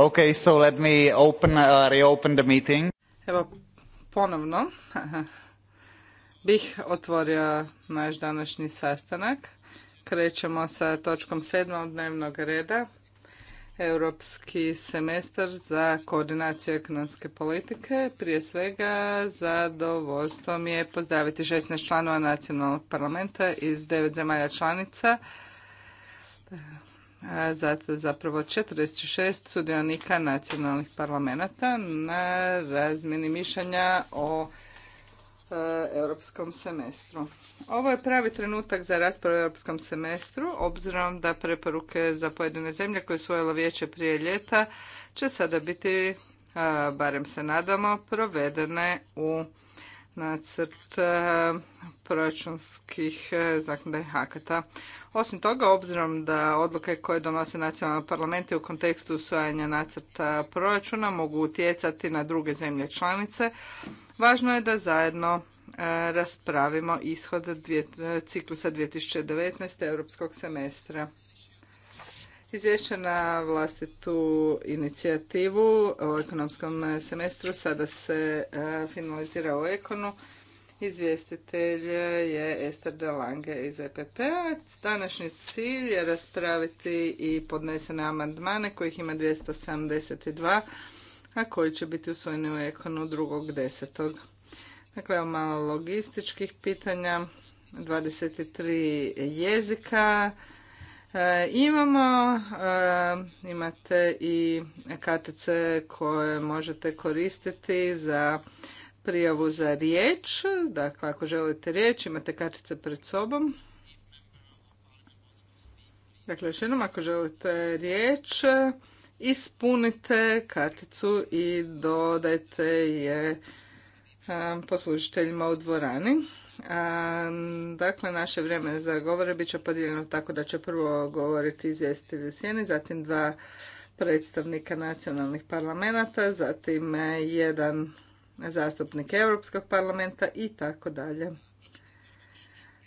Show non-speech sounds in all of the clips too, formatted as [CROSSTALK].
Okay, so let me open, uh, reopen the meeting. Evo, ponovno [LAUGHS] bih otvorio naš današnji sastanak. Krećemo sa točkom od dnevnog reda. Europski semestar za koordinaciju ekonomske politike. Prije svega zadovoljstvo mi je pozdraviti 16 članova nacionalnog parlamenta iz devet zemalja članica zato zapravo 46 sudionika nacionalnih parlamenta na razmjeni mišljenja o e, europskom semestru. Ovo je pravi trenutak za raspravu o europskom semestru, obzirom da preporuke za pojedine zemlje koje su ojelo vijeće prije ljeta će sada biti, barem se nadamo, provedene u nacrt e, proračunskih e, zakonodajnih hakata. Osim toga, obzirom da odluke koje donose nacionalni parlamenti u kontekstu usvajanja nacrta proračuna mogu utjecati na druge zemlje članice, važno je da zajedno e, raspravimo ishod ciklusa 2019. europskog semestra. Izvješće na vlastitu inicijativu o ekonomskom semestru sada se e, finalizira u Ekonu. Izvjestitelj je Ester de Lange iz epp p-a. Današnji cilj je raspraviti i podnesene amandmane kojih ima 272, a koji će biti usvojeni u Ekonu 2.10. Dakle, evo malo logističkih pitanja, 23 jezika, E, imamo, e, imate i kartice koje možete koristiti za prijavu za riječ. Dakle, ako želite riječ, imate kartice pred sobom. Dakle, još jednom, ako želite riječ, ispunite karticu i dodajte je e, poslužiteljima u dvorani. Dakle, naše vrijeme za govore bit će podijeljeno tako da će prvo govoriti izvjestitelj u sjeni, zatim dva predstavnika nacionalnih parlamenta, zatim e, jedan zastupnik Europskog parlamenta i tako dalje.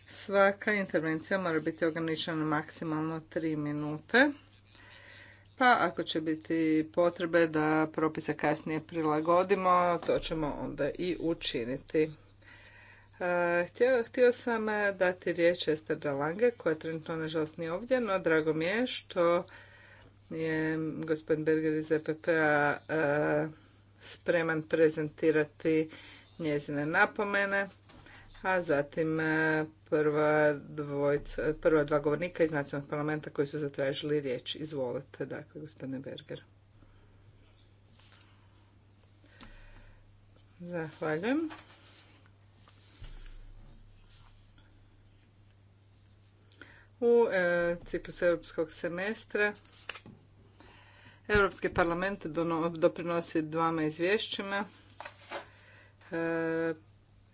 Svaka intervencija mora biti ograničena maksimalno 3 minute. Pa ako će biti potrebe da propise kasnije prilagodimo, to ćemo onda i učiniti. Htio, htio sam eh, dati riječ Ester Dalange, koja trenutno nažalost nije ovdje, no drago mi je što je gospodin Berger iz EPP-a eh, spreman prezentirati njezine napomene, a zatim eh, prva, prva dva govornika iz nacionalnog parlamenta koji su zatražili riječ. Izvolite, dakle, gospodine Berger. Zahvaljujem. u e, ciklus europskog semestra. Europski parlament doprinosi dvama izvješćima. E,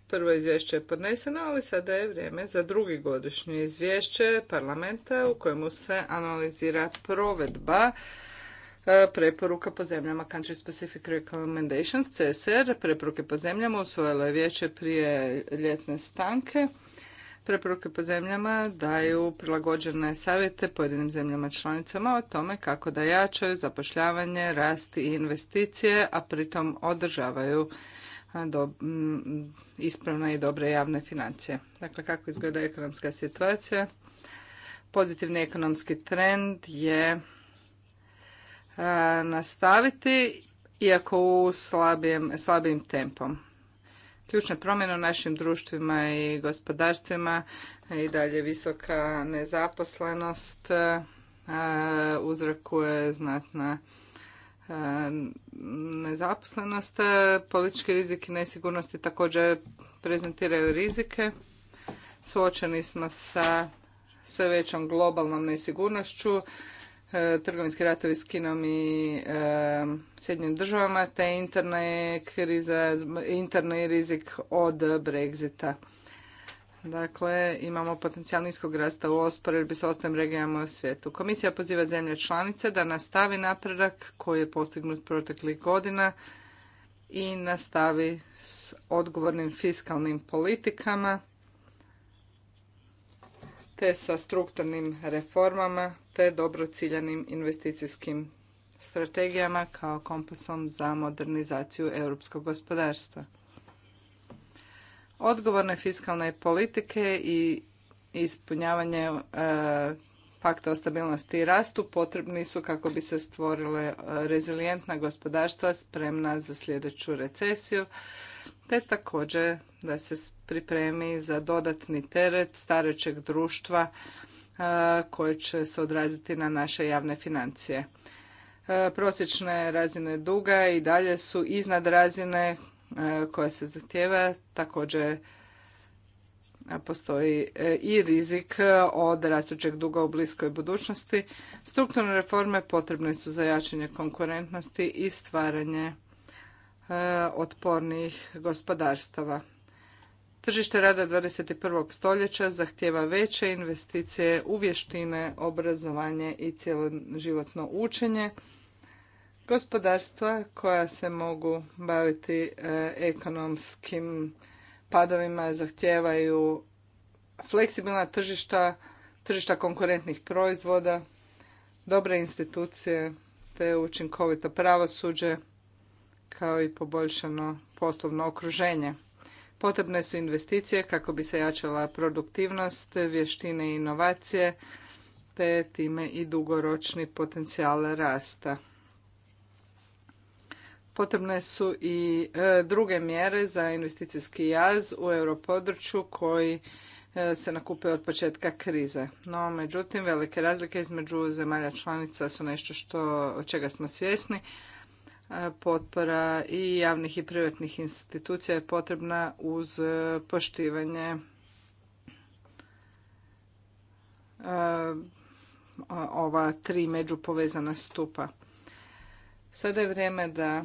prvo izvješće je podneseno, ali sada je vrijeme za drugi godišnje izvješće parlamenta u kojemu se analizira provedba e, preporuka po zemljama Country Specific Recommendations, CSR, preporuke po zemljama usvojilo je vijeće prije ljetne stanke. Preporuke po zemljama daju prilagođene savjete pojedinim zemljama članicama o tome kako da jačaju zapošljavanje, rasti i investicije, a pritom održavaju do, mm, ispravne i dobre javne financije. Dakle, kako izgleda ekonomska situacija? Pozitivni ekonomski trend je nastaviti, iako u slabijem, slabijim tempom ključne promjene u našim društvima i gospodarstvima i dalje visoka nezaposlenost e, uzrokuje znatna e, nezaposlenost. E, politički rizik i nesigurnosti također prezentiraju rizike. Suočeni smo sa sve većom globalnom nesigurnošću E, trgovinski ratovi s Kinom i e, državama, te je kriza, rizik od Brexita. Dakle, imamo potencijal niskog rasta u osporedbi s ostalim regijama u svijetu. Komisija poziva zemlje članice da nastavi napredak koji je postignut proteklih godina i nastavi s odgovornim fiskalnim politikama te sa strukturnim reformama te dobro ciljanim investicijskim strategijama kao kompasom za modernizaciju europskog gospodarstva. Odgovorne fiskalne politike i ispunjavanje e, pakta o stabilnosti i rastu potrebni su kako bi se stvorile e, rezilijentna gospodarstva spremna za sljedeću recesiju, te također da se pripremi za dodatni teret starećeg društva koje će se odraziti na naše javne financije. Prosječne razine duga i dalje su iznad razine koja se zahtjeva, također postoji e, i rizik e, od rastućeg duga u bliskoj budućnosti. Strukturne reforme potrebne su za jačanje konkurentnosti i stvaranje e, otpornijih gospodarstava. Tržište rada 21. stoljeća zahtjeva veće investicije u vještine, obrazovanje i cjeloživotno učenje, gospodarstva koja se mogu baviti eh, ekonomskim padovima zahtijevaju fleksibilna tržišta, tržišta konkurentnih proizvoda, dobre institucije te učinkovito pravosuđe kao i poboljšano poslovno okruženje. Potrebne su investicije kako bi se jačala produktivnost, vještine i inovacije, te time i dugoročni potencijal rasta. Potrebne su i e, druge mjere za investicijski jaz u europodručju koji e, se nakupe od početka krize. No, međutim, velike razlike između zemalja članica su nešto što, čega smo svjesni, potpora i javnih i privatnih institucija je potrebna uz e, poštivanje e, ova tri međupovezana stupa. Sada je vrijeme da e,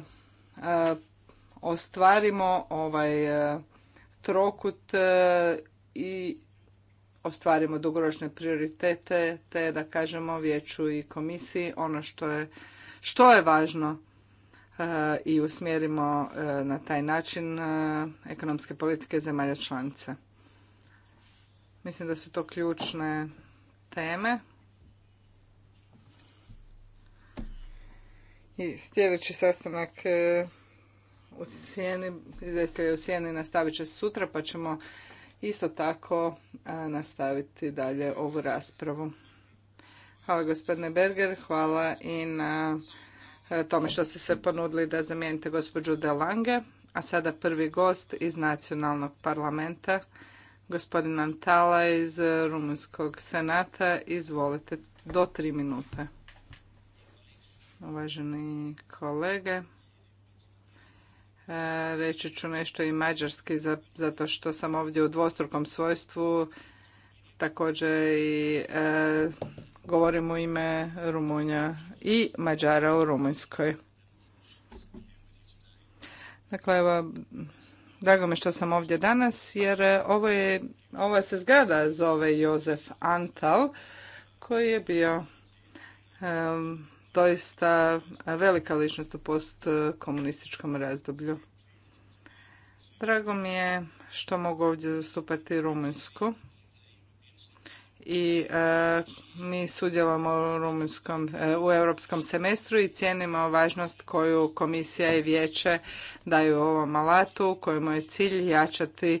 ostvarimo ovaj trokut i ostvarimo dugoročne prioritete te da kažemo vijeću i komisiji ono što je, što je važno E, i usmjerimo e, na taj način e, ekonomske politike zemalja članica. Mislim da su to ključne teme. I sljedeći sastanak u Sijeni, u Sjeni nastavit će sutra, pa ćemo isto tako nastaviti dalje ovu raspravu. Hvala gospodine Berger, hvala i na E, tome što ste se ponudili da zamijenite gospođu De Lange. A sada prvi gost iz nacionalnog parlamenta, gospodin Antala iz Rumunjskog senata. Izvolite, do tri minute. Uvaženi kolege, e, reći ću nešto i mađarski zato što sam ovdje u dvostrukom svojstvu također i e, Govorim u ime Rumunja i Mađara u Rumunjskoj. Dakle, evo, drago mi što sam ovdje danas jer e, ovo je, ova se zgrada zove Jozef Antal koji je bio e, doista velika ličnost u postkomunističkom razdoblju. Drago mi je što mogu ovdje zastupati Rumunjsku i e, mi sudjelujemo u, e, u europskom semestru i cijenimo važnost koju komisija i vijeće daju ovom alatu kojemu je cilj jačati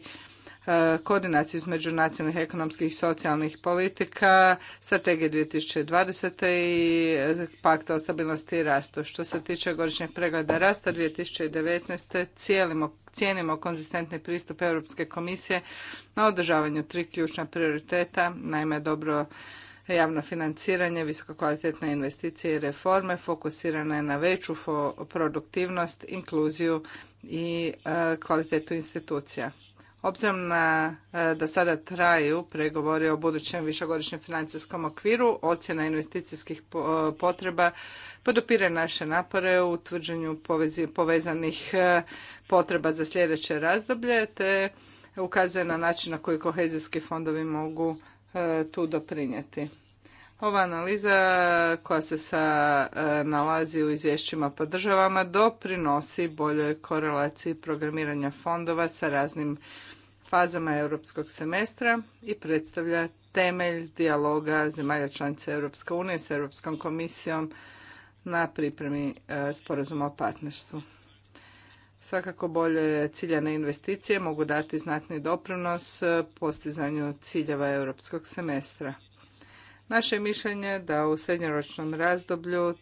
E, koordinaciju između nacionalnih ekonomskih i socijalnih politika, strategije 2020. i e, pakta o stabilnosti i rastu. Što se tiče godišnjeg pregleda rasta 2019. cijelimo cijenimo konzistentni pristup Europske komisije na održavanju tri ključna prioriteta, naime dobro javno financiranje, visokokvalitetne investicije i reforme fokusirane na veću produktivnost, inkluziju i e, kvalitetu institucija. Obzirom na e, da sada traju pregovori o budućem višegodišnjem financijskom okviru, ocjena investicijskih e, potreba podupire naše napore u utvrđenju povezanih e, potreba za sljedeće razdoblje, te ukazuje na način na koji kohezijski fondovi mogu tu doprinijeti. Ova analiza koja se sa, nalazi u izvješćima po državama doprinosi boljoj korelaciji programiranja fondova sa raznim fazama europskog semestra i predstavlja temelj dijaloga zemalja članica Europske unije s Europskom komisijom na pripremi e, sporazuma o partnerstvu. Svakako bolje ciljane investicije mogu dati znatni doprinos e, postizanju ciljeva europskog semestra. Naše je mišljenje da u srednjoročnom razdoblju e,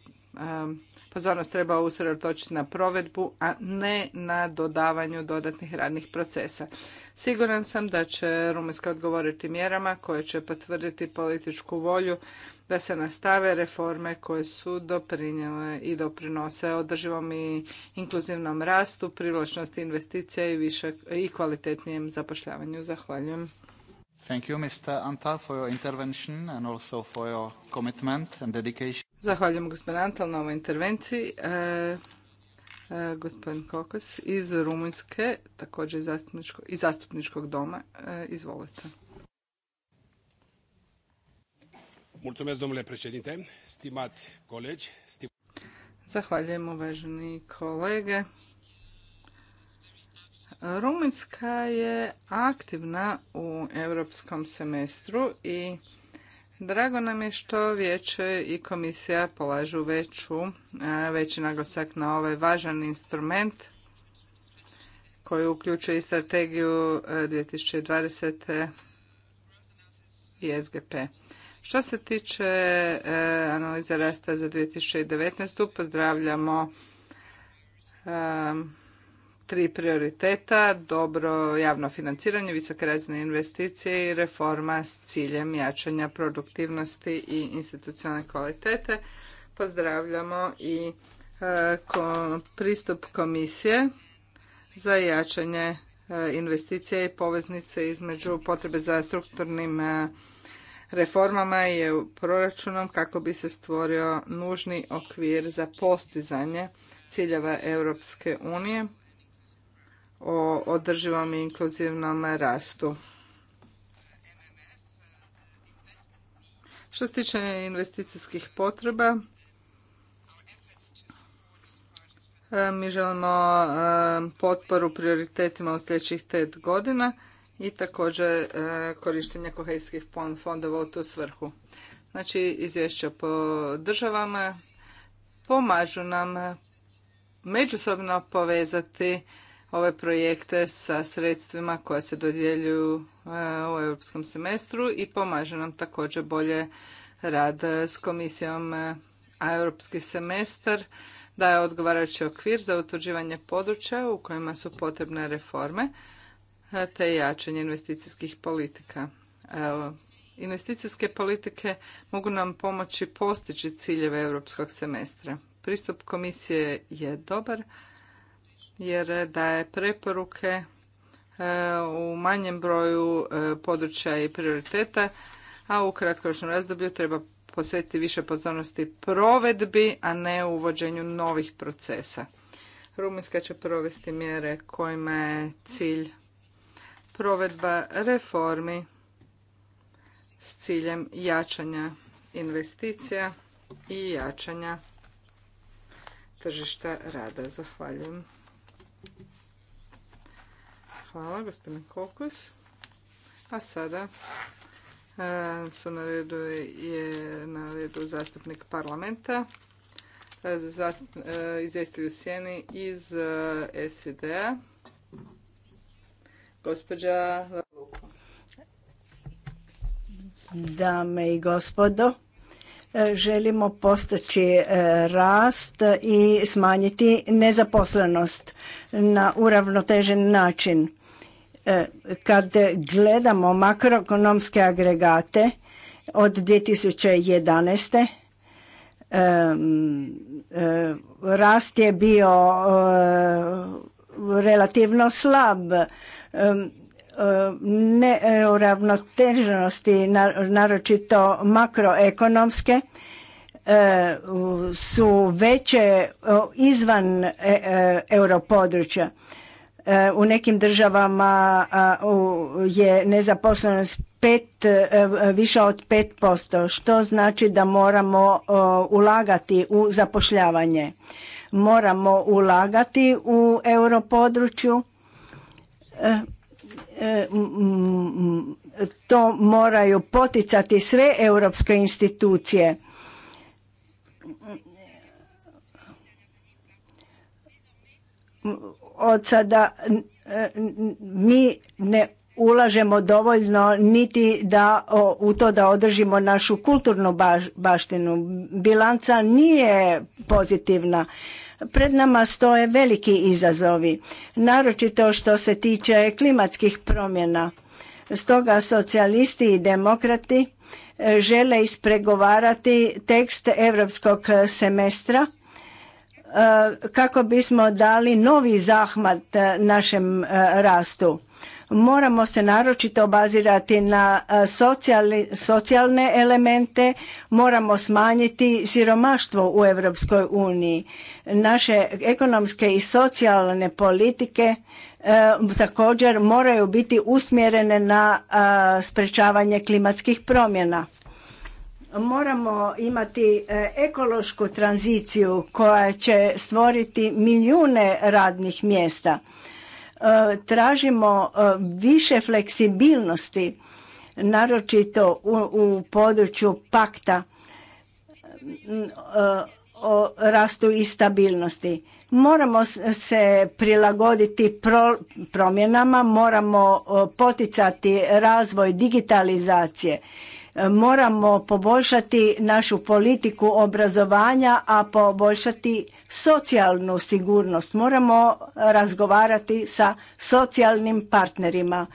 pozornost pa treba usredotočiti na provedbu, a ne na dodavanju dodatnih radnih procesa. Siguran sam da će Rumunjska odgovoriti mjerama koje će potvrditi političku volju da se nastave reforme koje su doprinjele i doprinose održivom i inkluzivnom rastu, privlačnosti investicija i, više, i kvalitetnijem zapošljavanju. Zahvaljujem. Thank you, Mr. Antal, for your intervention and also for your commitment and dedication. Zahvaljujem gospodin Antal na ovoj intervenciji. E, e, gospodin Kokos iz Rumunjske, također iz zastupničkog, zastupničkog doma. E, izvolite. Mulțumesc, domnule președinte, stimați colegi. stimați... Zahvaljujem, uvaženi kolege. Rumunjska je aktivna u europskom semestru i drago nam je što vijeće i komisija polažu veću, veći naglasak na ovaj važan instrument koji uključuje i strategiju 2020. E, i SGP. Što se tiče e, analize rasta za 2019. pozdravljamo e, tri prioriteta, dobro javno financiranje, visoke razine investicije i reforma s ciljem jačanja produktivnosti i institucionalne kvalitete. Pozdravljamo i e, pristup komisije za jačanje e, investicije i poveznice između potrebe za strukturnim e, reformama i proračunom kako bi se stvorio nužni okvir za postizanje ciljeva Europske unije o održivom i inkluzivnom rastu. Što se tiče investicijskih potreba, e, mi želimo e, potporu prioritetima u sljedećih pet godina i također e, korištenje kohezijskih fondova u tu svrhu. Znači, izvješća po državama pomažu nam međusobno povezati ove projekte sa sredstvima koja se dodjeljuju e, u europskom semestru i pomaže nam također bolje rad s komisijom, e, a europski semestar daje odgovarajući okvir za utvrđivanje područja u kojima su potrebne reforme e, te jačanje investicijskih politika. Investicijske politike mogu nam pomoći postići ciljeve europskog semestra. Pristup komisije je dobar, jer daje preporuke e, u manjem broju e, područja i prioriteta, a u kratkoročnom razdoblju treba posvetiti više pozornosti provedbi, a ne uvođenju novih procesa. Rumunjska će provesti mjere kojima je cilj provedba reformi s ciljem jačanja investicija i jačanja tržišta rada. Zahvaljujem. Hvala, gospodine Kokus. A sada e, su na redu je na redu zastupnik parlamenta, e, e, izvjestitelj u sjeni iz sed a gospođa Dame i gospodo, želimo postaći rast i smanjiti nezaposlenost na uravnotežen način E, kad gledamo makroekonomske agregate od 2011. E, rast je bio e, relativno slab neuravnoteženosti, naročito makroekonomske, su veće izvan europodručja. E, u nekim državama je nezaposlenost pet, e, više od 5%, što znači da moramo ulagati u zapošljavanje. Moramo ulagati u europodručju, e, to moraju poticati sve europske institucije od sada e, mi ne ulažemo dovoljno niti da u to da održimo našu kulturnu baštinu. Bilanca nije pozitivna. Pred nama stoje veliki izazovi, naročito što se tiče klimatskih promjena. Stoga socijalisti i demokrati e, žele ispregovarati tekst europskog semestra kako bismo dali novi zahmat e, našem e, rastu. Moramo se naročito obazirati na e, socijalne elemente, moramo smanjiti siromaštvo u Europskoj uniji. Naše ekonomske i socijalne politike također moraju biti usmjerene na sprječavanje sprečavanje klimatskih promjena moramo imati e, ekološku tranziciju koja će stvoriti milijune radnih mjesta. E, tražimo e, više fleksibilnosti, naročito u, području pakta o rastu i stabilnosti. Moramo se prilagoditi promjenama, moramo poticati razvoj digitalizacije Moramo poboljšati našu politiku obrazovanja, a poboljšati socijalnu sigurnost. Moramo razgovarati sa socijalnim partnerima.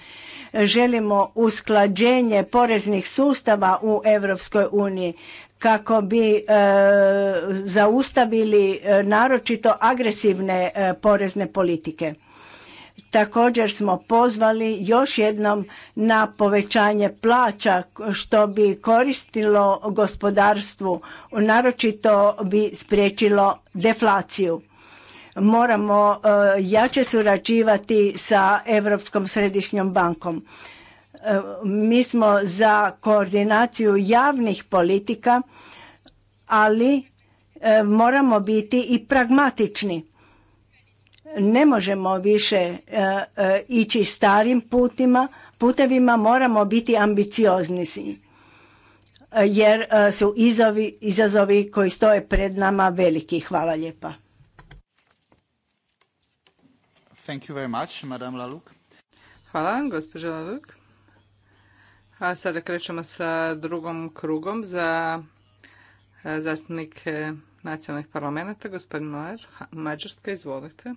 Želimo usklađenje poreznih sustava u Europskoj uniji kako bi e, zaustavili e, naročito agresivne e, porezne politike Također smo pozvali još jednom na povećanje plaća što bi koristilo gospodarstvu, naročito bi spriječilo deflaciju. Moramo e, jače surađivati sa Europskom središnjom bankom. E, mi smo za koordinaciju javnih politika, ali e, moramo biti i pragmatični ne možemo više e, e, ići starim putima, putevima moramo biti ambiciozni e, jer su izovi izazovi koji stoje pred nama veliki. Hvala lijepa. Thank you very much, Madame Laluk. Hvala, gospođo Laluk. A sada krećemo sa drugom krugom za zastupnike nacionalnih parlamenta. Gospodin Mađarska, izvolite.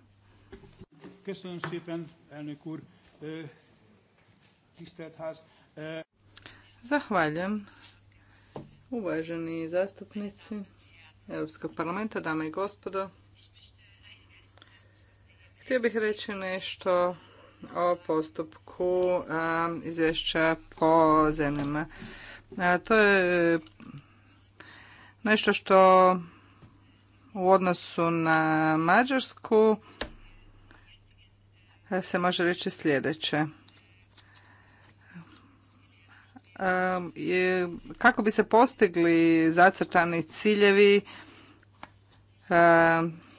Köszönöm szépen, elnök Zahvaljujem. Uvaženi zastupnici Europskog parlamenta, dame i gospodo, htio bih reći nešto o postupku izvješća po zemljama. To je e, nešto što u odnosu na Mađarsku E, se može reći sljedeće. E, kako bi se postigli zacrtani ciljevi e,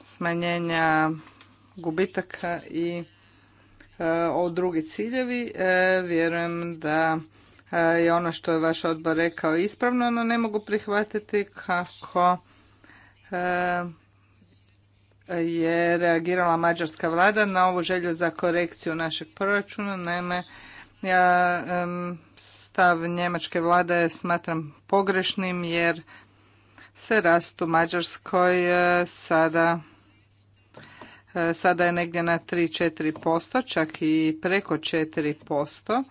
smanjenja gubitaka i o drugi ciljevi, vjerujem da je ono što je vaš odbor rekao ispravno, no ne mogu prihvatiti kako je reagirala mađarska vlada na ovu želju za korekciju našeg proračuna. Naime, ja stav njemačke vlade smatram pogrešnim jer se rast u Mađarskoj e, sada e, sada je negdje na 3-4%, čak i preko 4%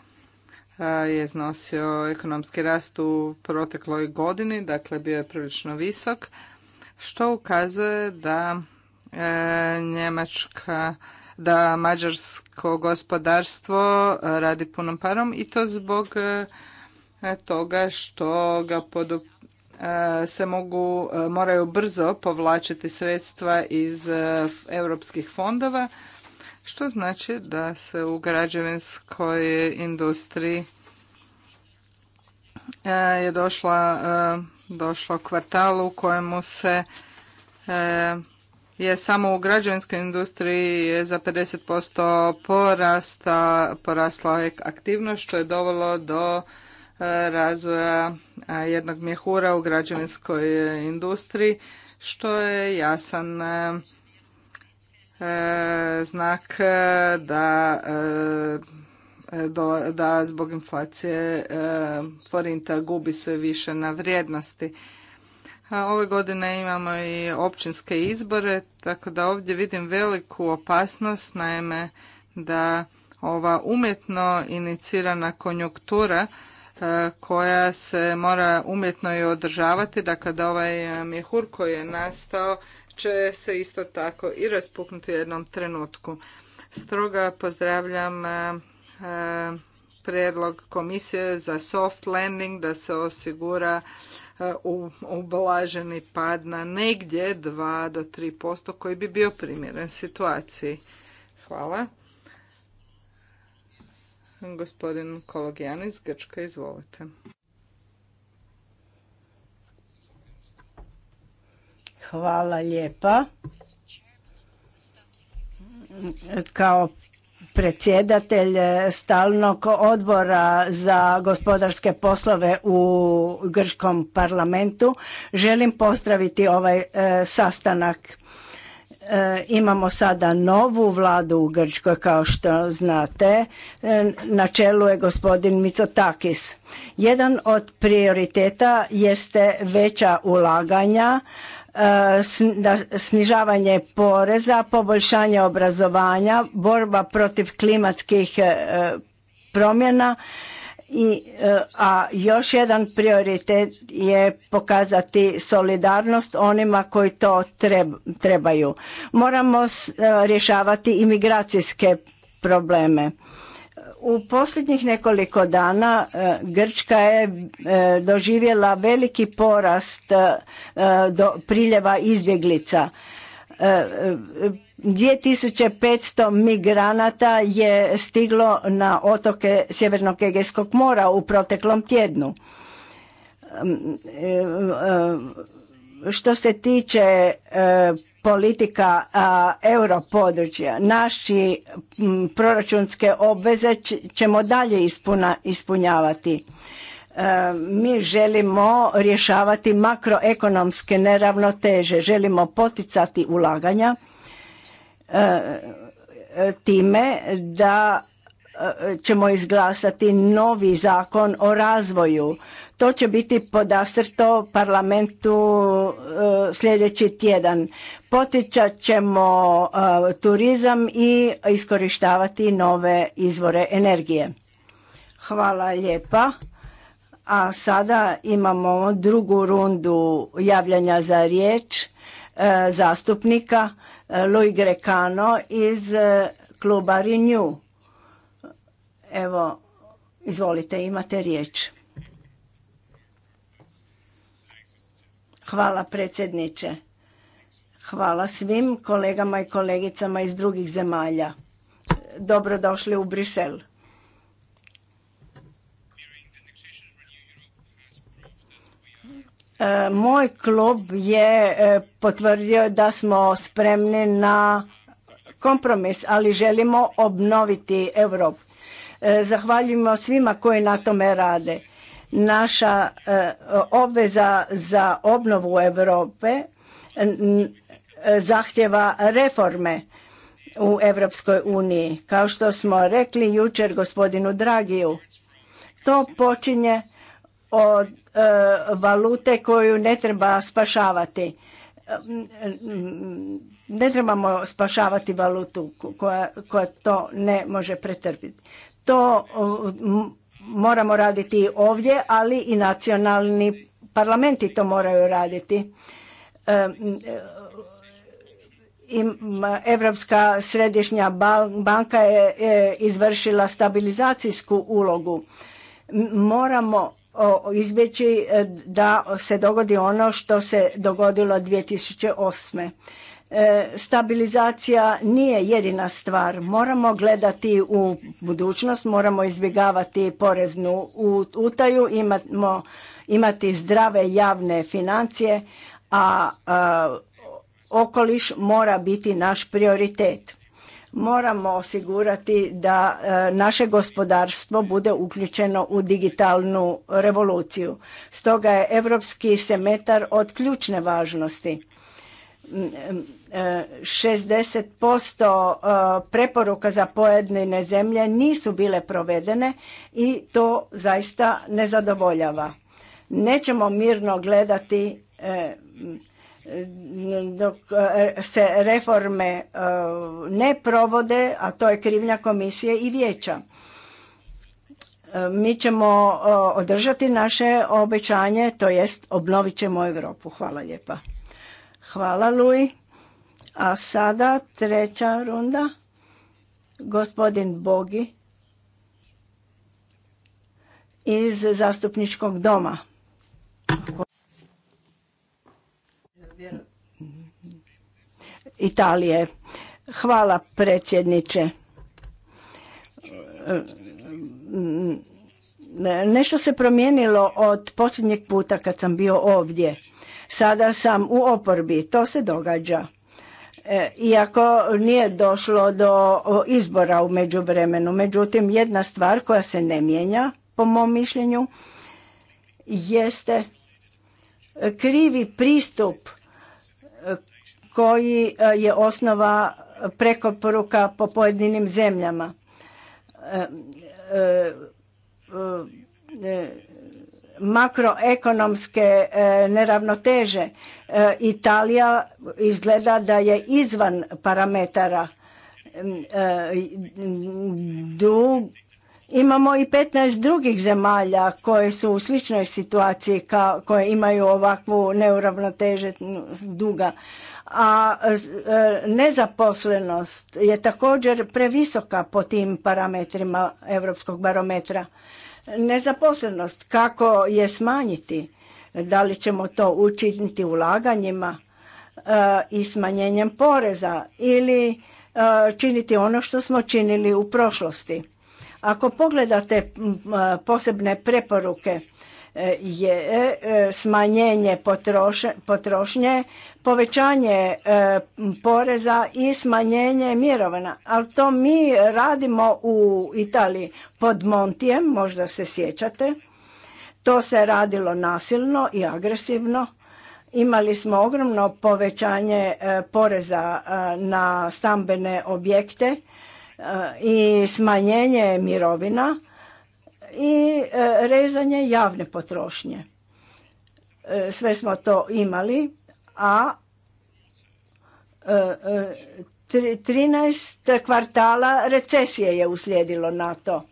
e, je znosio ekonomski rast u protekloj godini, dakle bio je prilično visok, što ukazuje da E, Njemačka da mađarsko gospodarstvo radi punom parom i to zbog e, toga što ga e, se mogu, moraju brzo povlačiti sredstva iz europskih fondova, što znači da se u građevinskoj industriji je došla, došlo kvartalu u kojemu se je samo u građevinskoj industriji za 50% porasta, porasla aktivnost što je dovelo do e, razvoja e, jednog mjehura u građevinskoj industriji što je jasan e, znak da da zbog inflacije forinta gubi sve više na vrijednosti. Ove godine imamo i općinske izbore, tako da ovdje vidim veliku opasnost, naime da ova umjetno inicirana konjuktura e, koja se mora umjetno i održavati, dakle da ovaj e, mjehur koji je nastao će se isto tako i raspuknuti u jednom trenutku. Stroga pozdravljam e, prijedlog komisije za soft landing da se osigura E, ublaženi pad na negdje 2 do 3% koji bi bio primjeren situaciji. Hvala. Gospodin Kologijanis, Grčka, izvolite. Hvala lijepa. Kao predsjedatelj e, stalnog odbora za gospodarske poslove u grčkom parlamentu želim pozdraviti ovaj e, sastanak e, imamo sada novu vladu u grčkoj kao što znate e, na čelu je gospodin Mitsotakis jedan od prioriteta jeste veća ulaganja E, snižavanje poreza, poboljšanje obrazovanja, borba protiv klimatskih e, promjena i e, a još jedan prioritet je pokazati solidarnost onima koji to trebaju. Moramo rješavati imigracijske probleme u posljednjih nekoliko dana e, Grčka je e, doživjela veliki porast e, do priljeva izbjeglica. 2500 migranata je stiglo na otoke Sjevernog Egejskog mora u proteklom tjednu. Što se tiče politika europodručja, naši m, proračunske obveze ćemo dalje ispuna, ispunjavati. E, mi želimo rješavati makroekonomske neravnoteže, želimo poticati ulaganja e, time da e, ćemo izglasati novi zakon o razvoju to će biti podastrto parlamentu e, sljedeći tjedan. Potičat ćemo e, turizam i iskorištavati nove izvore energije. Hvala lijepa. A sada imamo drugu rundu javljanja za riječ e, zastupnika Lui Grekano iz kluba Renew. Evo, izvolite, imate riječ. Hvala predsjedniče. Hvala svim kolegama i kolegicama iz drugih zemalja. Dobrodošli u Brisel. E, moj klub je e, potvrdio da smo spremni na kompromis, ali želimo obnoviti Europu. E, zahvaljujemo svima koji na tome rade. Naša e, obveza za obnovu Europe e, zahtjeva reforme u Europskoj uniji. Kao što smo rekli jučer gospodinu Dragiju, to počinje od e, valute koju ne treba spašavati. Ne trebamo spašavati valutu koja, koja to ne može pretrpiti. To moramo raditi i ovdje, ali i nacionalni parlamenti to moraju raditi. E, Evropska središnja banka je e, izvršila stabilizacijsku ulogu. Moramo izbjeći e, da se dogodi ono što se dogodilo 2008. E, stabilizacija nije jedina stvar. Moramo gledati u budućnost, moramo izbjegavati poreznu utaju, imamo, imati zdrave javne financije, a, okoliš mora biti naš prioritet. Moramo osigurati da e, naše gospodarstvo bude uključeno u digitalnu revoluciju. Stoga je europski semetar od ključne važnosti. 60% e, preporuka za pojedine zemlje nisu bile provedene i to zaista ne zadovoljava. Nećemo mirno gledati e, dok e, se reforme ne provode, a to je krivnja komisije i vijeća. Mi ćemo održati naše obećanje, to jest obnovit ćemo Europu. Hvala lijepa. Hvala Luj. A sada treća runda. Gospodin Bogi iz zastupničkog doma. Italije. Hvala predsjedniče. Nešto se promijenilo od posljednjeg puta kad sam bio ovdje. Sada sam u oporbi, to se događa. E, iako nije došlo do izbora u međuvremenu. Međutim, jedna stvar koja se ne mijenja, po mom mišljenju, jeste krivi pristup e, koji e, je osnova prekoporuka po pojedinim zemljama makroekonomske e, neravnoteže. E, Italija izgleda da je izvan parametara. E, dug, imamo i 15 drugih zemalja koje su u sličnoj situaciji, koje imaju ovakvu neuravnoteže duga. A nezaposlenost je također previsoka po tim parametrima Europskog barometra. Nezaposlenost, kako je smanjiti? Da li ćemo to učiniti ulaganjima e, i smanjenjem poreza ili e, činiti ono što smo činili u prošlosti? Ako pogledate posebne preporuke, e, je smanjenje potrošnje povećanje e, poreza i smanjenje mirovina. Ali to mi radimo u Italiji pod Montijem, možda se sjećate. To se radilo nasilno i agresivno. Imali smo ogromno povećanje e, poreza e, na stambene objekte i smanjenje mirovina i rezanje javne potrošnje. Sve smo to imali a 13 e, e, kvartala recesije je uslijedilo na to,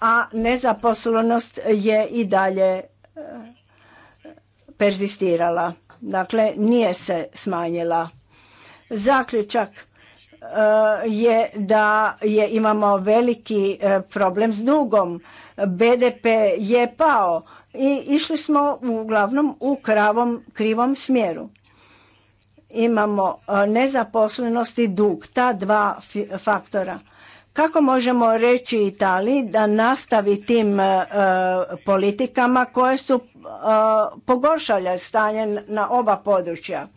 a nezaposlenost je i dalje e, perzistirala. Dakle, nije se smanjila. Zaključak je da je, imamo veliki problem s dugom. BDP je pao, i išli smo uglavnom u krivom smjeru. Imamo e, nezaposlenost i dug, ta dva faktora. Kako možemo reći Italiji da nastavi tim e, e, politikama koje su e, pogoršale stanje na oba područja?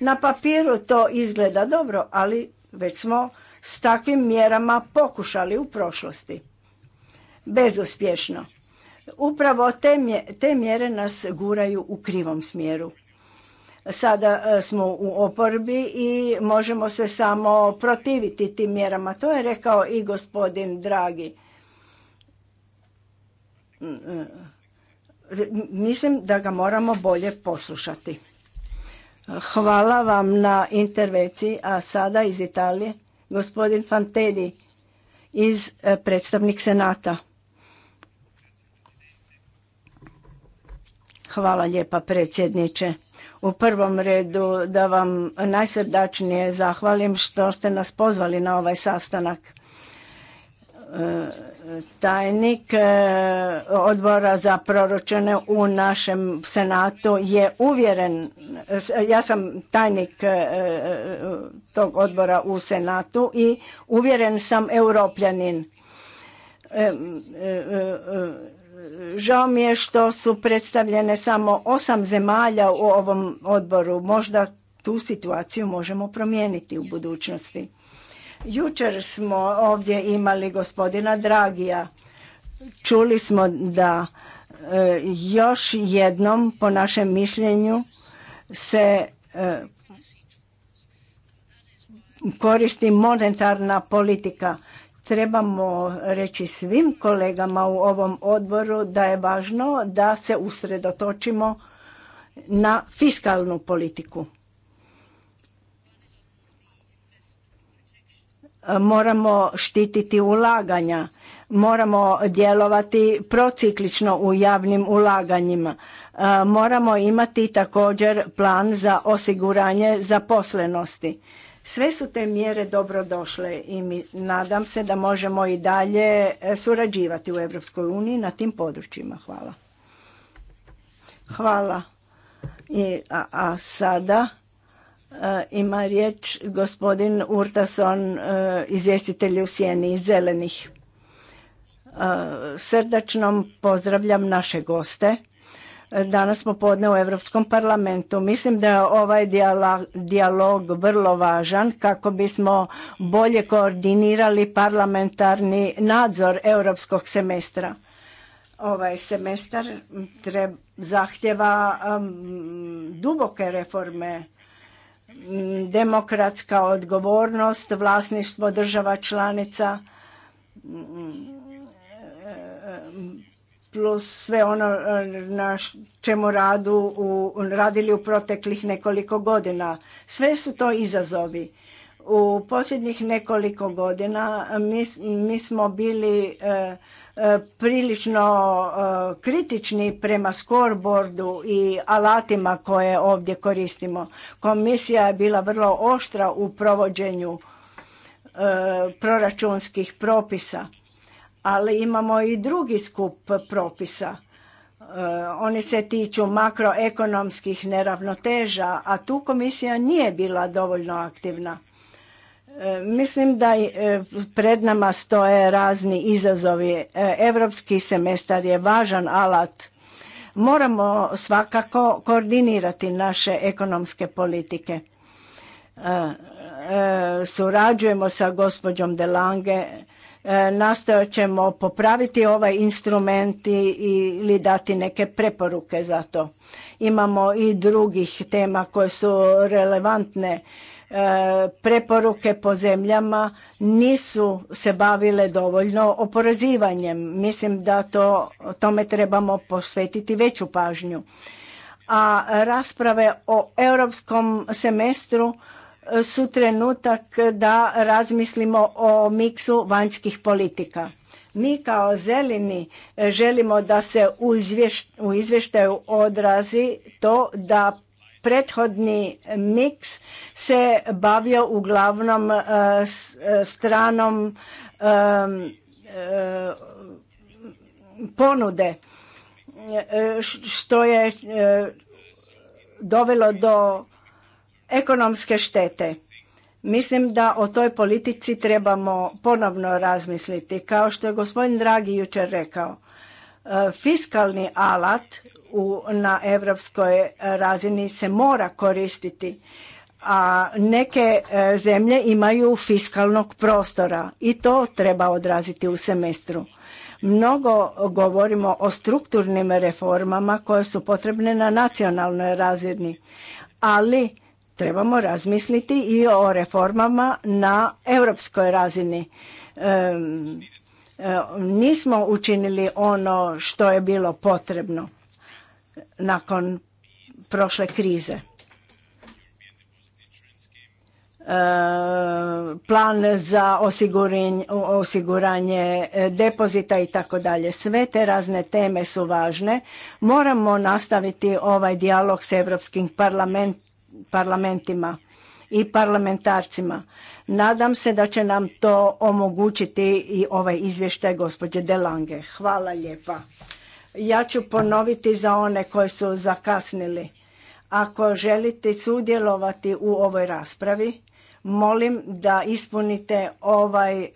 Na papiru to izgleda dobro, ali već smo s takvim mjerama pokušali u prošlosti. Bezuspješno. Upravo te mjere nas guraju u krivom smjeru. Sada e, smo u oporbi i možemo se samo protiviti tim mjerama. To je rekao i gospodin Dragi. Mm, e, mislim da ga moramo bolje poslušati. Hvala vam na intervenciji, a sada iz Italije gospodin Fantedi iz e, predstavnik Senata. Hvala lijepa predsjedniče. U prvom redu da vam najsrdačnije zahvalim što ste nas pozvali na ovaj sastanak. E, tajnik e, odbora za proročene u našem senatu je uvjeren, ja sam tajnik e, tog odbora u senatu i uvjeren sam europljanin Žao mi je što su predstavljene samo osam zemalja u ovom odboru. Možda tu situaciju možemo promijeniti u budućnosti. Jučer smo ovdje imali gospodina Dragija. Čuli smo da e, još jednom, po našem mišljenju, se e, koristi monetarna politika trebamo reći svim kolegama u ovom odboru da je važno da se usredotočimo na fiskalnu politiku. Moramo štititi ulaganja, moramo djelovati prociklično u javnim ulaganjima, e, moramo imati također plan za osiguranje zaposlenosti sve su te mjere dobro došle i mi nadam se da možemo i dalje e, surađivati u Europskoj uniji na tim područjima. Hvala. Hvala. I, a, sada e, ima riječ gospodin Urtason, e, izvjestitelj u Sjeni Zelenih. srdačnom pozdravljam naše goste danas smo podne u Europskom parlamentu. Mislim da je ovaj dijalog vrlo važan kako bismo bolje koordinirali parlamentarni nadzor europskog semestra. Ovaj semestar zahtjeva um, duboke reforme demokratska odgovornost, vlasništvo država članica, plus sve ono e, na čemu radu u, radili u proteklih nekoliko godina. Sve su to izazovi. U posljednjih nekoliko godina mi, smo bili e, e, prilično kritični prema scoreboardu i alatima koje ovdje koristimo. Komisija je bila vrlo oštra u provođenju proračunskih propisa ali imamo i drugi skup propisa. E, oni se tiču makroekonomskih neravnoteža, a tu komisija nije bila dovoljno aktivna. E, mislim da e, pred nama stoje razni izazovi. Europski semestar je važan alat. Moramo svakako koordinirati naše ekonomske politike. Surađujemo sa gospođom Delange E, nastojat ćemo popraviti ovaj instrument ili dati neke preporuke za to. Imamo i drugih tema koje su relevantne. E, preporuke po zemljama nisu se bavile dovoljno oporazivanjem. Mislim da to, tome trebamo posvetiti veću pažnju. A rasprave o europskom semestru su trenutak da razmislimo o miksu vanjskih politika. Mi kao zeleni e, želimo da se u izvještaju odrazi to da prethodni miks se bavio uglavnom e, e, stranom ponude što je dovelo do Ekonomske štete. Mislim da o toj politici trebamo ponovno razmisliti. Kao što je gospodin Dragi jučer rekao, e, fiskalni alat u, na europskoj razini se mora koristiti, a neke e, zemlje imaju fiskalnog prostora i to treba odraziti u semestru. Mnogo govorimo o strukturnim reformama koje su potrebne na nacionalnoj razini, ali trebamo razmisliti i o reformama na europskoj razini. nismo učinili ono što je bilo potrebno nakon prošle krize. plan za osiguranje depozita i tako dalje. Sve te razne teme su važne. Moramo nastaviti ovaj dijalog s Europskim parlamentom parlamentima i parlamentarcima. Nadam se da će nam to omogućiti i ovaj izvještaj gospođe Delange. Hvala lijepa. Ja ću ponoviti za one koji su zakasnili. Ako želite sudjelovati u ovoj raspravi, molim da ispunite ovaj e,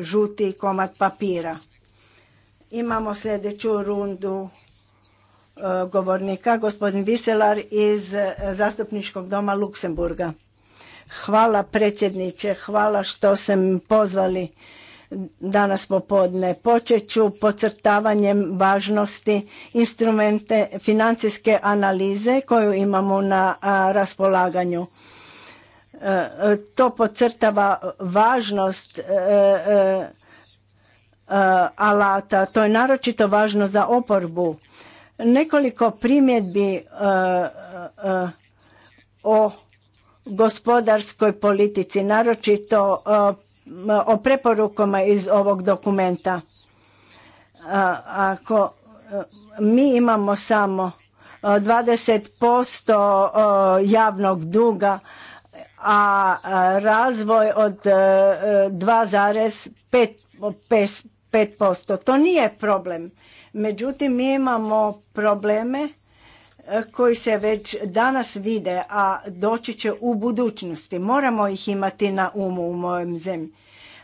žuti komad papira. Imamo sljedeću rundu Eh, govornika, gospodin Viselar iz eh, zastupničkog doma Luksemburga. Hvala predsjedniče, hvala što se pozvali danas popodne. Počet ću pocrtavanjem važnosti instrumente financijske analize koju imamo na eh, raspolaganju. To pocrtava važnost alata, to je naročito važno za oporbu Nekoliko primjedbi e, e, o gospodarskoj politici, naročito e, o preporukama iz ovog dokumenta. Ako mi imamo samo 20% javnog duga, a razvoj od 2,5%, to nije problem. Međutim, mi imamo probleme e, koji se već danas vide, a doći će u budućnosti. Moramo ih imati na umu u mojem zemlji.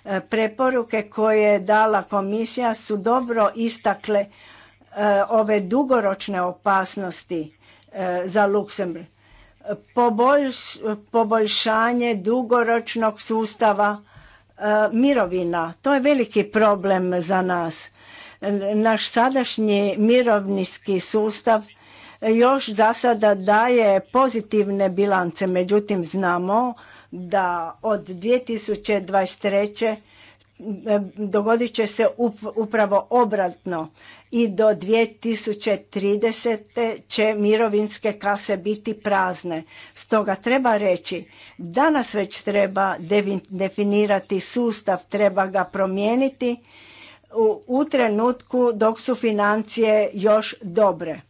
E, preporuke koje je dala komisija su dobro istakle e, ove dugoročne opasnosti za Luksemburg. Poboljšanje dugoročnog sustava mirovina, to je veliki problem za nas naš sadašnji mirovinski sustav još za sada daje pozitivne bilance, međutim znamo da od 2023. dogodit će se upravo obratno i do 2030. će mirovinske kase biti prazne. Stoga treba reći, danas već treba definirati sustav, treba ga promijeniti u, trenutku dok su financije još dobre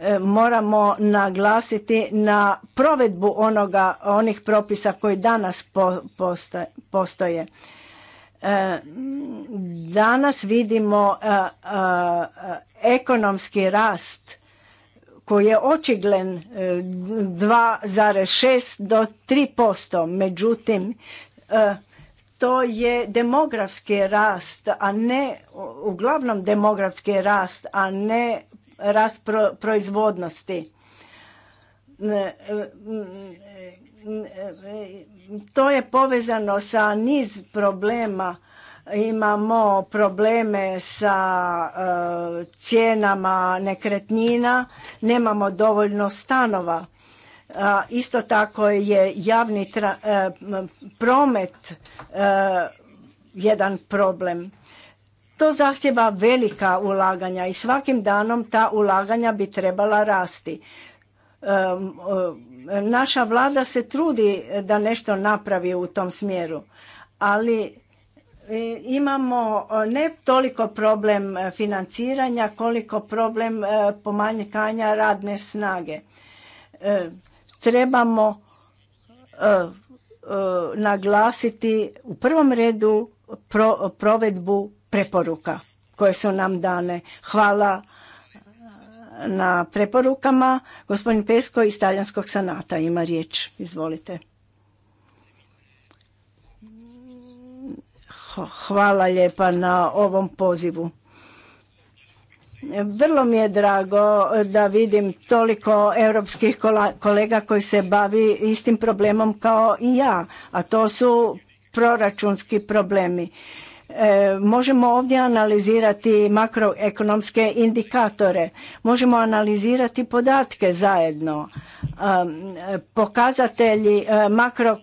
e, moramo naglasiti na provedbu onoga, onih propisa koji danas postoje. E, danas vidimo e, ekonomski rast koji je očiglen 2,6 do 3%, međutim to je demografski rast, a ne uglavnom demografski rast, a ne rast proizvodnosti. To je povezano sa niz problema. Imamo probleme sa e, cijenama nekretnina, nemamo dovoljno stanova Isto tako je javni e, promet e, jedan problem. To zahtjeva velika ulaganja i svakim danom ta ulaganja bi trebala rasti. E, naša vlada se trudi da nešto napravi u tom smjeru, ali imamo ne toliko problem financiranja koliko problem pomanjkanja radne snage trebamo e, e, naglasiti u prvom redu provedbu preporuka koje su nam dane. Hvala e, na preporukama. Gospodin Pesko iz Talijanskog sanata ima riječ. Izvolite. Hvala lijepa na ovom pozivu. Vrlo mi je drago da vidim toliko europskih kolega koji se bavi istim problemom kao i ja, a to su proračunski problemi. E, možemo ovdje analizirati makroekonomske indikatore, možemo analizirati podatke zajedno. pokazatelji e, makro,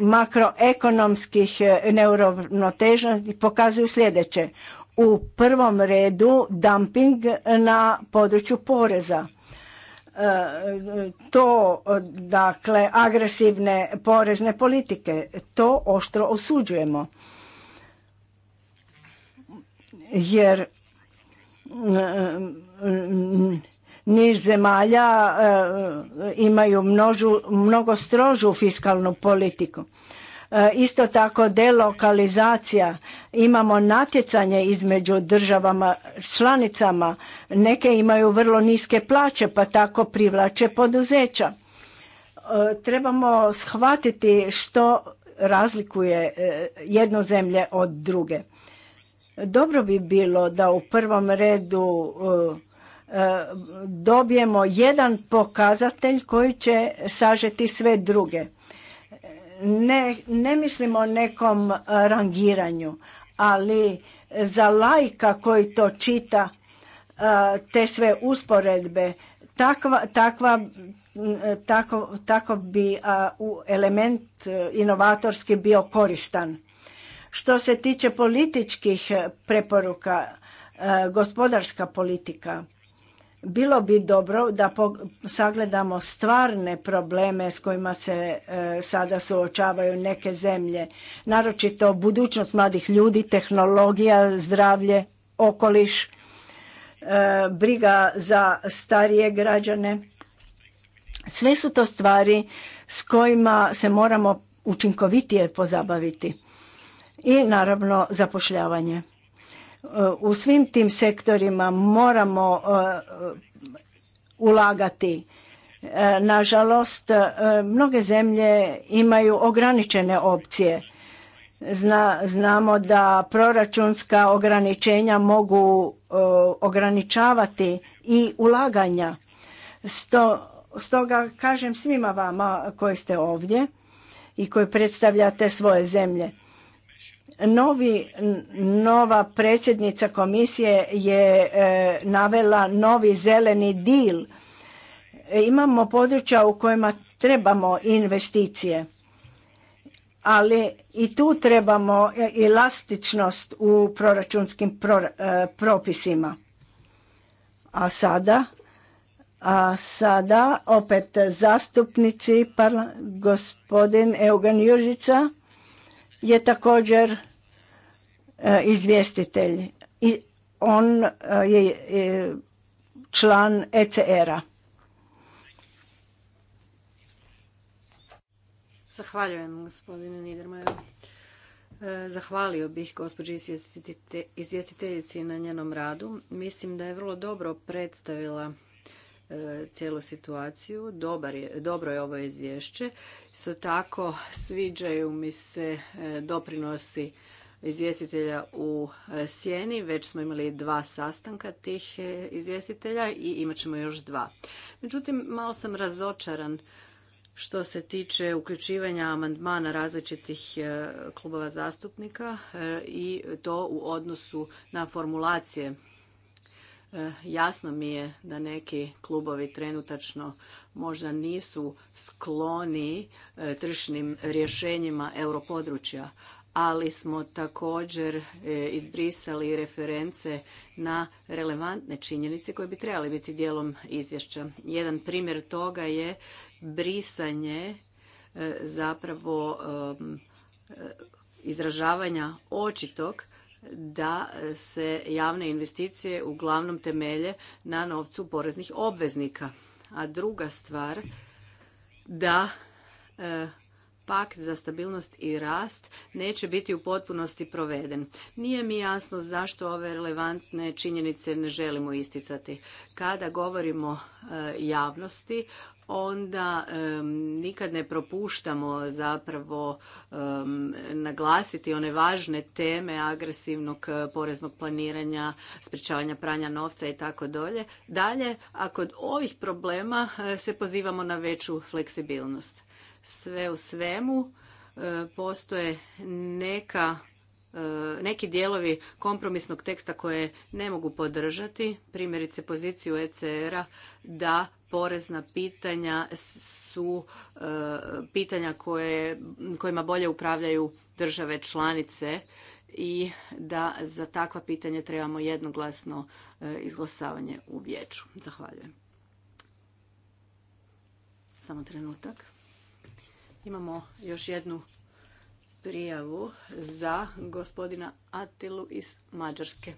makroekonomskih e, neuronoteža pokazuju sljedeće u prvom redu dumping na području poreza. E, to, dakle, agresivne porezne politike, to oštro osuđujemo. Jer mm, niz zemalja e, imaju mnogo strožu fiskalnu politiku E, isto tako delokalizacija, imamo natjecanje između državama članicama, neke imaju vrlo niske plaće pa tako privlače poduzeća. E, trebamo shvatiti što razlikuje e, jedno zemlje od druge. Dobro bi bilo da u prvom redu dobijemo jedan pokazatelj koji će sažeti sve druge ne, ne mislim o nekom e, rangiranju, ali za lajka koji to čita, e, te sve usporedbe, takva, takva, e, tako, tako bi element inovatorski bio koristan. Što se tiče političkih preporuka, gospodarska politika – bilo bi dobro da sagledamo stvarne probleme s kojima se e, sada suočavaju neke zemlje, naročito budućnost mladih ljudi, tehnologija, zdravlje, okoliš, e, briga za starije građane. Sve su to stvari s kojima se moramo učinkovitije pozabaviti. I naravno zapošljavanje. U svim tim sektorima moramo e, ulagati. E, nažalost, e, mnoge zemlje imaju ograničene opcije. znamo da proračunska ograničenja mogu ograničavati i ulaganja. Sto, stoga kažem svima vama koji ste ovdje i koji predstavljate svoje zemlje. Novi, nova predsjednica komisije je e, navela novi zeleni dil. E, imamo područja u kojima trebamo investicije, ali i tu trebamo e, elastičnost u proračunskim propisima. A sada, a sada opet zastupnici, par gospodin Eugen Juržica je također E, izvjestitelj i on e, je e, član ECR-a. Zahvaljujem gospodine Niedermayer. Zahvalio bih gospođi izvjestiteljici na njenom radu. Mislim da je vrlo dobro predstavila cijelu situaciju. dobro je ovo izvješće. Isto tako sviđaju mi se doprinosi izvjestitelja u e, Sjeni. Već smo imali dva sastanka tih e, izvjestitelja i imat ćemo još dva. Međutim, malo sam razočaran što se tiče uključivanja amandmana različitih e, klubova zastupnika i to u odnosu na formulacije Jasno mi je da neki klubovi trenutačno možda nisu skloni tržišnim rješenjima europodručja, ali smo također e, izbrisali reference na relevantne činjenice koje bi trebali biti dijelom izvješća. Jedan primjer toga je brisanje e, zapravo e, izražavanja očitog da se javne investicije uglavnom temelje na novcu poreznih obveznika. A druga stvar da pakt za stabilnost i rast neće biti u potpunosti proveden. Nije mi jasno zašto ove relevantne činjenice ne želimo isticati. Kada govorimo e, javnosti, onda nikad ne propuštamo zapravo naglasiti one važne teme agresivnog e, poreznog planiranja, sprječavanja pranja novca i tako dalje. Dalje, a kod ovih problema e, se pozivamo na veću fleksibilnost. Sve u svemu e, postoje neka e, neki dijelovi kompromisnog teksta koje ne mogu podržati, primjerice poziciju ECR-a da porezna pitanja su e, pitanja koje, kojima bolje upravljaju države članice i da za takva pitanja trebamo jednoglasno izglasavanje u vijeću. Zahvaljujem. Samo trenutak. Imamo još jednu prijavu za gospodina Atilu iz Mađarske.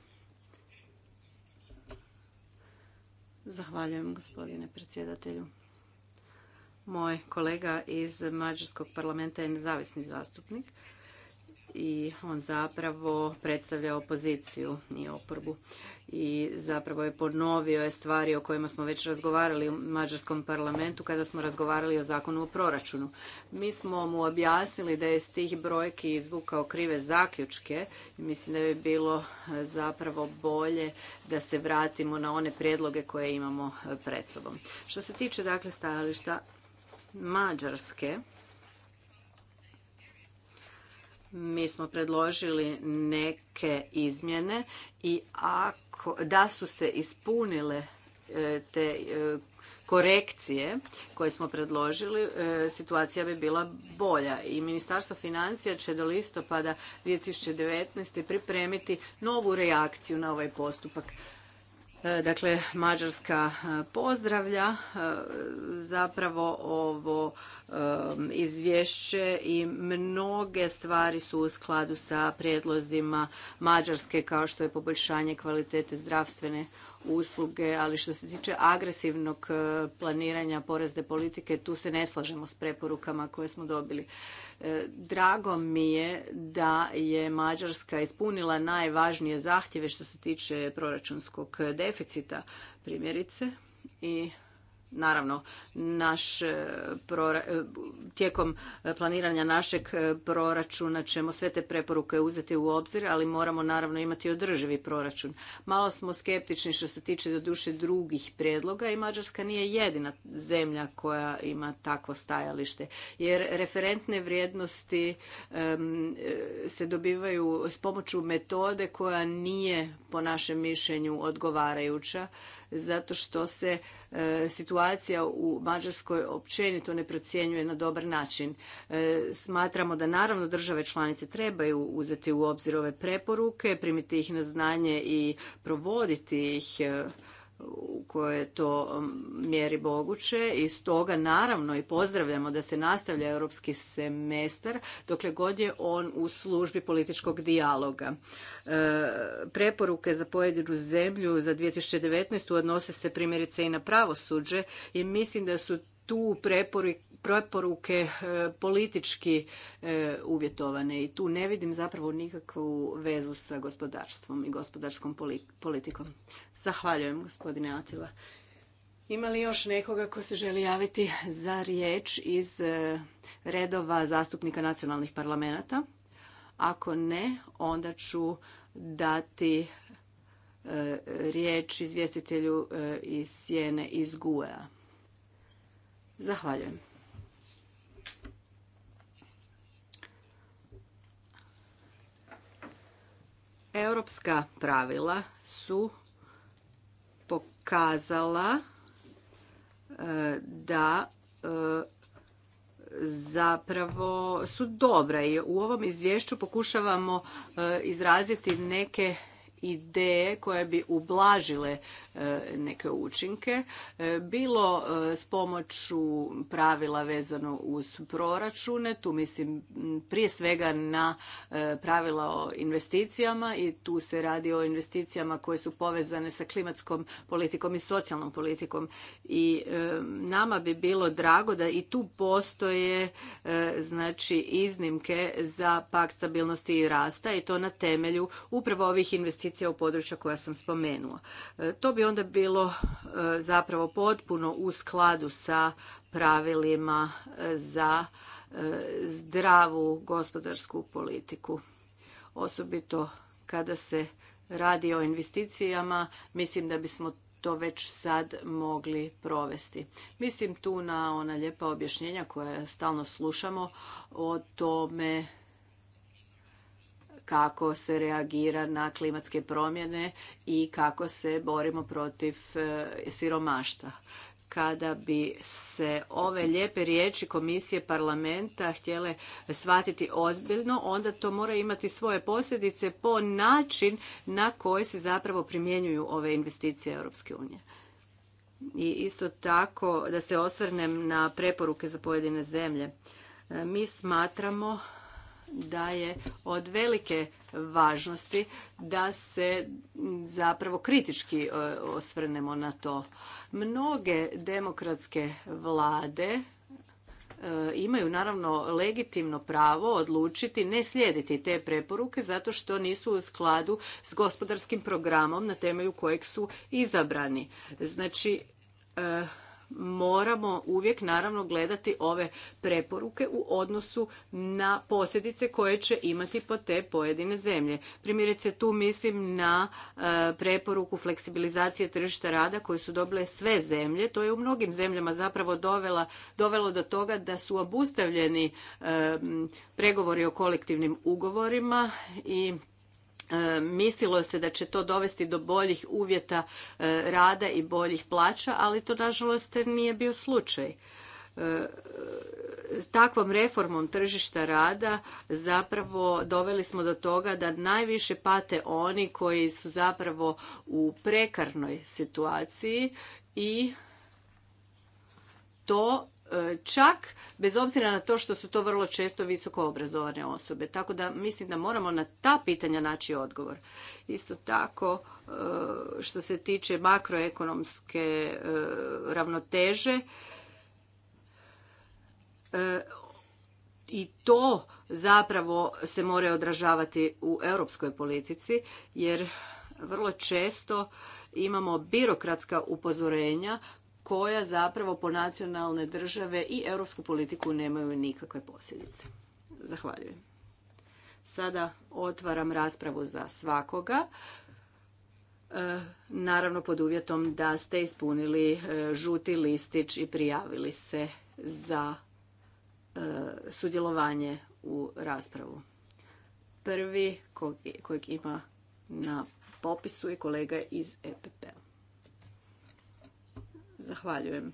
Zahvaljujem gospodine predsjedatelju. Moj kolega iz Mađarskog parlamenta je nezavisni zastupnik i on zapravo predstavlja opoziciju i oporbu i zapravo je ponovio je stvari o kojima smo već razgovarali u mađarskom parlamentu kada smo razgovarali o zakonu o proračunu. Mi smo mu objasnili da je iz tih brojki izvukao krive zaključke i mislim da bi bilo e, zapravo bolje da se vratimo na one prijedloge koje imamo e, pred sobom. Što se tiče dakle stajališta Mađarske, mi smo predložili neke izmjene i ako da su se ispunile e, te e, korekcije koje smo predložili, e, situacija bi bila bolja i Ministarstvo financija će do listopada 2019. pripremiti novu reakciju na ovaj postupak. E, dakle, Mađarska e, pozdravlja e, zapravo ovo izvješće i mnoge stvari su u skladu sa prijedlozima Mađarske kao što je poboljšanje kvalitete zdravstvene usluge, ali što se tiče agresivnog planiranja porezne politike, tu se ne slažemo s preporukama koje smo dobili. E, drago mi je da je Mađarska ispunila najvažnije zahtjeve što se tiče proračunskog deficita primjerice i Naravno, naš e, e, tijekom e, planiranja našeg proračuna ćemo sve te preporuke uzeti u obzir, ali moramo naravno imati održivi proračun. Malo smo skeptični što se tiče doduše drugih prijedloga i Mađarska nije jedina zemlja koja ima takvo stajalište. Jer referentne vrijednosti se dobivaju s pomoću metode koja nije po našem mišljenju odgovarajuća zato što se e, situacija u Mađarskoj općenito ne procjenjuje na dobar način. E, smatramo da naravno države članice trebaju uzeti u obzir ove preporuke, primiti ih na znanje i provoditi ih e, u kojoj je to um, mjeri moguće i stoga naravno i pozdravljamo da se nastavlja europski semestar dokle god je on u službi političkog dijaloga. E, preporuke za pojedinu zemlju za 2019. odnose se primjerice i na pravosuđe i mislim da su tu preporuke preporuke e, politički e, uvjetovane i tu ne vidim zapravo nikakvu vezu sa gospodarstvom i gospodarskom politikom. Zahvaljujem gospodine Atila. Ima li još nekoga ko se želi javiti za riječ iz e, redova zastupnika nacionalnih parlamenta? Ako ne, onda ću dati riječ izvjestitelju iz Sjene iz Guea. Zahvaljujem. Europska pravila su pokazala e, da e, zapravo su dobra i U ovom izvješću pokušavamo e, izraziti neke ideje koje bi ublažile e, neke učinke, e, bilo e, s pomoću pravila vezano uz proračune, tu mislim prije svega na pravila o investicijama i tu se radi o investicijama koje su povezane sa klimatskom politikom i socijalnom politikom i nama bi bilo drago da i tu postoje znači iznimke za pak stabilnosti i rasta i to na temelju upravo ovih investicija investicija u područja koja sam spomenula. E, to bi onda bilo e, zapravo potpuno u skladu sa pravilima e, za zdravu gospodarsku politiku. Osobito kada se radi o investicijama, mislim da bismo to već sad mogli provesti. Mislim tu na ona lijepa objašnjenja koja stalno slušamo o tome kako se reagira na klimatske promjene i kako se borimo protiv e, siromaštva kada bi se ove lijepe riječi komisije parlamenta htjele shvatiti ozbiljno, onda to mora imati svoje posljedice po način na koji se zapravo primjenjuju ove investicije Europske unije. I isto tako da se osvrnem na preporuke za pojedine zemlje. E, mi smatramo da je od velike važnosti da se zapravo kritički e, osvrnemo na to. Mnoge demokratske vlade e, imaju naravno legitimno pravo odlučiti ne slijediti te preporuke zato što nisu u skladu s gospodarskim programom na temelju kojeg su izabrani. Znači, e, moramo uvijek naravno gledati ove preporuke u odnosu na posljedice koje će imati po te pojedine zemlje. Primjerice tu mislim na e, preporuku fleksibilizacije tržišta rada koje su dobile sve zemlje. To je u mnogim zemljama zapravo dovelo do toga da su obustavljeni e, pregovori o kolektivnim ugovorima i E, mislilo se da će to dovesti do boljih uvjeta e, rada i boljih plaća, ali to nažalost nije bio slučaj. E, takvom reformom tržišta rada zapravo doveli smo do toga da najviše pate oni koji su zapravo u prekarnoj situaciji i to čak bez obzira na to što su to vrlo često visoko obrazovane osobe. Tako da mislim da moramo na ta pitanja naći odgovor. Isto tako e, što se tiče makroekonomske e, ravnoteže e, i to zapravo se mora odražavati u europskoj politici jer vrlo često imamo birokratska upozorenja koja zapravo po nacionalne države i europsku politiku nemaju nikakve posljedice. Zahvaljujem. Sada otvaram raspravu za svakoga. E, naravno pod uvjetom da ste ispunili e, žuti listić i prijavili se za e, sudjelovanje u raspravu. Prvi kojeg ima na popisu je kolega iz EPP-a. Zahvaljujem.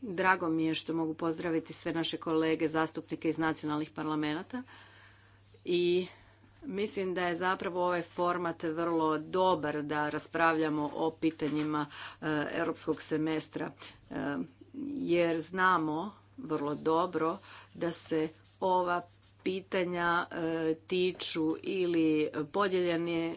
Drago mi je što mogu pozdraviti sve naše kolege, zastupnike iz nacionalnih parlamenta i Mislim da je zapravo ovaj format vrlo dobar da raspravljamo o pitanjima e, europskog semestra e, jer znamo vrlo dobro da se ova pitanja e, tiču ili podijeljene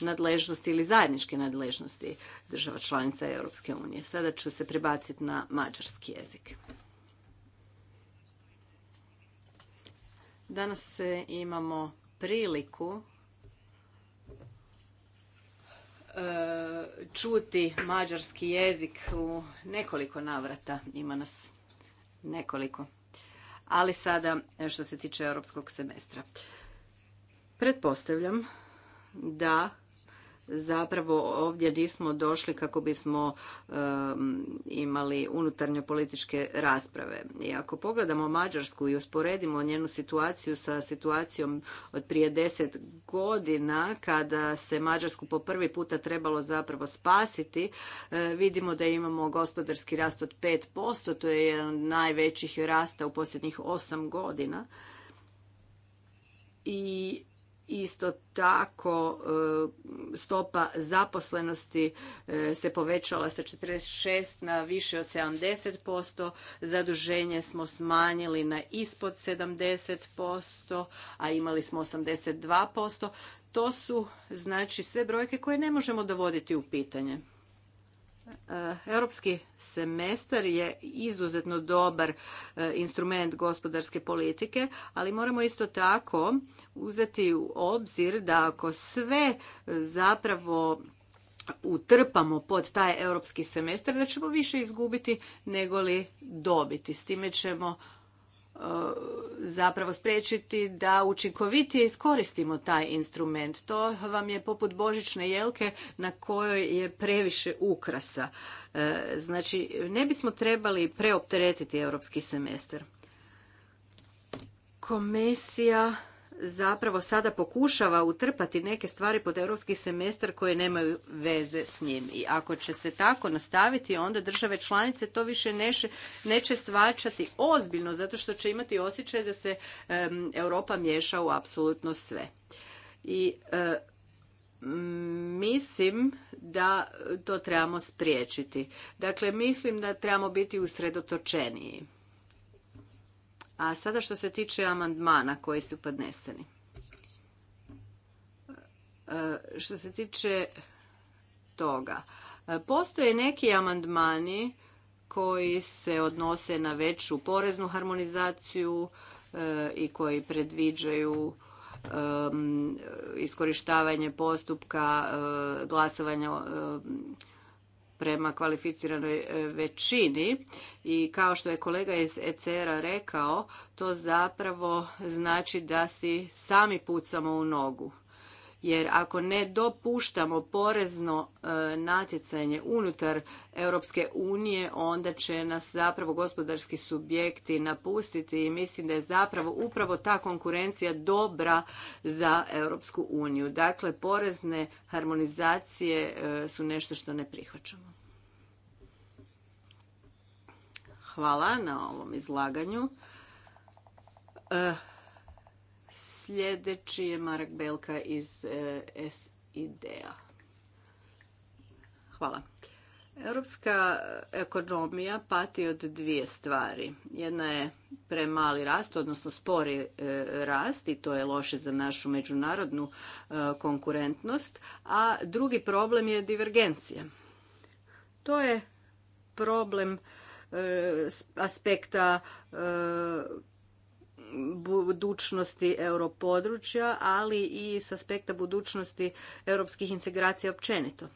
nadležnosti ili zajedničke nadležnosti država članica Europske unije. Sada ću se prebaciti na mađarski jezik. Danas imamo priliku e, čuti mađarski jezik u nekoliko navrata. Ima nas nekoliko. Ali sada e, što se tiče europskog semestra. Pretpostavljam da zapravo ovdje nismo došli kako bismo imali unutarnje političke rasprave. I ako pogledamo Mađarsku i usporedimo njenu situaciju sa situacijom od prije deset godina kada se Mađarsku po prvi puta trebalo zapravo spasiti, e, vidimo da imamo gospodarski rast od 5%, to je jedan od najvećih rasta u posljednjih osam godina. I Isto tako e, stopa zaposlenosti e, se povećala sa 46 na više od 70%, zaduženje smo smanjili na ispod 70%, a imali smo 82%. To su znači sve brojke koje ne možemo dovoditi u pitanje. Eh, europski semestar je izuzetno dobar eh, instrument gospodarske politike, ali moramo isto tako uzeti u obzir da ako sve eh, zapravo utrpamo pod taj europski semestar, da ćemo više izgubiti nego li dobiti. S time ćemo zapravo spriječiti da učinkovitije iskoristimo taj instrument. To vam je poput božićne jelke na kojoj je previše ukrasa. E, znači, ne bismo trebali preopteretiti europski semestar. Komisija zapravo sada pokušava utrpati neke stvari pod europski semestar koje nemaju veze s njim. I ako će se tako nastaviti, onda države članice to više neće svačati ozbiljno, zato što će imati osjećaj da se Europa miješa u apsolutno sve. I e, mislim da to trebamo spriječiti. Dakle, mislim da trebamo biti usredotočeniji. A sada što se tiče amandmana koji su podneseni. E, što se tiče toga, e, postoje neki amandmani koji se odnose na veću poreznu harmonizaciju e, i koji predviđaju iskorištavanje postupka glasovanja prema kvalificiranoj e, većini i kao što je kolega iz ECR-a rekao, to zapravo znači da si sami pucamo u nogu jer ako ne dopuštamo porezno e, natjecanje unutar Europske unije, onda će nas zapravo gospodarski subjekti napustiti i mislim da je zapravo upravo ta konkurencija dobra za Europsku uniju. Dakle, porezne harmonizacije e, su nešto što ne prihvaćamo. Hvala na ovom izlaganju. E, Sljedeći je Marek Belka iz eh, SID-a. Hvala. Europska ekonomija pati od dvije stvari. Jedna je premali rast, odnosno spori eh, rast i to je loše za našu međunarodnu eh, konkurentnost, a drugi problem je divergencija. To je problem aspekta budućnosti europodručja, ali i s aspekta budućnosti europskih integracija općenito.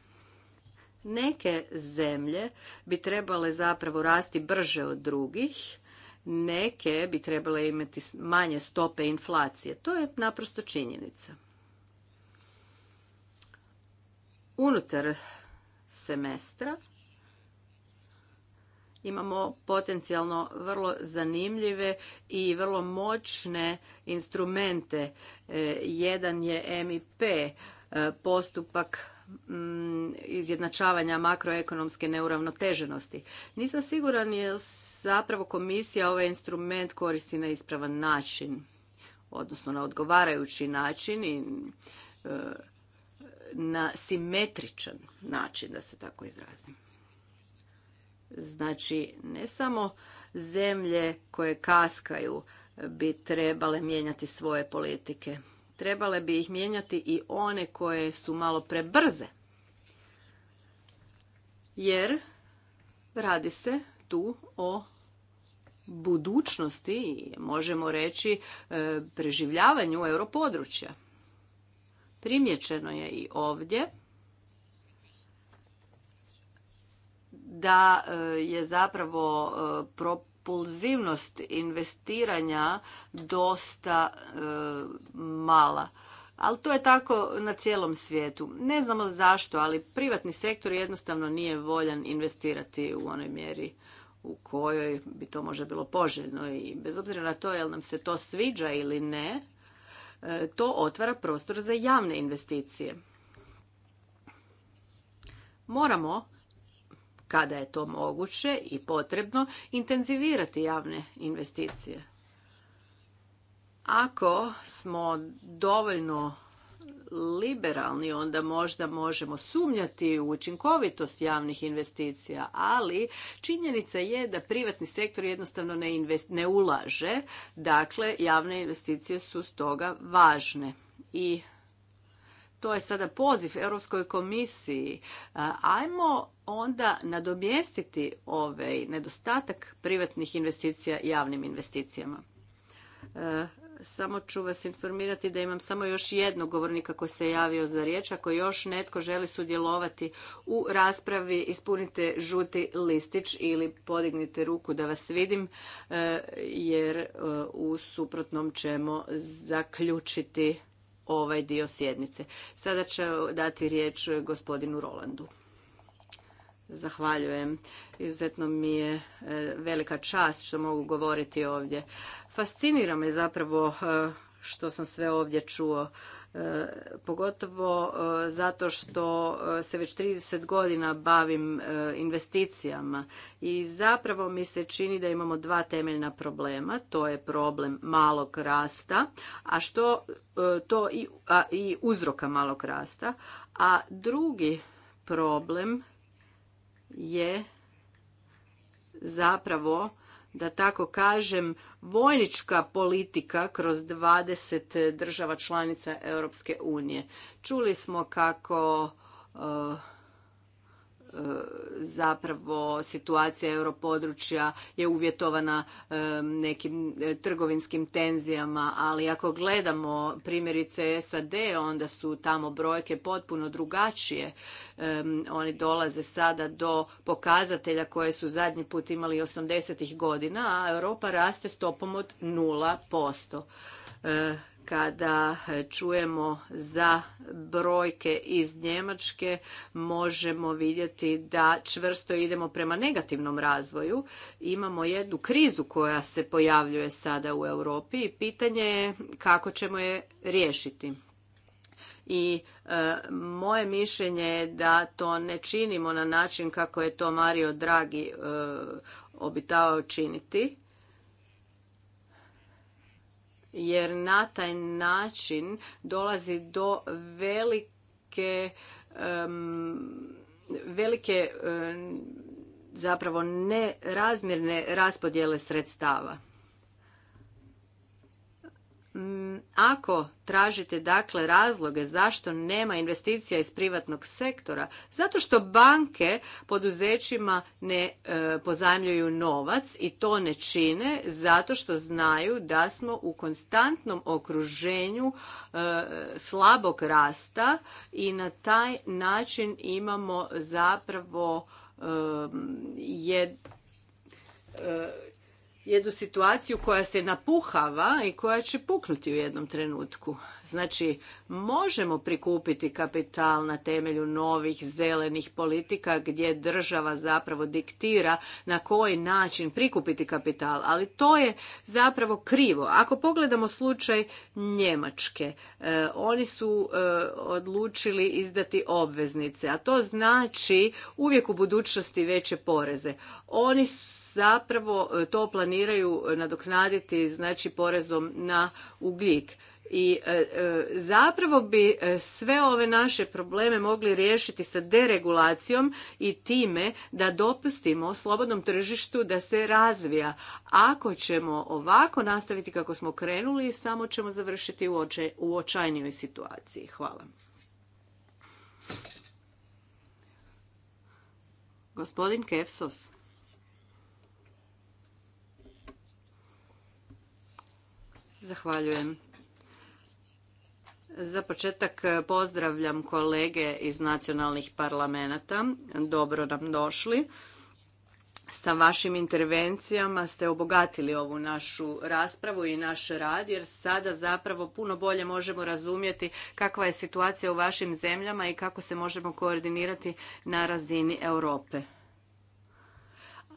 Neke zemlje bi trebale zapravo rasti brže od drugih, neke bi trebale imati manje stope inflacije. To je naprosto činjenica. Unutar semestra imamo potencijalno vrlo zanimljive i vrlo moćne instrumente. E, jedan je MIP, e, postupak mm, izjednačavanja makroekonomske neuravnoteženosti. Nisam siguran je zapravo komisija ovaj instrument koristi na ispravan način, odnosno na odgovarajući način i e, na simetričan način, da se tako izrazim. Znači, ne samo zemlje koje kaskaju bi trebale mijenjati svoje politike. Trebale bi ih mijenjati i one koje su malo prebrze. Jer radi se tu o budućnosti i možemo reći e, preživljavanju europodručja. Primjećeno je i ovdje da e, je zapravo e, propulzivnost investiranja dosta e, mala. Ali to je tako na cijelom svijetu. Ne znamo zašto, ali privatni sektor jednostavno nije voljan investirati u onoj mjeri u kojoj bi to možda bilo poželjno i bez obzira na to jel nam se to sviđa ili ne, to otvara prostor za javne investicije. Moramo kada je to moguće i potrebno, intenzivirati javne investicije. Ako smo dovoljno liberalni, onda možda možemo sumnjati u učinkovitost javnih investicija, ali činjenica je da privatni sektor jednostavno ne, invest, ne ulaže, dakle javne investicije su stoga važne i to je sada poziv Europskoj komisiji, ajmo onda nadomjestiti ovaj nedostatak privatnih investicija javnim investicijama. E, samo ću vas informirati da imam samo još jednog govornika koji se javio za riječ. Ako još netko želi sudjelovati u raspravi, ispunite žuti listić ili podignite ruku da vas vidim, e, jer e, u suprotnom ćemo zaključiti ovaj dio sjednice. Sada će dati riječ gospodinu Rolandu. Zahvaljujem. Izuzetno mi je e, velika čast što mogu govoriti ovdje. Fascinira me zapravo e, što sam sve ovdje čuo E, pogotovo e, zato što e, se već 30 godina bavim investicijama i zapravo mi se čini da imamo dva temeljna problema. To je problem malog rasta, a što to i, a, i uzroka malog rasta, a drugi problem je zapravo da tako kažem, vojnička politika kroz 20 država članica Europske unije. Čuli smo kako eh, zapravo situacija europodručja je uvjetovana e, nekim e, trgovinskim tenzijama, ali ako gledamo primjerice SAD, onda su tamo brojke potpuno drugačije. E, oni dolaze sada do pokazatelja koje su zadnji put imali 80. godina, a Europa raste stopom od 0% kada čujemo za brojke iz Njemačke možemo vidjeti da čvrsto idemo prema negativnom razvoju. Imamo jednu krizu koja se pojavljuje sada u Europi i pitanje je kako ćemo je riješiti i e, moje mišljenje je da to ne činimo na način kako je to Mario Draghi e, obitao činiti jer na taj način dolazi do velike velike zapravo nerazmjerne raspodjele sredstava. Mm, ako tražite dakle razloge zašto nema investicija iz privatnog sektora, zato što banke poduzećima ne e, pozajmljuju novac i to ne čine zato što znaju da smo u konstantnom okruženju e, slabog rasta i na taj način imamo zapravo e, je e, jednu situaciju koja se napuhava i koja će puknuti u jednom trenutku. Znači, možemo prikupiti kapital na temelju novih zelenih politika gdje država zapravo diktira na koji način prikupiti kapital, ali to je zapravo krivo. Ako pogledamo slučaj Njemačke, e, oni su e, odlučili izdati obveznice, a to znači uvijek u budućnosti veće poreze. Oni su zapravo e, to planiraju e, nadoknaditi znači porezom na ugljik i e, zapravo bi sve ove naše probleme mogli riješiti sa deregulacijom i time da dopustimo slobodnom tržištu da se razvija. Ako ćemo ovako nastaviti kako smo krenuli, samo ćemo završiti u, očajnijoj situaciji. Hvala. Gospodin Kefsos. Zahvaljujem. Za početak eh, pozdravljam kolege iz nacionalnih parlamenta. Dobro nam došli. Sa vašim intervencijama ste obogatili ovu našu raspravu i naš rad jer sada zapravo puno bolje možemo razumjeti kakva je situacija u vašim zemljama i kako se možemo koordinirati na razini Europe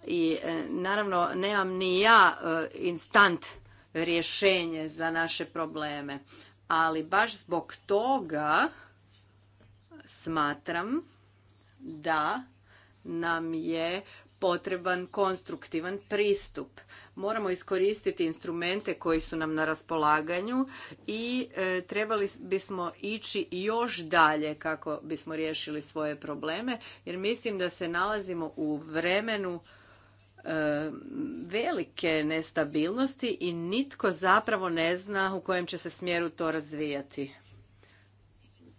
i eh, naravno nemam ni ja eh, instant rješenje za naše probleme. Ali baš zbog toga smatram da nam je potreban konstruktivan pristup. Moramo iskoristiti instrumente koji su nam na raspolaganju i e, trebali bismo ići još dalje kako bismo riješili svoje probleme jer mislim da se nalazimo u vremenu E, velike nestabilnosti i nitko zapravo ne zna u kojem će se smjeru to razvijati.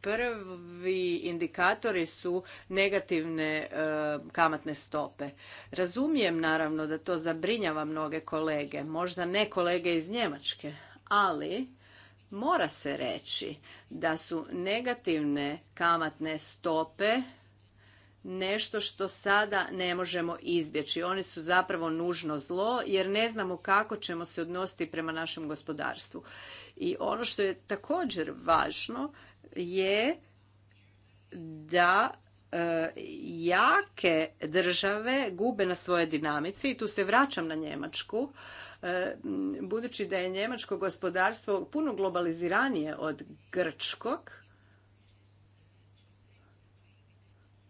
Prvi indikatori su negativne e, kamatne stope. Razumijem naravno da to zabrinjava mnoge kolege, možda ne kolege iz Njemačke, ali mora se reći da su negativne kamatne stope nešto što sada ne možemo izbjeći. Oni su zapravo nužno zlo jer ne znamo kako ćemo se odnositi prema našem gospodarstvu. I ono što je također važno je da e, jake države gube na svoje dinamici i tu se vraćam na Njemačku e, budući da je njemačko gospodarstvo puno globaliziranije od grčkog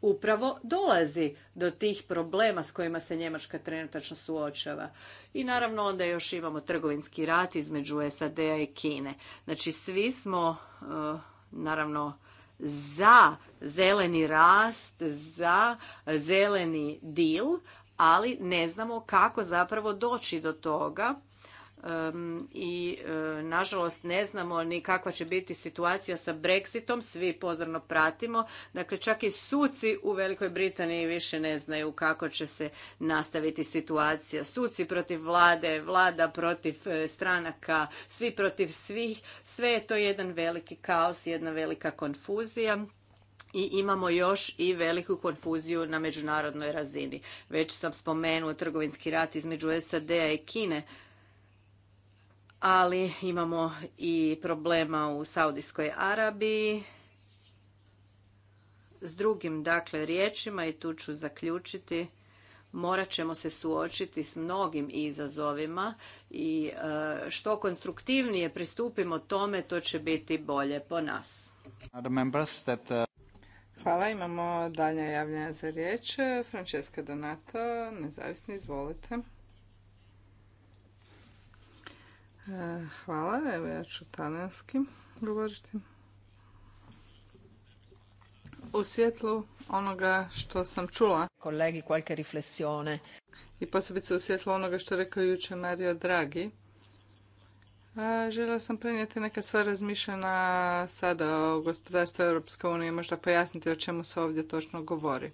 upravo dolazi do tih problema s kojima se Njemačka trenutačno suočava. I naravno onda još imamo trgovinski rat između SAD-a i Kine. Znači svi smo eh, naravno za zeleni rast, za zeleni dil, ali ne znamo kako zapravo doći do toga i eh, nažalost ne znamo ni kakva će biti situacija sa Brexitom, svi pozorno pratimo. Dakle, čak i suci u Velikoj Britaniji više ne znaju kako će se nastaviti situacija. Suci protiv vlade, vlada protiv eh, stranaka, svi protiv svih, sve je to jedan veliki kaos, jedna velika konfuzija i imamo još i veliku konfuziju na međunarodnoj razini. Već sam spomenuo trgovinski rat između SAD-a i Kine ali imamo i problema u Saudijskoj Arabiji. S drugim dakle riječima i tu ću zaključiti morat ćemo se suočiti s mnogim izazovima i e, što konstruktivnije pristupimo tome, to će biti bolje po nas. Uh, Hvala, imamo dalje javljanje za riječ. Francesca Donato, nezavisni, izvolite. Hvala, evo ja ću talijanski govoriti. U svjetlu onoga što sam čula. Kolegi, qualche riflessione. I posebice u svjetlu onoga što rekao jučer Mario Draghi. Željela sam prenijeti neka sva razmišljena sada o gospodarstvu Europske unije, možda pojasniti o čemu se ovdje točno govori.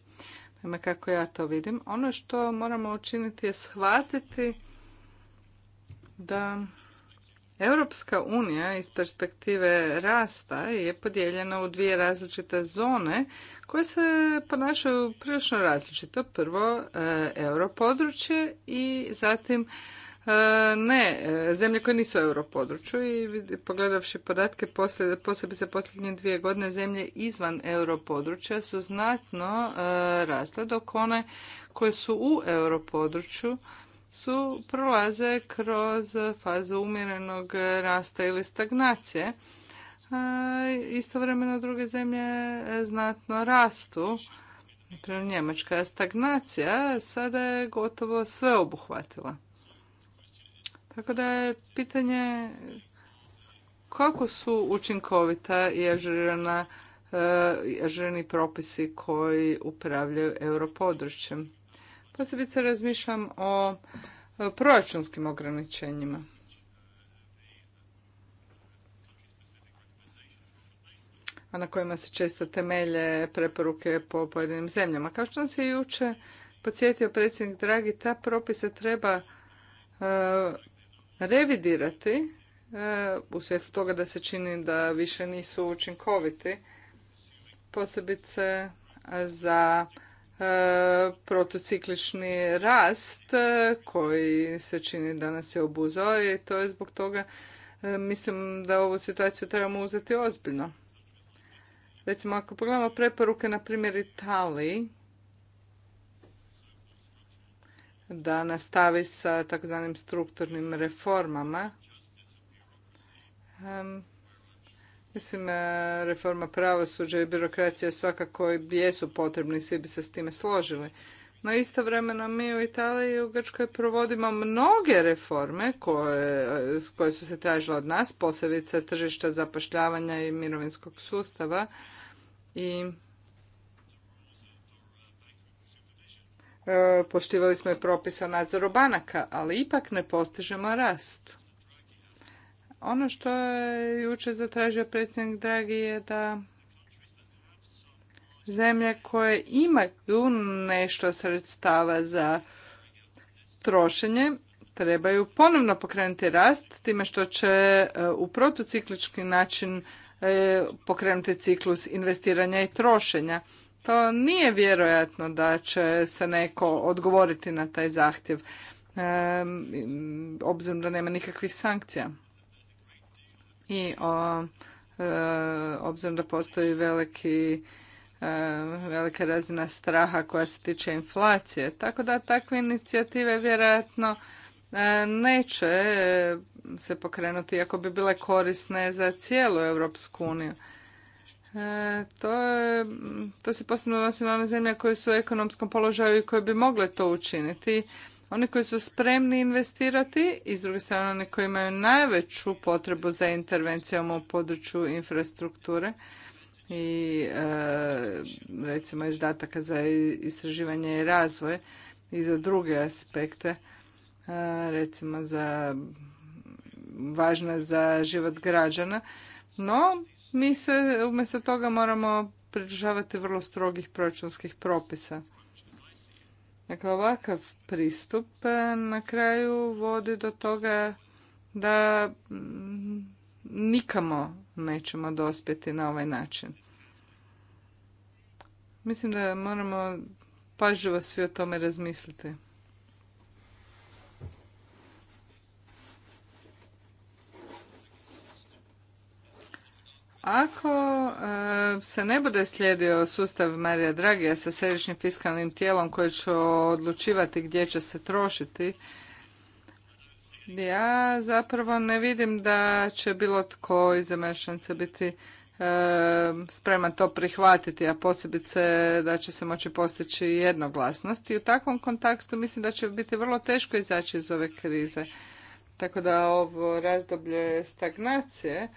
Naime, kako ja to vidim. Ono što moramo učiniti je shvatiti da Europska unija iz perspektive rasta je podijeljena u dvije različite zone koje se ponašaju prilično različito. Prvo e, europodručje i zatim e, ne, e, zemlje koje nisu u europodručju i pogledavši podatke posebice posljednje dvije godine zemlje izvan europodručja su znatno rasle dok one koje su u europodručju su prolaze kroz fazu umjerenog rasta ili stagnacije. E, istovremeno druge zemlje znatno rastu. Naprimjer, njemačka stagnacija sada je gotovo sve obuhvatila. Tako da je pitanje kako su učinkovita i ažurirani e, propisi koji upravljaju europodručjem. Posebice razmišljam o proračunskim ograničenjima. a na kojima se često temelje preporuke po pojedinim zemljama. Kao što nam se juče podsjetio predsjednik Dragi, ta propisa treba e, revidirati e, u svijetu toga da se čini da više nisu učinkoviti, posebice za E, protociklični rast e, koji se čini danas je obuzao i to je zbog toga e, mislim da ovu situaciju trebamo uzeti ozbiljno. Recimo ako pogledamo preporuke na primjer Italiji da nastavi sa takozvanim strukturnim reformama Mislim, e, reforma pravosuđa i birokracija svakako jesu potrebni, svi bi se s time složili. No istovremeno mi u Italiji i u Grčkoj provodimo mnoge reforme koje, e, koje su se tražile od nas, posebice tržišta zapošljavanja i mirovinskog sustava. I e, poštivali smo i propis o nadzoru banaka, ali ipak ne postižemo rast. Ono što je jučer zatražio predsjednik Dragi je da zemlje koje imaju nešto sredstava za trošenje trebaju ponovno pokrenuti rast time što će e, u protuciklički način e, pokrenuti ciklus investiranja i trošenja. To nije vjerojatno da će se neko odgovoriti na taj zahtjev e, obzirom da nema nikakvih sankcija i o e, obzirom da postoji veliki e, velika razina straha koja se tiče inflacije. Tako da takve inicijative vjerojatno e, neće se pokrenuti ako bi bile korisne za cijelu Europsku uniju. To, je, to se posebno odnosi na one zemlje koje su u ekonomskom položaju i koje bi mogle to učiniti oni koji su spremni investirati i s druge strane one koji imaju najveću potrebu za intervencijom u području infrastrukture i e, recimo izdataka za istraživanje i razvoj i za druge aspekte e, recimo za važna za život građana. No, mi se umjesto toga moramo pridržavati vrlo strogih proračunskih propisa. Dakle, ovakav pristup e, na kraju vodi do toga da mm, nikamo nećemo dospjeti na ovaj način. Mislim da moramo pažljivo svi o tome razmisliti. Ako eh, se ne bude slijedio sustav Marija Dragija sa središnjim fiskalnim tijelom koje će odlučivati gdje će se trošiti, ja zapravo ne vidim da će bilo tko iz zemljačnice biti eh, spreman to prihvatiti, a posebice da će se moći postići jednoglasnost. I u takvom kontekstu mislim da će biti vrlo teško izaći iz ove krize. Tako da ovo razdoblje stagnacije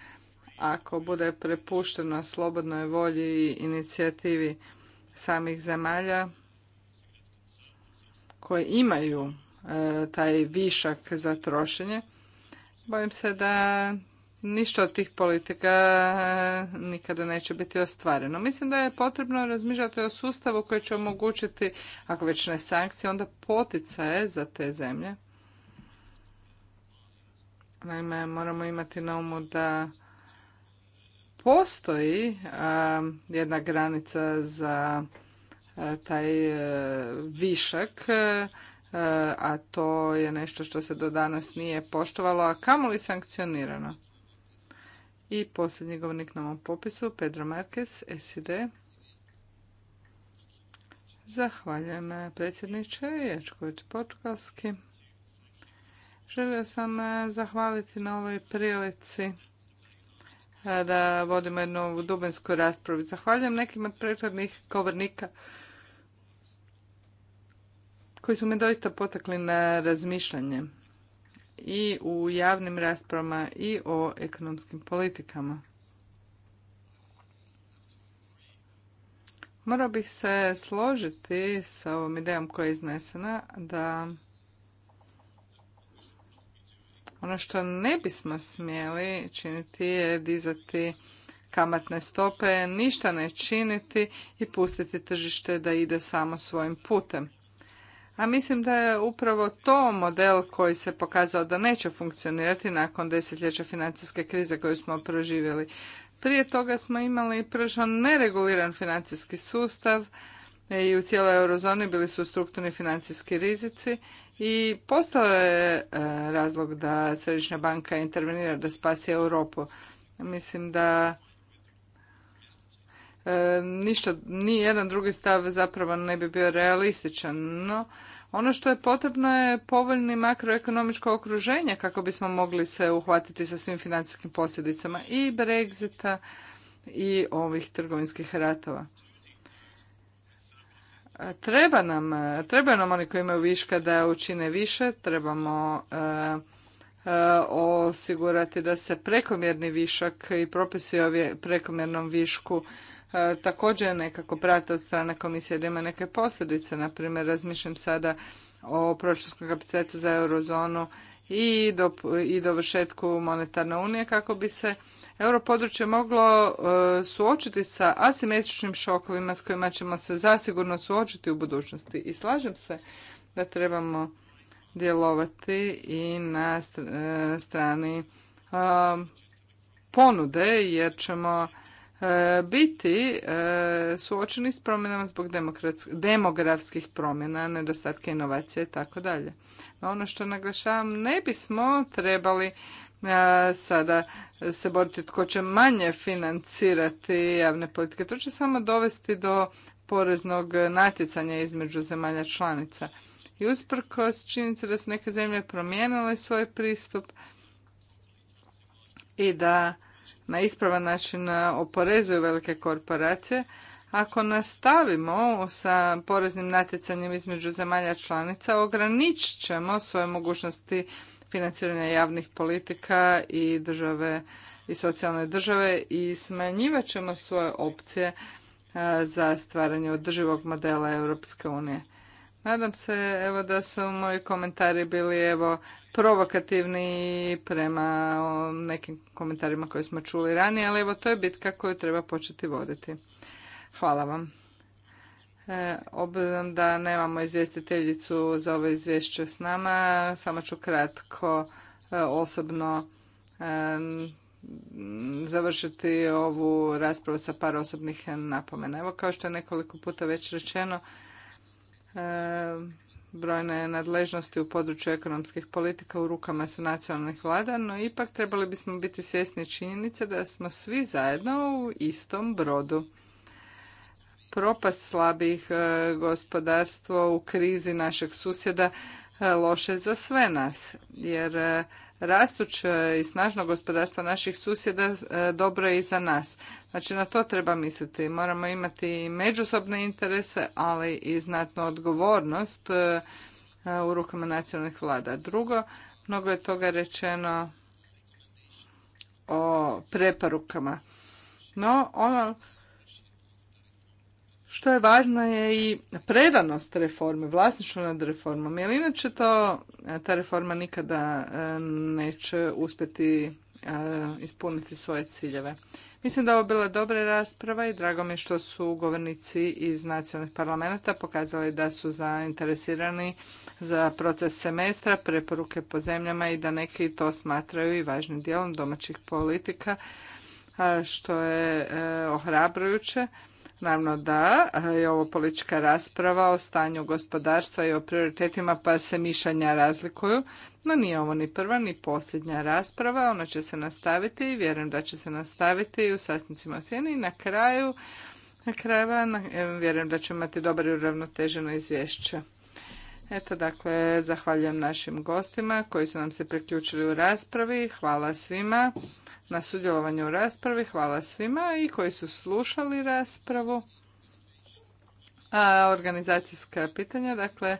ako bude prepušteno slobodnoj volji i inicijativi samih zemalja koje imaju e, taj višak za trošenje, bojim se da ništa od tih politika e, nikada neće biti ostvareno. Mislim da je potrebno razmišljati o sustavu koji će omogućiti, ako već ne sankcije, onda poticaje za te zemlje. Naime, moramo imati na umu da postoji jedna granica za taj e, višak, e, a to je nešto što se do danas nije poštovalo, a kamoli sankcionirano. I posljednji govornik na ovom popisu, Pedro Marquez, SID. Zahvaljujem predsjedniče, ja ću portugalski. Želio sam e, zahvaliti na ovoj prilici da vodimo jednu dubensku raspravu. Zahvaljujem nekim od prethodnih govornika koji su me doista potakli na razmišljanje i u javnim raspravama i o ekonomskim politikama. Morao bih se složiti sa ovom idejom koja je iznesena da ono što ne bismo smjeli činiti je dizati kamatne stope, ništa ne činiti i pustiti tržište da ide samo svojim putem. A mislim da je upravo to model koji se pokazao da neće funkcionirati nakon desetljeća financijske krize koju smo proživjeli. Prije toga smo imali prilično nereguliran financijski sustav i u cijeloj eurozoni bili su strukturni financijski rizici i je e, razlog da Središnja banka intervenira da spasi Europu. Mislim da e, ništa, ni jedan drugi stav zapravo ne bi bio realističan, no ono što je potrebno je povoljni makroekonomičko okruženje kako bismo mogli se uhvatiti sa svim financijskim posljedicama i Brexita i ovih trgovinskih ratova. Treba nam, e, treba nam oni koji imaju viška da učine više, trebamo e, e, osigurati da se prekomjerni višak i propisi o prekomjernom višku također nekako prate od strane komisije da ima neke posljedice. Naprimjer, razmišljam sada o proračunskom kapacitetu za eurozonu i, do, i dovršetku monetarne unije kako bi se europodručje moglo e, suočiti sa asimetričnim šokovima s kojima ćemo se zasigurno suočiti u budućnosti. I slažem se da trebamo djelovati i na e, strani e, ponude jer ćemo biti suočeni s promjenama zbog demografskih promjena, nedostatka inovacije i tako dalje. Ono što naglašavam, ne bismo trebali sada se boriti tko će manje financirati javne politike. To će samo dovesti do poreznog natjecanja između zemalja članica. I usprkos činjenice da su neke zemlje promijenile svoj pristup i da na ispravan način oporezuju velike korporacije, ako nastavimo sa poreznim natjecanjem između zemalja članica, ograničit ćemo svoje mogućnosti financiranja javnih politika i države i socijalne države i smanjivat ćemo svoje opcije za stvaranje održivog modela Europske unije. Nadam se evo da su moji komentari bili evo provokativni prema nekim komentarima koje smo čuli ranije, ali evo to je bitka koju treba početi voditi. Hvala vam. E, obzirom da nemamo izvjestiteljicu za ovo izvješće s nama, samo ću kratko e, osobno e, završiti ovu raspravu sa par osobnih napomena. Evo kao što je nekoliko puta već rečeno, brojne nadležnosti u području ekonomskih politika u rukama su nacionalnih vlada, no ipak trebali bismo biti svjesni činjenice da smo svi zajedno u istom brodu propast slabih e, gospodarstvo u krizi našeg susjeda e, loše za sve nas. Jer e, rastuće i snažno gospodarstvo naših susjeda dobro je i za nas. Znači na to treba misliti. Moramo imati i međusobne interese, ali i znatnu odgovornost u rukama nacionalnih vlada. Drugo, mnogo je toga rečeno o preporukama. No, ono što je važno je i predanost reforme, vlasništvo nad reformom. Jer inače to, e, ta reforma nikada e, neće uspjeti e, ispuniti svoje ciljeve. Mislim da ovo bila dobra rasprava i drago mi je što su govornici iz nacionalnih parlamenta pokazali da su zainteresirani za proces semestra, preporuke po zemljama i da neki to smatraju i važnim dijelom domaćih politika, što je ohrabrujuće. Naravno da e, je ovo politička rasprava o stanju gospodarstva i o prioritetima pa se mišanja razlikuju, no nije ovo ni prva ni posljednja rasprava, ona će se nastaviti i vjerujem da će se nastaviti u sastancima u sjeni i na kraju na krajeva e, vjerujem da ćemo imati dobro i uravnoteženo izvješće. Eto dakle, zahvaljujem našim gostima koji su nam se priključili u raspravi. Hvala svima na sudjelovanju u raspravi. Hvala svima i koji su slušali raspravu. A organizacijska pitanja, dakle,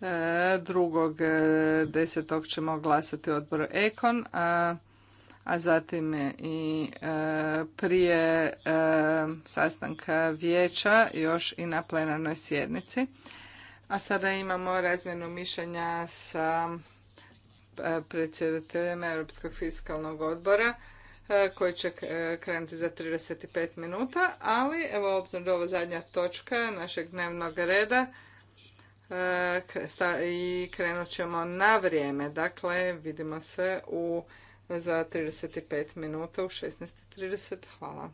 e, drugog e, desetog ćemo glasati odbor odboru Ekon, a, zatim i e, prije sastanka vijeća još i na plenarnoj sjednici. A sada imamo razmjenu mišljenja sa predsjedateljem Europskog fiskalnog odbora e, koji će e, krenuti za 35 minuta, ali evo obzirom da ovo zadnja točka našeg dnevnog reda e, i krenut ćemo na vrijeme. Dakle, vidimo se u, za 35 minuta u 16.30. Hvala.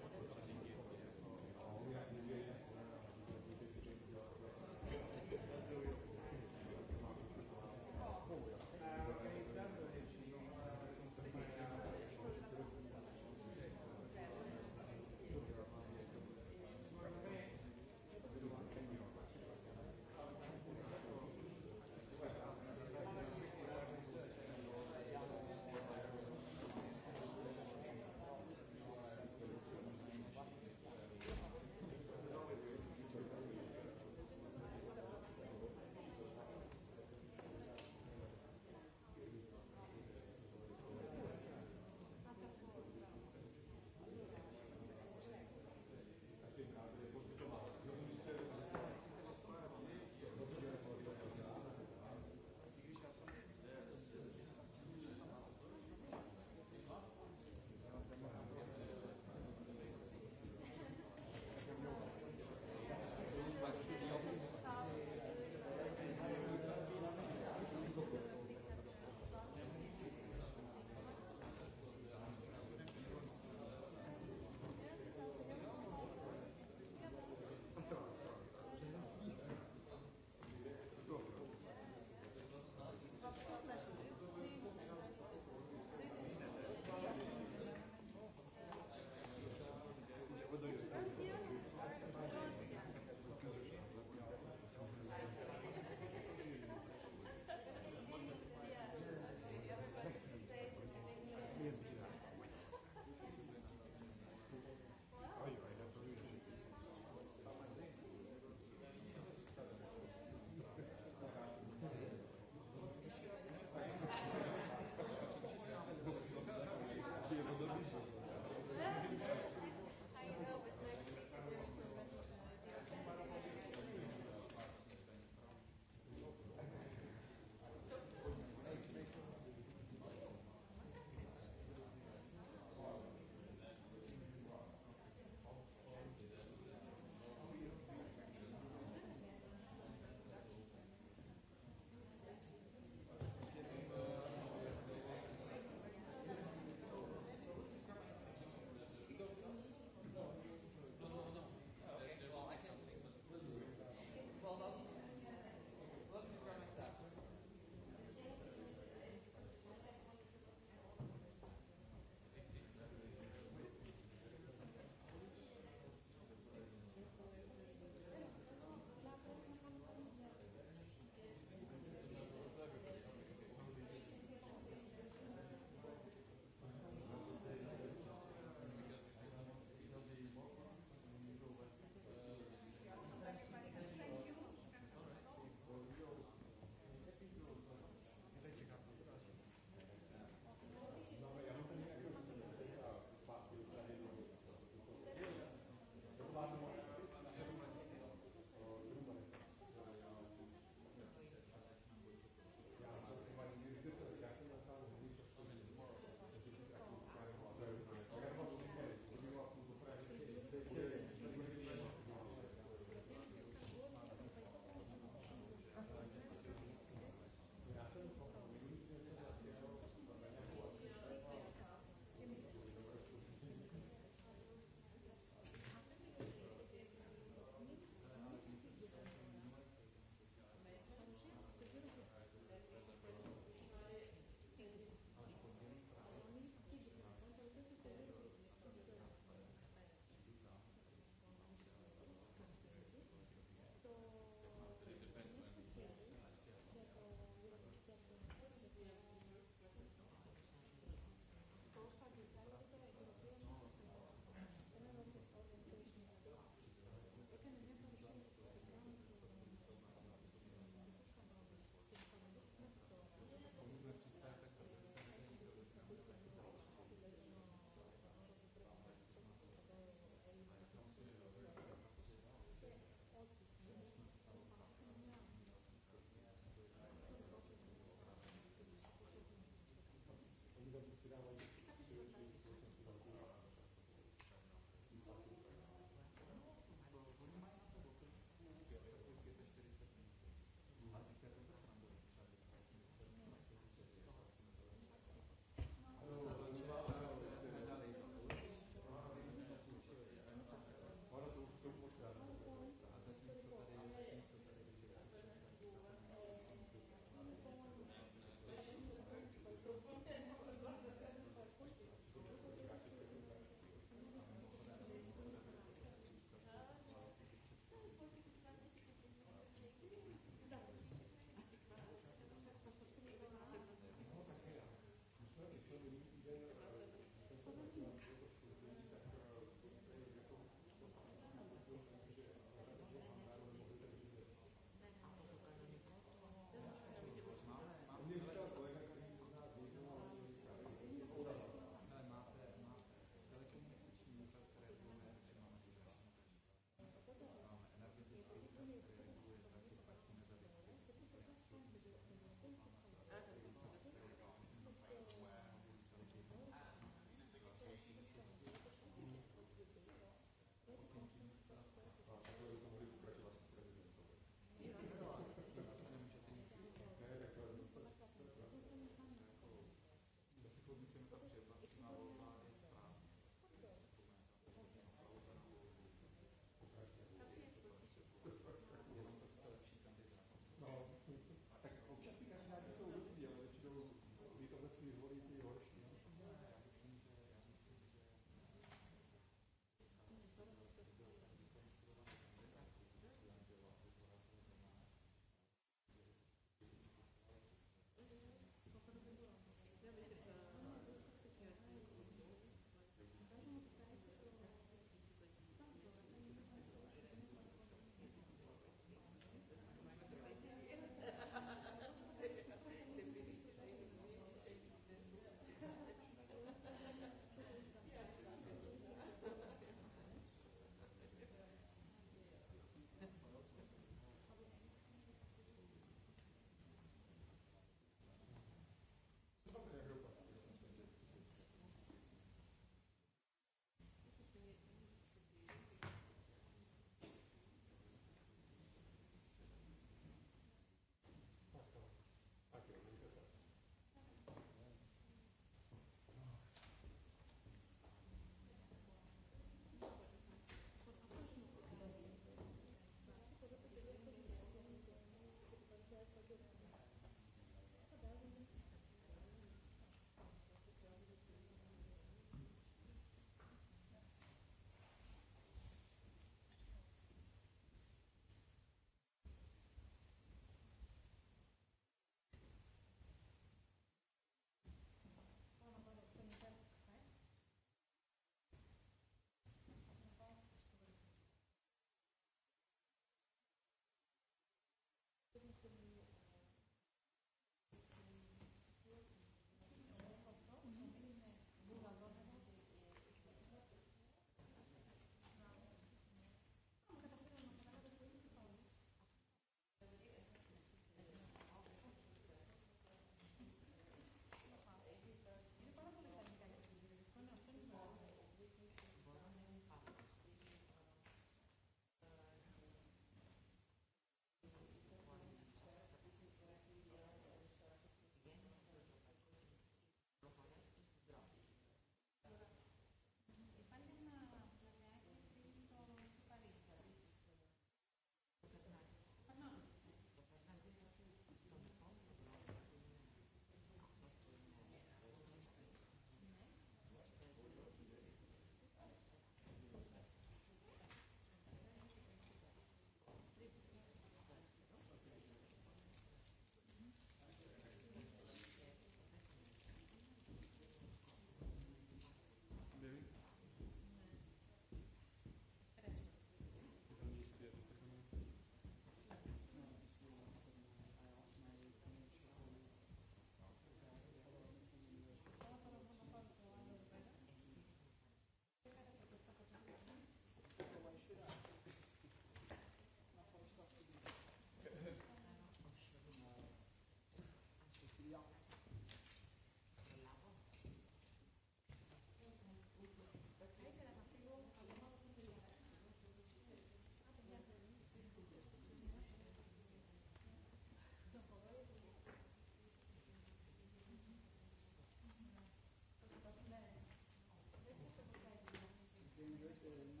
mm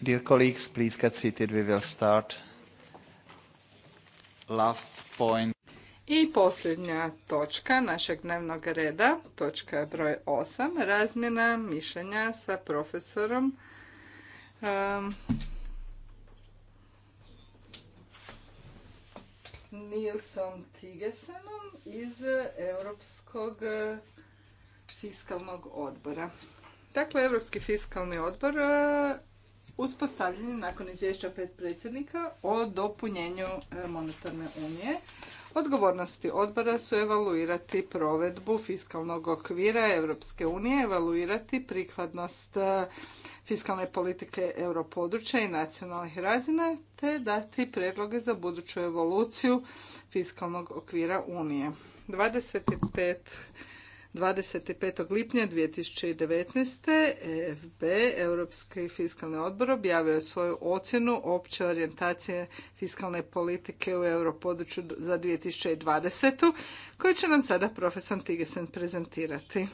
Dear colleagues, please get will start. Last point. I posljednja točka našeg dnevnog reda, točka broj 8, razmjena mišljenja sa profesorom um, Nilsom Tigesenom iz Europskog fiskalnog odbora. Dakle, Europski fiskalni odbor uspostavljeni nakon izvješća pet predsjednika o dopunjenju e, monetarne unije. Odgovornosti odbora su evaluirati provedbu fiskalnog okvira Europske unije, evaluirati prikladnost e, fiskalne politike europodručja i nacionalnih razina, te dati predloge za buduću evoluciju fiskalnog okvira Unije. 25 25. lipnja 2019. EFB, Europski fiskalni odbor, objavio je svoju ocjenu opće orijentacije fiskalne politike u europodručju za 2020. koju će nam sada profesor Tigesen prezentirati.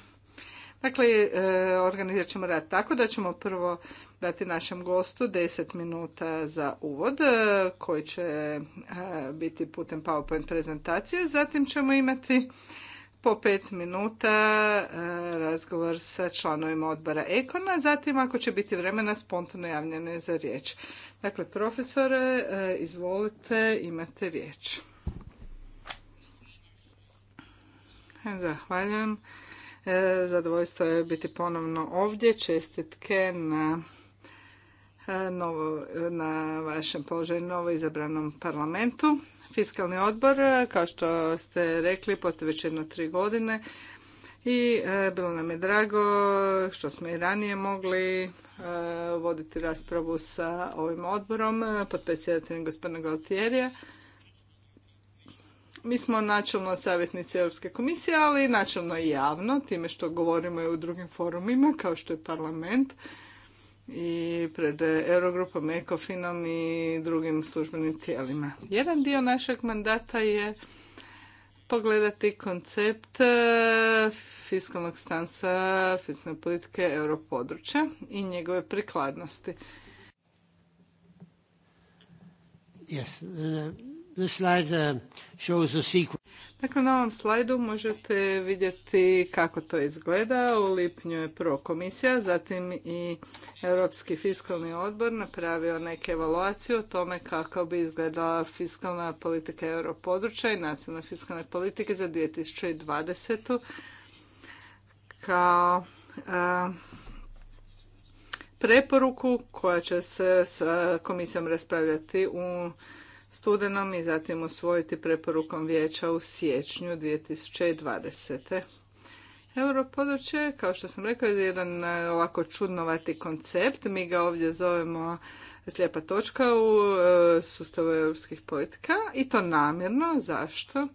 Dakle, e, organizirat ćemo rad tako da ćemo prvo dati našem gostu 10 minuta za uvod e, koji će e, biti putem PowerPoint prezentacije. Zatim ćemo imati po pet minuta e, razgovor sa članovima odbora Ekona, zatim ako će biti vremena spontano javljene za riječ. Dakle, profesore, e, izvolite, imate riječ. Zahvaljujem. E, zadovoljstvo je biti ponovno ovdje. Čestitke na novo, na vašem položaju novo izabranom parlamentu. Fiskalni odbor, e, kao što ste rekli, postoje već jedno tri godine i e, bilo nam je drago što smo i ranije mogli e, voditi raspravu sa ovim odborom pod predsjedateljem gospodina Galtierija. Mi smo načelno savjetnici Europske komisije, ali načelno i javno, time što govorimo i u drugim forumima, kao što je parlament i pred Eurogrupom, Ekofinom i drugim službenim tijelima. Jedan dio našeg mandata je pogledati koncept e, fiskalnog stanca, fiskalne politike europodručja i njegove prikladnosti. Yes, the slide uh, shows a sequence. Dakle, na ovom slajdu možete vidjeti kako to izgleda. U lipnju je prvo komisija, zatim i Europski fiskalni odbor napravio neke evaluaciju o tome kako bi izgledala fiskalna politika europodručja i nacionalne fiskalne politike za 2020. kao eh, preporuku koja će se sa komisijom raspravljati u studenom i zatim usvojiti preporukom vijeća u siječnju 2020. područje, kao što sam rekao, je jedan e, ovako čudnovati koncept. Mi ga ovdje zovemo slijepa točka u e, sustavu europskih politika i to namjerno. Zašto?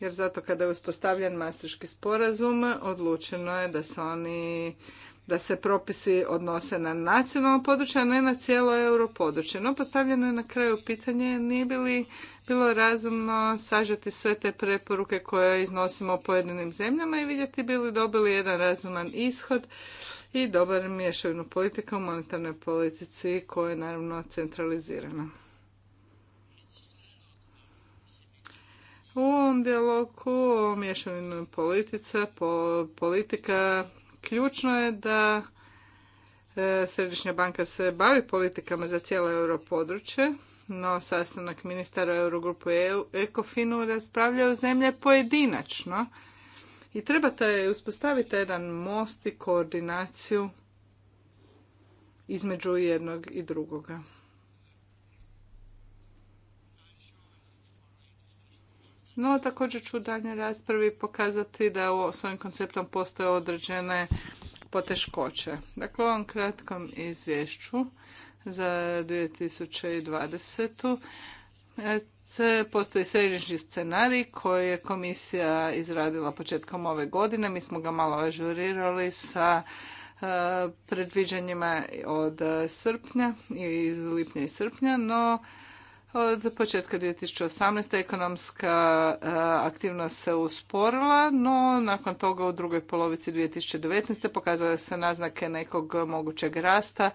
Jer zato kada je uspostavljen mastriški sporazum, odlučeno je da se oni da se propisi odnose na nacionalno područje, a ne na cijelo područje No, postavljeno je na kraju pitanje nije bi li bilo razumno sažeti sve te preporuke koje iznosimo u pojedinim zemljama i vidjeti bili dobili jedan razuman ishod i dobar mješavnu politika u monetarnoj politici koja je naravno centralizirana. U ovom dijalogu o mješanoj politici politika ključno je da e, Središnja banka se bavi politikama za cijelo područje, no sastanak ministara Eurogrupu i e Ekofinu raspravljaju zemlje pojedinačno i treba je uspostaviti jedan most i koordinaciju između jednog i drugoga. No, također ću u daljnjoj raspravi pokazati da u svojim konceptom postoje određene poteškoće. Dakle, u ovom kratkom izvješću za 2020 e, postoji središnji scenarij koji je komisija izradila početkom ove godine. Mi smo ga malo ažurirali sa e, predviđanjima od srpnja i lipnja i srpnja, no od početka 2018. ekonomska e, aktivnost se usporila, no nakon toga u drugoj polovici 2019. pokazale se naznake nekog mogućeg rasta e,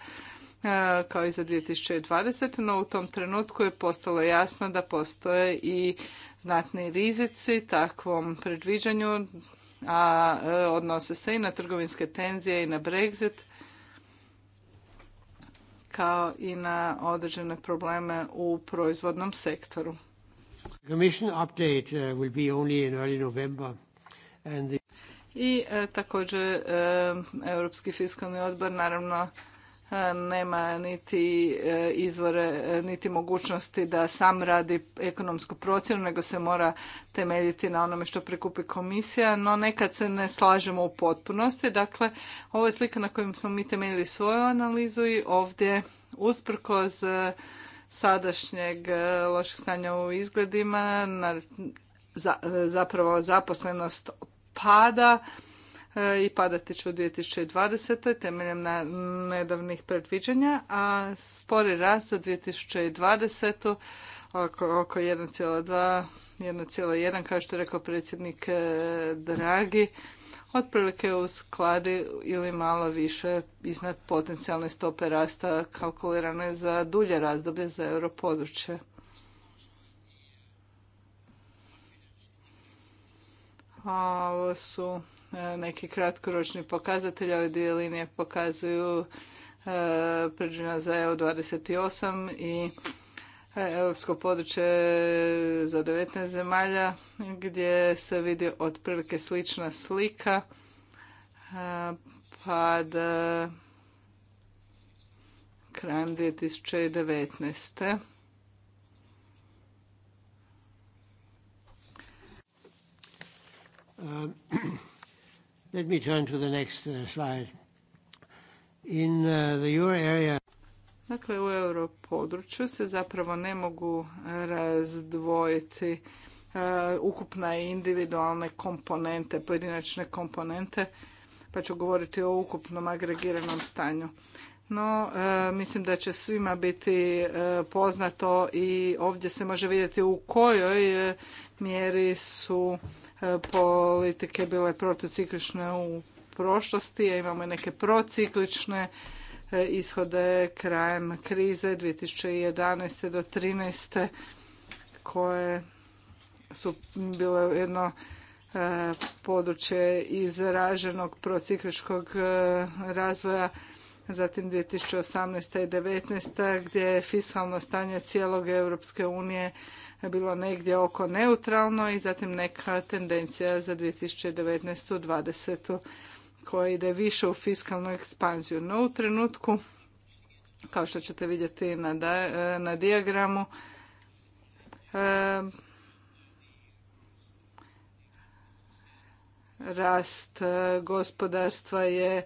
kao i za 2020. No u tom trenutku je postalo jasno da postoje i znatni rizici takvom predviđanju, a e, odnose se i na trgovinske tenzije i na Brexit kao i na određene probleme u proizvodnom sektoru. I također Europski fiskalni odbor naravno E, nema niti e, izvore, e, niti mogućnosti da sam radi ekonomsku procjenu, nego se mora temeljiti na onome što prikupi komisija, no nekad se ne slažemo u potpunosti. Dakle, ovo je slika na kojim smo mi temeljili svoju analizu i ovdje usprkos sadašnjeg lošeg stanja u izgledima, zapravo zaposlenost pada, E, i padati će u 2020. temeljem na nedavnih predviđanja, a spori rast za 2020. oko, oko 1,2 1,1 kao što je rekao predsjednik e, Dragi, otprilike u skladi ili malo više iznad potencijalne stope rasta kalkulirane za dulje razdoblje za europodručje. ovo su E, neki kratkoročni pokazatelji. Ove dvije linije pokazuju e, za EU28 i e, europsko područje za 19 zemalja gdje se vidi otprilike slična slika pa da krajem 2019. devetnaest Let me turn to the next uh, slide. In uh, the euro area... Dakle, u europodručju se zapravo ne mogu razdvojiti uh, ukupna i individualne komponente, pojedinačne komponente, pa ću govoriti o ukupnom agregiranom stanju. No, mislim da će svima biti poznato i ovdje se može vidjeti u kojoj mjeri su E, politike bile protociklične u prošlosti, a imamo neke prociklične e, ishode krajem krize 2011. do 2013. koje su bile jedno e, područje izraženog procikličkog razvoja, zatim 2018. i 2019. gdje je fiskalno stanje cijelog Europske unije bilo negdje oko neutralno i zatim neka tendencija za 2019. 2020 koja ide više u fiskalnu ekspanziju. No u trenutku, kao što ćete vidjeti na, na rast e, gospodarstva je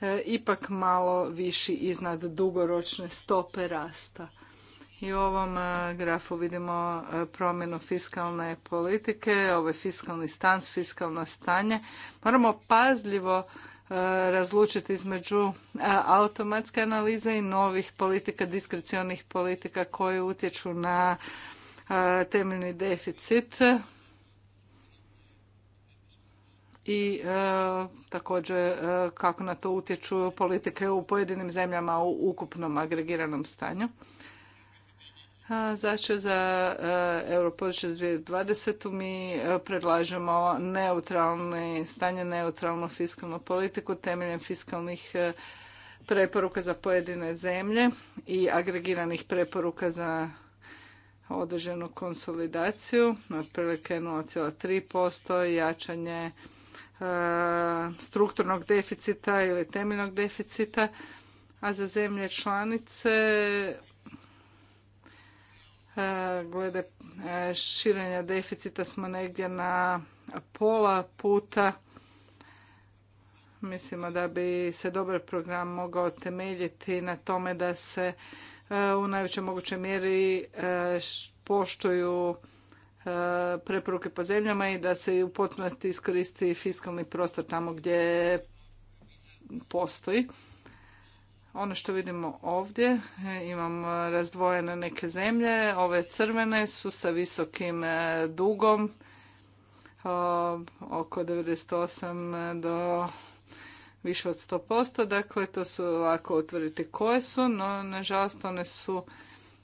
e, ipak malo viši iznad dugoročne stope rasta. I u ovom e, grafu vidimo e, promjenu fiskalne politike, ovaj fiskalni stan, fiskalno stanje. Moramo pazljivo e, razlučiti između automatske analize i novih politika, diskrecionih politika koje utječu na temeljni deficit i također kako na to utječu politike u pojedinim zemljama u ukupnom agregiranom stanju. Znači za e, Europodručje 2020. mi e, predlažemo neutralne, stanje neutralnu fiskalnu politiku temeljem fiskalnih e, preporuka za pojedine zemlje i agregiranih preporuka za određenu konsolidaciju, otprilike 0,3%, jačanje strukturnog deficita ili temeljnog deficita, a za zemlje članice E, glede e, širenja deficita smo negdje na pola puta. Mislimo da bi se dobar program mogao temeljiti na tome da se e, u najvećoj mogućoj mjeri poštuju preporuke po zemljama i da se u potpunosti iskoristi fiskalni prostor tamo gdje postoji ono što vidimo ovdje, e, imamo razdvojene neke zemlje, ove crvene su sa visokim e, dugom, oko 98 do više od 100%, dakle to su lako utvrditi koje su, no nažalost one su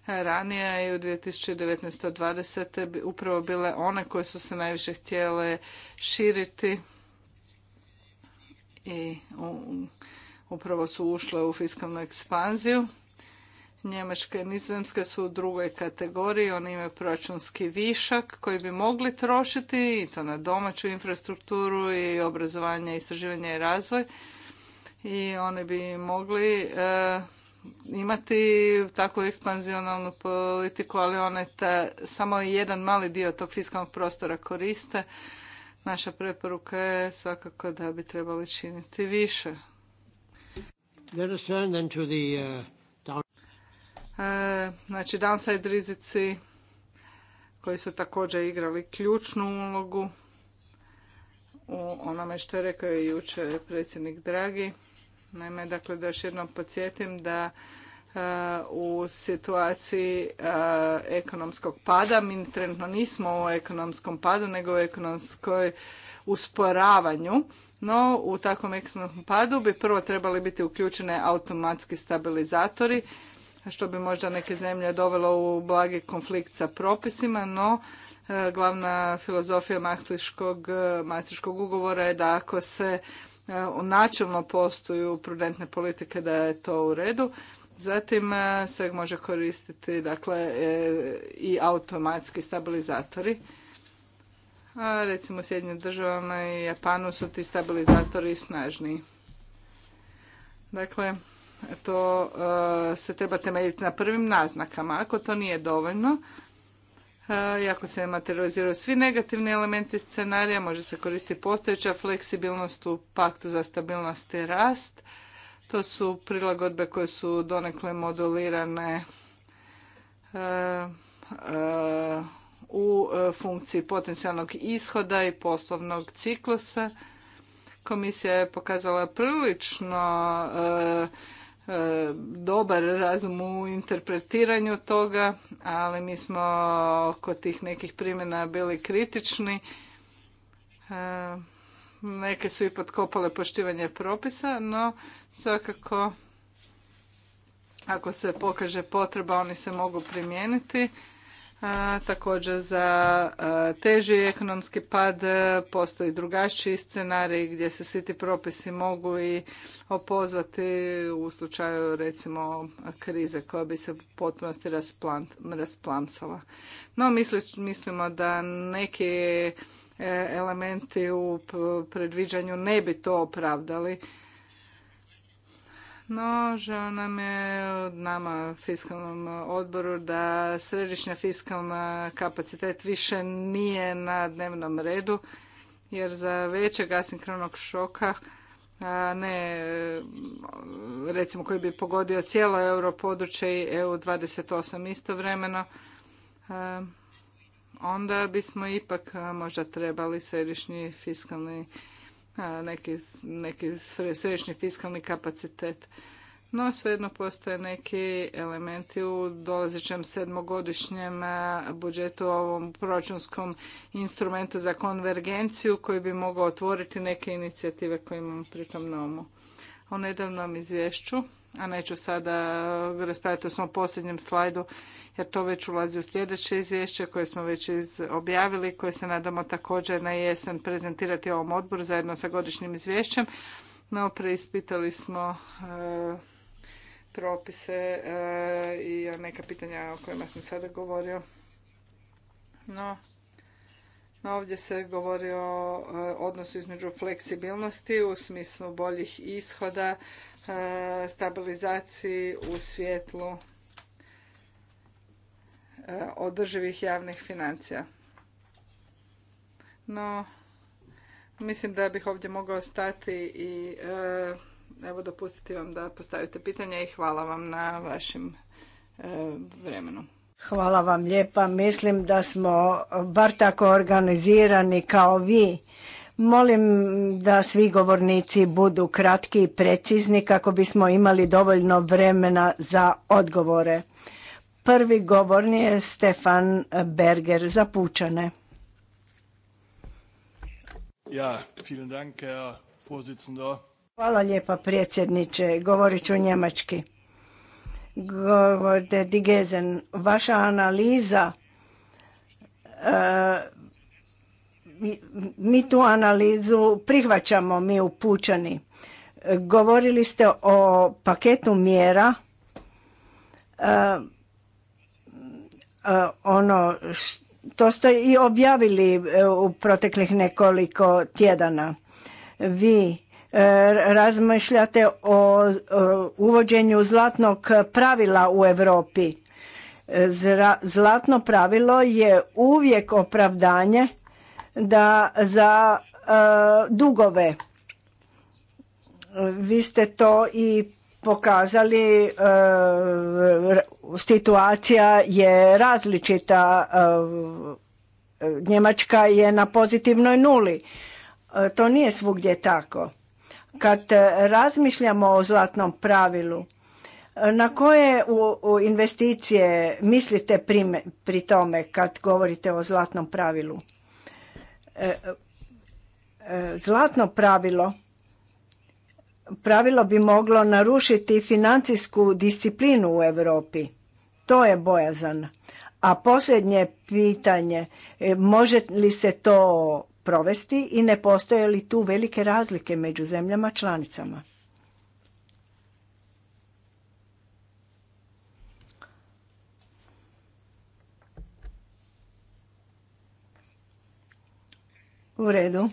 ranije i u 2019. 20. upravo bile one koje su se najviše htjele širiti i upravo su ušle u fiskalnu ekspanziju. Njemačka i Nizozemska su u drugoj kategoriji, oni imaju proračunski višak koji bi mogli trošiti i to na domaću infrastrukturu i obrazovanje, istraživanje i razvoj. I oni bi mogli e, imati takvu ekspanzionalnu politiku, ali one te samo jedan mali dio tog fiskalnog prostora koriste. Naša preporuka je svakako da bi trebali činiti više Uh, e, znači downside rizici koji su također igrali ključnu ulogu u onome što je rekao i jučer predsjednik Dragi. Naime, dakle, da još jednom podsjetim da e, u situaciji e, ekonomskog pada. Mi trenutno nismo u ekonomskom padu, nego u ekonomskoj usporavanju no, u takvom ekstremnom padu bi prvo trebali biti uključene automatski stabilizatori, što bi možda neke zemlje dovelo u blagi konflikt sa propisima, no e, glavna filozofija maksliškog e, ugovora je da ako se e, načelno postuju prudentne politike da je to u redu. Zatim se može koristiti dakle, i automatski stabilizatori. A, recimo u Sjedinjim državama i Japanu su ti stabilizatori snažniji. Dakle, to e, se treba temeljiti na prvim naznakama. Ako to nije dovoljno, e, i ako se materializiraju svi negativni elementi scenarija, može se koristiti postojeća fleksibilnost u paktu za stabilnost i rast. To su prilagodbe koje su donekle modulirane e, e u e, funkciji potencijalnog ishoda i poslovnog ciklusa. Komisija je pokazala prilično e, e, dobar razum u interpretiranju toga, ali mi smo kod tih nekih primjena bili kritični. Neke su i potkopale poštivanje propisa, no svakako ako se pokaže potreba oni se mogu primijeniti a također za teži ekonomski pad e, postoji drugačiji scenarij gdje se svi ti propisi mogu i opozvati u slučaju recimo krize koja bi se u potpunosti rasplamsala. No mislimo da neki e, elementi u predviđanju ne bi to opravdali no, žao nam je od nama fiskalnom odboru da središnja fiskalna kapacitet više nije na dnevnom redu, jer za većeg asinkronog šoka ne recimo koji bi pogodio cijelo europodručje i EU28 istovremeno, onda bismo ipak možda trebali središnji fiskalni neki, neki središnji fiskalni kapacitet. No, svejedno postoje neki elementi u dolazećem sedmogodišnjem budžetu ovom proračunskom instrumentu za konvergenciju koji bi mogao otvoriti neke inicijative koje imamo pritom na umu o nedavnom izvješću, a neću sada raspraviti o svom posljednjem slajdu, jer to već ulazi u sljedeće izvješće koje smo već objavili, koje se nadamo također na jesen prezentirati ovom odboru zajedno sa godišnjim izvješćem. No, preispitali smo e, propise e, i neka pitanja o kojima sam sada govorio. No, Ovdje se govori o e, odnosu između fleksibilnosti u smislu boljih ishoda, e, stabilizaciji u svjetlu e, održivih javnih financija. No, mislim da bih ovdje mogao stati i evo dopustiti vam da postavite pitanje i hvala vam na vašem vremenu. Hvala vam lijepa. Mislim da smo bar tako organizirani kao vi. Molim da svi govornici budu kratki i precizni kako bismo imali dovoljno vremena za odgovore. Prvi govorni je Stefan Berger za Pučane. Ja, vielen Dank, Hvala lijepa predsjedniče, govorit ću njemački. Govorite Digezen, vaša analiza, e, mi tu analizu prihvaćamo, mi upućani. Govorili ste o paketu mjera, e, e, ono to ste i objavili u proteklih nekoliko tjedana. Vi E, razmišljate o uvođenju zlatnog pravila u Europi. E, zlatno pravilo je uvijek opravdanje da za e, dugove. Vi ste to i pokazali situacija je različita njemačka je na pozitivnoj nuli to nije svugdje tako kad e, razmišljamo o zlatnom pravilu, e, na koje u investicije mislite pri tome kad govorite o zlatnom pravilu? E, zlatno pravilo pravilo bi moglo narušiti financijsku disciplinu u Europi. To je bojazan. A posljednje pitanje, može li se to provesti i ne postoje li tu velike razlike među zemljama članicama. U redu.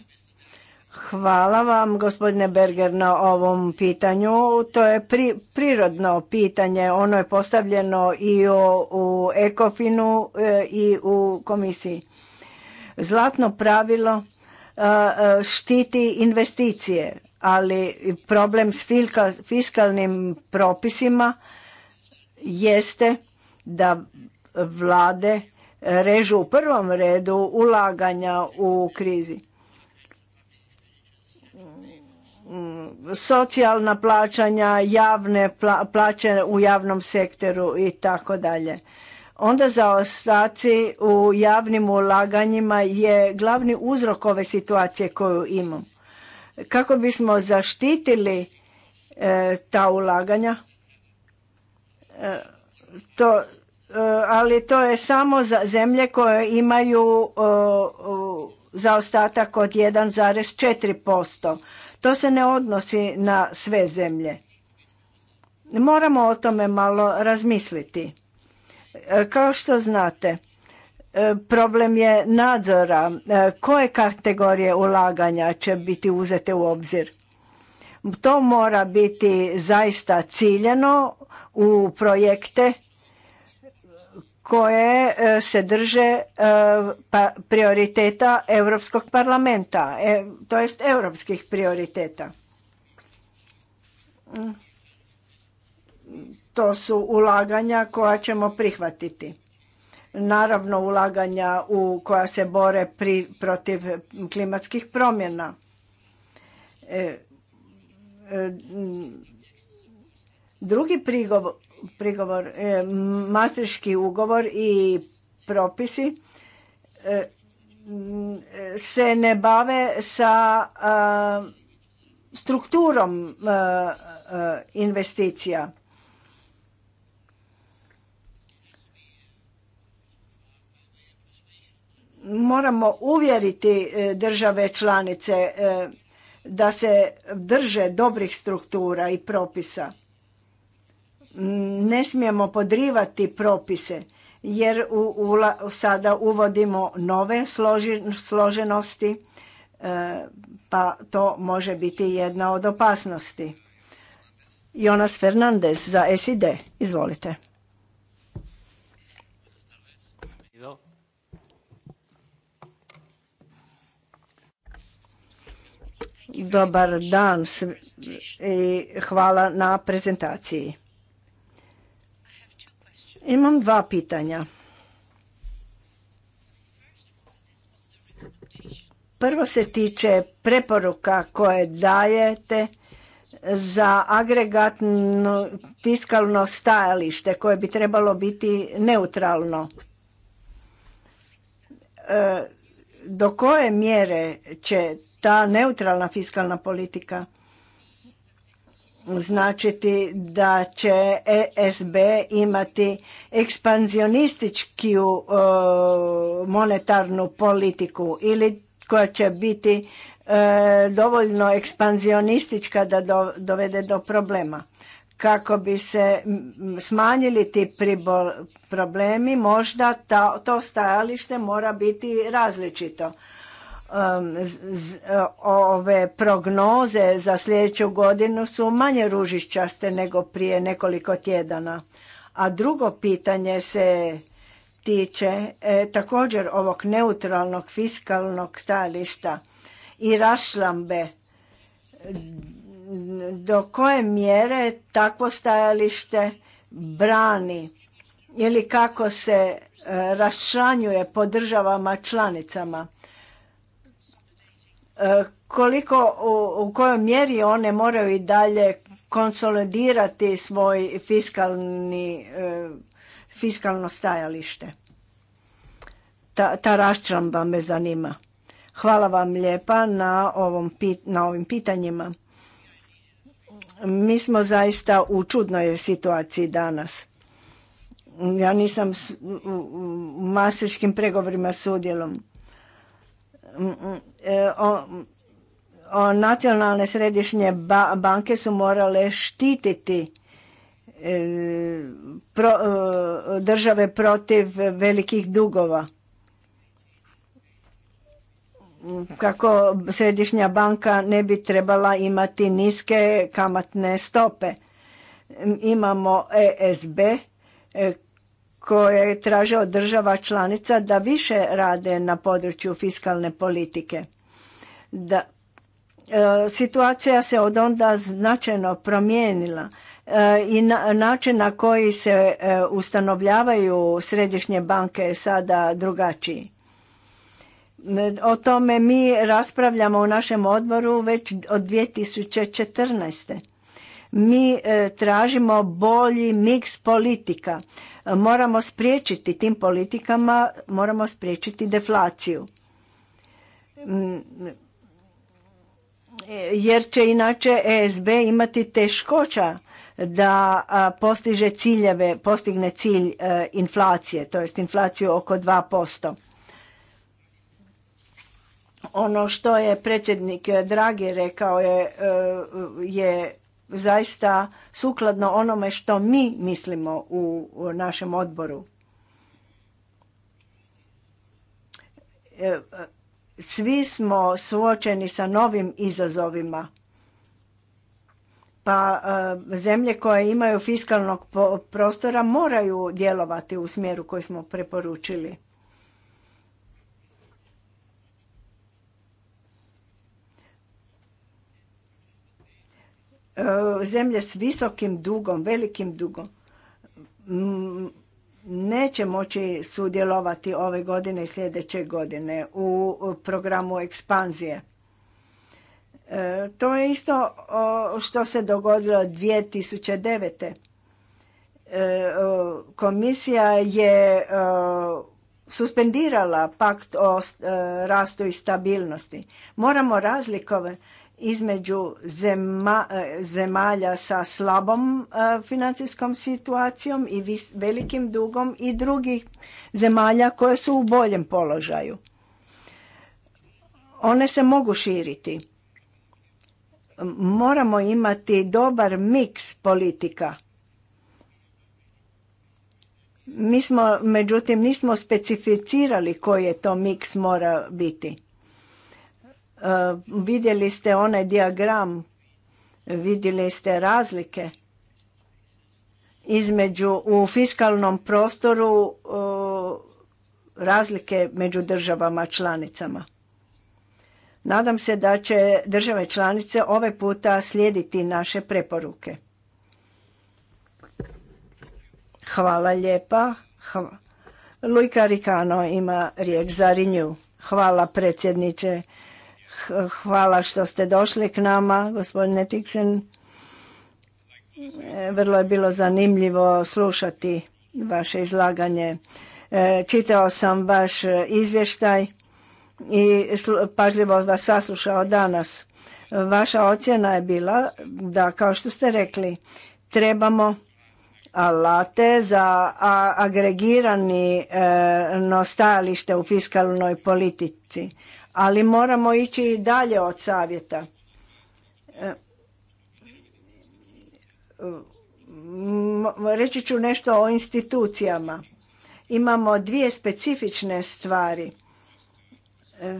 Hvala vam, gospodine Berger, na ovom pitanju. To je prirodno pitanje. Ono je postavljeno i u, u Ekofinu e, i u komisiji. Zlatno pravilo e, e, štiti investicije, ali problem s fiskalnim propisima jeste da vlade režu u prvom redu ulaganja u krizi. Socijalna plaćanja, javne plaće u javnom sektoru i tako dalje onda zaostaci u javnim ulaganjima je glavni uzrok ove situacije koju imamo. Kako bismo zaštitili e, ta ulaganja, e, to, e, ali to je samo za zemlje koje imaju zaostatak od 1,4%. To se ne odnosi na sve zemlje. Moramo o tome malo razmisliti E, kao što znate, e, problem je nadzora. E, koje kategorije ulaganja će biti uzete u obzir? To mora biti zaista ciljeno u projekte koje se drže pa, prioriteta Europskog parlamenta, to jest europskih prioriteta to su ulaganja koja ćemo prihvatiti. Naravno ulaganja u koja se bore protiv klimatskih promjena. E, e drugi prigovor, prigovor e, mastriški ugovor i propisi e, se ne bave sa strukturom investicija moramo uvjeriti e, države članice e, da se drže dobrih struktura i propisa. Ne smijemo podrivati propise jer u, sada uvodimo nove složenosti e, pa to može biti jedna od opasnosti. Jonas Fernandez za SID. Izvolite. Dobar dan i hvala na prezentaciji. Imam dva pitanja. Prvo se tiče preporuka koje dajete za agregatno fiskalno stajalište koje bi trebalo biti neutralno. E, do koje mjere će ta neutralna fiskalna politika značiti da će ESB imati ekspanzionističku e, monetarnu politiku ili koja će biti e, dovoljno ekspanzionistička da dovede do problema kako bi se smanjili ti problemi, možda to stajalište mora biti različito. Um, ove prognoze za sljedeću godinu su manje ružišćaste nego prije nekoliko tjedana. A drugo pitanje se tiče e, također ovog neutralnog fiskalnog stajališta i rašlambe do koje mjere takvo stajalište brani ili kako se e, raščlanjuje po državama članicama e, koliko u, kojoj mjeri one moraju i dalje konsolidirati svoj fiskalni e, fiskalno stajalište ta, ta raščlamba me zanima hvala vam lijepa na na ovim pitanjima mi smo zaista u čudnoj situaciji danas. Ja nisam u masičkim pregovorima sudjelom. Mm, mm, e, o, o nacionalne središnje banke su morale štititi e, pro, e, države protiv velikih dugova kako središnja banka ne bi trebala imati niske kamatne stope. Imamo ESB e, koje traže od država članica da više rade na području fiskalne politike. Da, e, situacija se od onda značajno promijenila e, i na, način na koji se ustanovljavaju središnje banke je sada drugačiji. O tome mi raspravljamo u našem odboru već od 2014. Mi e, tražimo bolji miks politika. Moramo spriječiti tim politikama, moramo spriječiti deflaciju. Mm, jer će inače ESB imati teškoća da postiže ciljeve, postigne cilj e, inflacije, to jest inflaciju oko 2%. Ono što je predsjednik Dragi rekao je, e, je zaista sukladno onome što mi mislimo u, našem odboru. E, svi smo suočeni sa novim izazovima. Pa e, zemlje koje imaju fiskalnog prostora moraju djelovati u smjeru koji smo preporučili. E, zemlje s visokim dugom, velikim dugom, neće moći sudjelovati ove godine i sljedeće godine u programu ekspanzije. E, to je isto što se dogodilo 2009. E, komisija je suspendirala pakt o rastu i stabilnosti. Moramo razlikovati između e, zemalja sa slabom e, financijskom situacijom i velikim dugom i drugih zemalja koje su u boljem položaju. One se mogu širiti. Moramo imati dobar miks politika. Mi smo, međutim, nismo specificirali koji je to miks mora biti Eh, vidjeli ste onaj diagram, vidjeli ste razlike između u fiskalnom prostoru eh, razlike među državama članicama. Nadam se da će države članice ove puta slijediti naše preporuke. Hvala lijepa. Lujka Rikano ima riječ za Renew. Hvala predsjedniče. Hvala što ste došli k nama, gospodine Tiksen. E, vrlo je bilo zanimljivo slušati vaše izlaganje. E, čitao sam vaš e, izvještaj i pažljivo vas saslušao danas. Vaša ocjena je bila da, kao što ste rekli, trebamo alate za agregirani stajalište u fiskalnoj politici ali moramo ići i dalje od savjeta. E, reći ću nešto o institucijama. Imamo dvije specifične stvari. E,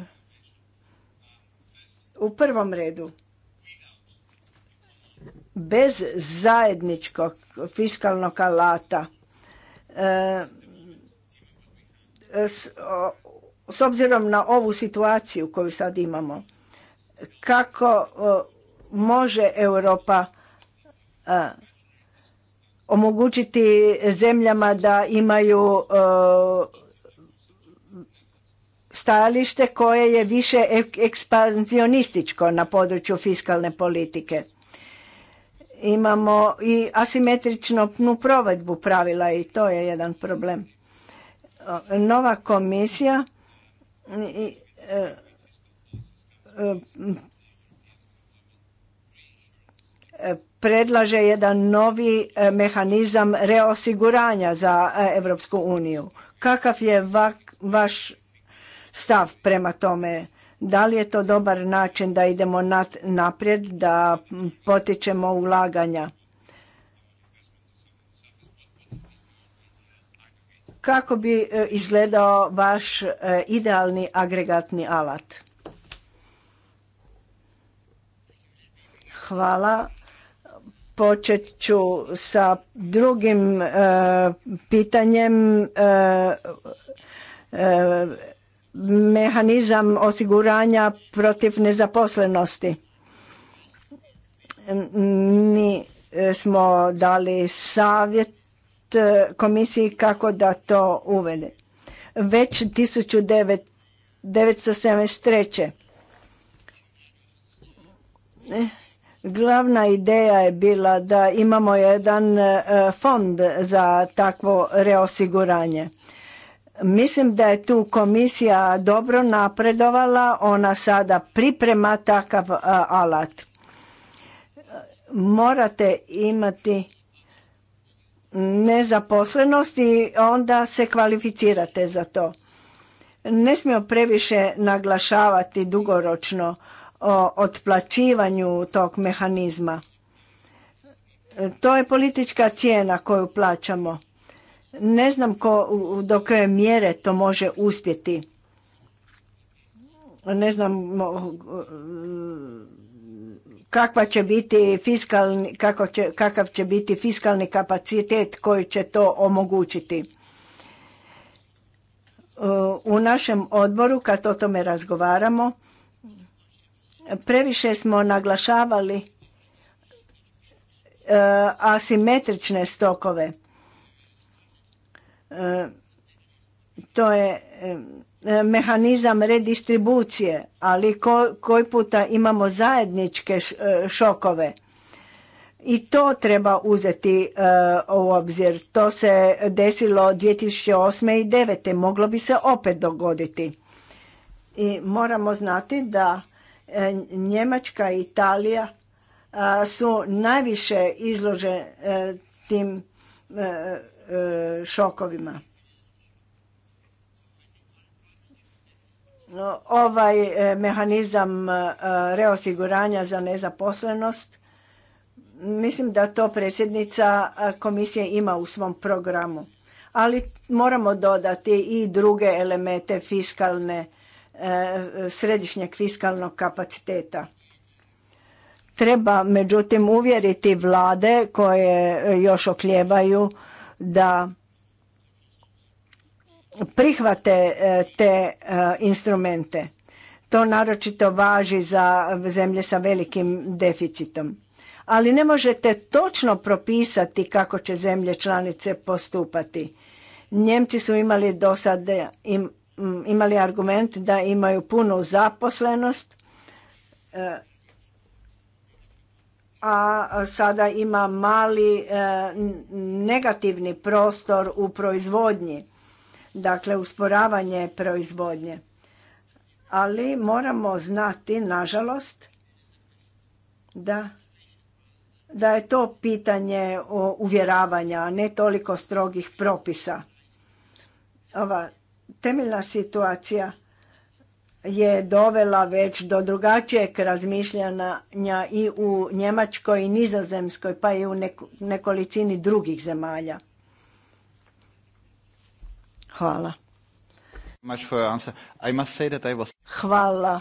u prvom redu, bez zajedničkog fiskalnog alata e, s obzirom na ovu situaciju koju sad imamo, kako može Europa omogućiti zemljama da imaju stajalište koje je više ekspanzionističko na području fiskalne politike. Imamo i asimetričnu provedbu pravila i to je jedan problem. Nova komisija E, e, predlaže jedan novi e, mehanizam reosiguranja za Europsku uniju. Kakav je vaš stav prema tome? Da li je to dobar način da idemo naprijed, da potičemo ulaganja? kako bi e, izgledao vaš e, idealni agregatni alat. Hvala. Počet ću sa drugim e, pitanjem. mehanizam osiguranja protiv nezaposlenosti. Mi smo dali savjet E, komisiji kako da to uvede. Već 1973. E, glavna ideja je bila da imamo jedan e, fond za takvo reosiguranje. Mislim da je tu komisija dobro napredovala, ona sada priprema takav alat. Morate imati nezaposlenosti, i onda se kvalificirate za to. Ne smijemo previše naglašavati dugoročno o otplaćivanju tog mehanizma. To je politička cijena koju plaćamo. Ne znam do koje mjere to može uspjeti. Ne znam kakva će biti fiskalni, kako će, kakav će biti fiskalni kapacitet koji će to omogućiti. U našem odboru, kad o tome razgovaramo, previše smo naglašavali e, asimetrične stokove. E, to je e, E, mehanizam redistribucije, ali koji puta imamo zajedničke e, šokove. I to treba uzeti e, u obzir. To se desilo 2008. i 2009. Moglo bi se opet dogoditi. I moramo znati da Njemačka i Italija su najviše izložene tim šokovima. ovaj e, mehanizam e, reosiguranja za nezaposlenost. Mislim da to predsjednica e, komisije ima u svom programu. Ali moramo dodati i druge elemente fiskalne, središnjeg fiskalnog kapaciteta. Treba međutim uvjeriti vlade koje još okljebaju da prihvate e, te e, instrumente. To naročito važi za zemlje sa velikim deficitom. Ali ne možete točno propisati kako će zemlje članice postupati. Njemci su imali do sada im, imali argument da imaju punu zaposlenost, e, a sada ima mali negativni prostor u proizvodnji dakle usporavanje proizvodnje. Ali moramo znati, nažalost, da, da je to pitanje uvjeravanja, a ne toliko strogih propisa. Ova temeljna situacija je dovela već do drugačijeg razmišljanja i u Njemačkoj i Nizozemskoj, pa i u nekolicini drugih zemalja. Hvala. Hvala.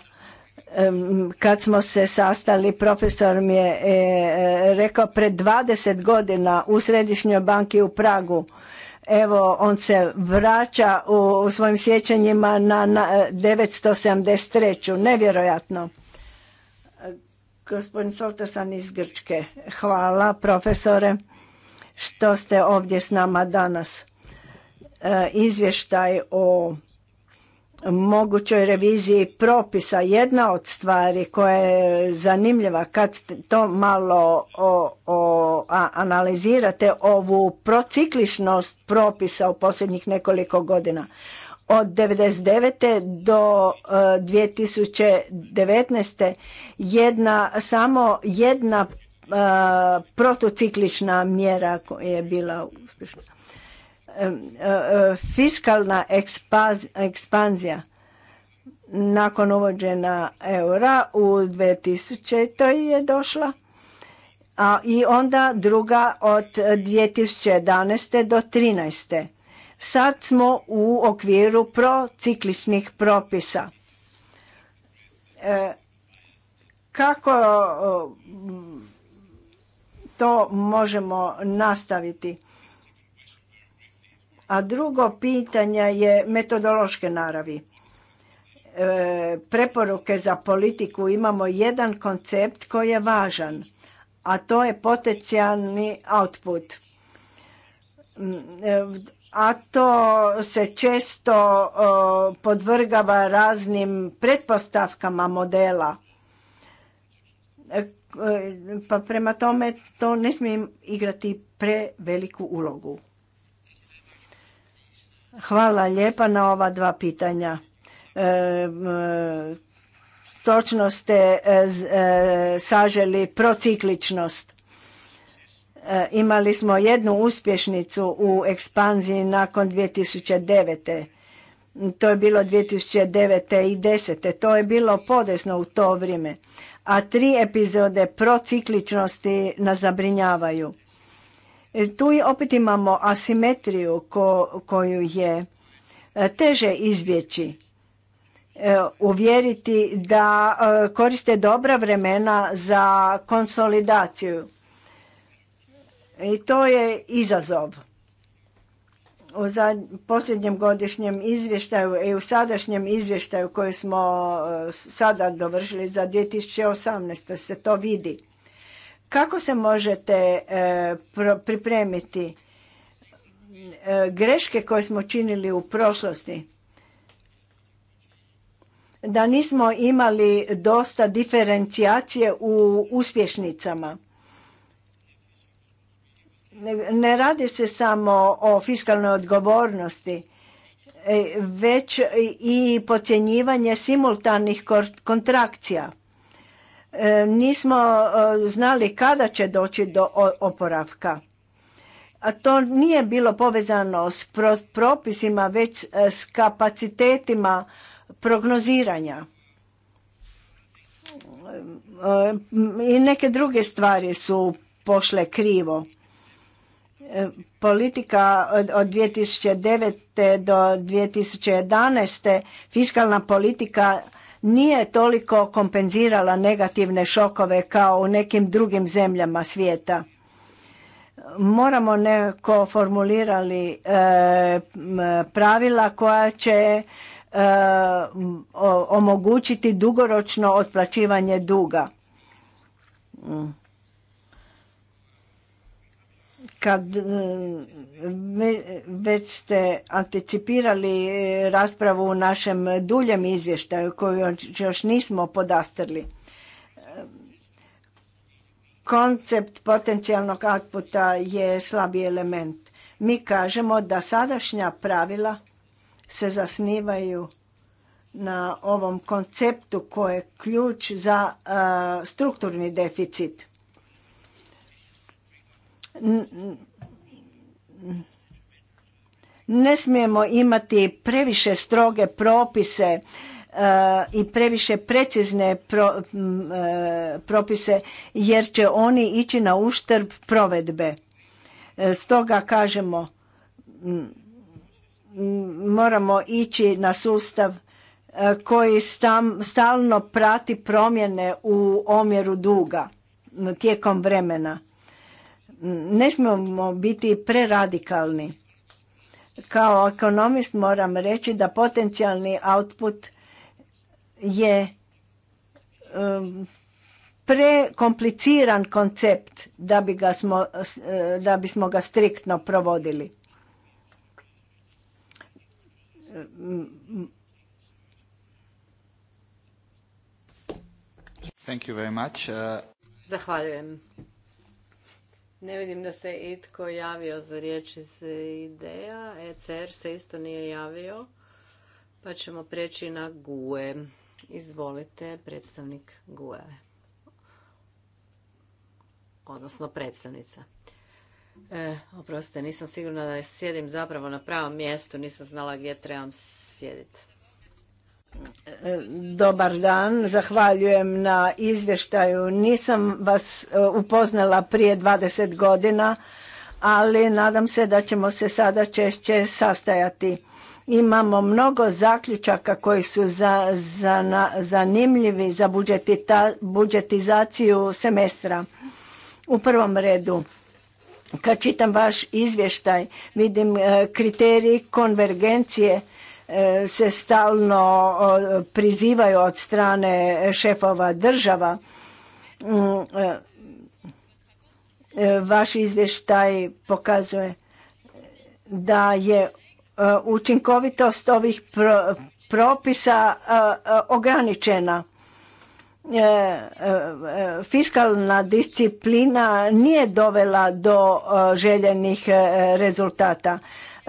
Kad smo se sastali, profesor mi je e, rekao pred 20 godina u Središnjoj banki u Pragu. Evo, on se vraća u svojim sjećanjima na 973. E, Nevjerojatno. Gospodin Soltasan iz Grčke. Hvala, profesore, što ste ovdje s nama danas E, izvještaj o mogućoj reviziji propisa jedna od stvari koja je zanimljiva kad to malo o, analizirate ovu procikličnost propisa u posljednjih nekoliko godina od 99. do 2019. E, jedna samo jedna e, protociklična mjera koja je bila uspješna fiskalna ekspanzija nakon uvođenja eura u 2000. To je došla a i onda druga od 2011. do 2013. Sad smo u okviru procikličnih propisa. E, kako to možemo nastaviti? A drugo pitanje je metodološke naravi. E, preporuke za politiku imamo jedan koncept koji je važan, a to je potencijalni output. Mm, e, a to se često podvrgava raznim pretpostavkama modela. E, pa prema tome to ne smije igrati preveliku ulogu. Hvala lijepa na ova dva pitanja. E, točno ste e, e, saželi procikličnost. imali smo jednu uspješnicu u ekspanziji nakon 2009. To je bilo 2009. i 10. To je bilo podesno u to vrijeme. A tri epizode procikličnosti nas zabrinjavaju. E, tu opet imamo asimetriju koju je e, teže izbjeći. E, uvjeriti da koriste dobra vremena za konsolidaciju. I to je izazov. U posljednjem godišnjem izvještaju i u sadašnjem izvještaju koji smo sada dovršili za 2018. se to vidi. Kako se možete e, pripremiti e, greške koje smo činili u prošlosti? Da nismo imali dosta diferencijacije u uspješnicama. Ne radi se samo o fiskalnoj odgovornosti, e, već i pocjenjivanje simultanih kontrakcija nismo e, znali kada će doći do oporavka. A to nije bilo povezano s propisima, već e, s kapacitetima prognoziranja. E, I neke druge stvari su pošle krivo. Politika od 2009. do 2011. fiskalna politika nije toliko kompenzirala negativne šokove kao u nekim drugim zemljama svijeta. Moramo neko formulirali e, pravila koja će e, omogućiti dugoročno otplaćivanje duga. Mm. Kad već ste anticipirali e, raspravu u našem duljem izvještaju koju još nismo podastrli. E, koncept potencijalnog outputa je slabi element. Mi kažemo da sadašnja pravila se zasnivaju na ovom konceptu koji je ključ za e, strukturni deficit ne smijemo imati previše stroge propise e, i previše precizne e, propise jer će oni ići na uštrb provedbe. E, stoga kažemo moramo ići na sustav koji stalno prati promjene u omjeru duga tijekom vremena. Ne smemo biti preradikalni. Kao ekonomist moram reći da potencijalni output je um, prekompliciran koncept da, bi ga smo, e, da bismo ga striktno provodili. Thank you very much. Uh, Zahvaljujem. Ne vidim da se itko javio za riječ iz ideja. ECR se isto nije javio. Pa ćemo preći na GUE. Izvolite, predstavnik GUE. Odnosno predstavnica. E, oprostite, nisam sigurna da sjedim zapravo na pravom mjestu. Nisam znala gdje trebam sjediti. Dobar dan, zahvaljujem na izvještaju. Nisam vas e, upoznala prije 20 godina, ali nadam se da ćemo se sada češće sastajati. Imamo mnogo zaključaka koji su za, za, zanimljivi za budžetizaciju semestra. U prvom redu, kad čitam vaš izvještaj, vidim e, kriterij konvergencije E, se stalno prizivaju od strane šefova država. Mm, e, e, vaš izvještaj pokazuje da je učinkovitost ovih propisa ograničena. Fiskalna disciplina nije dovela do željenih rezultata.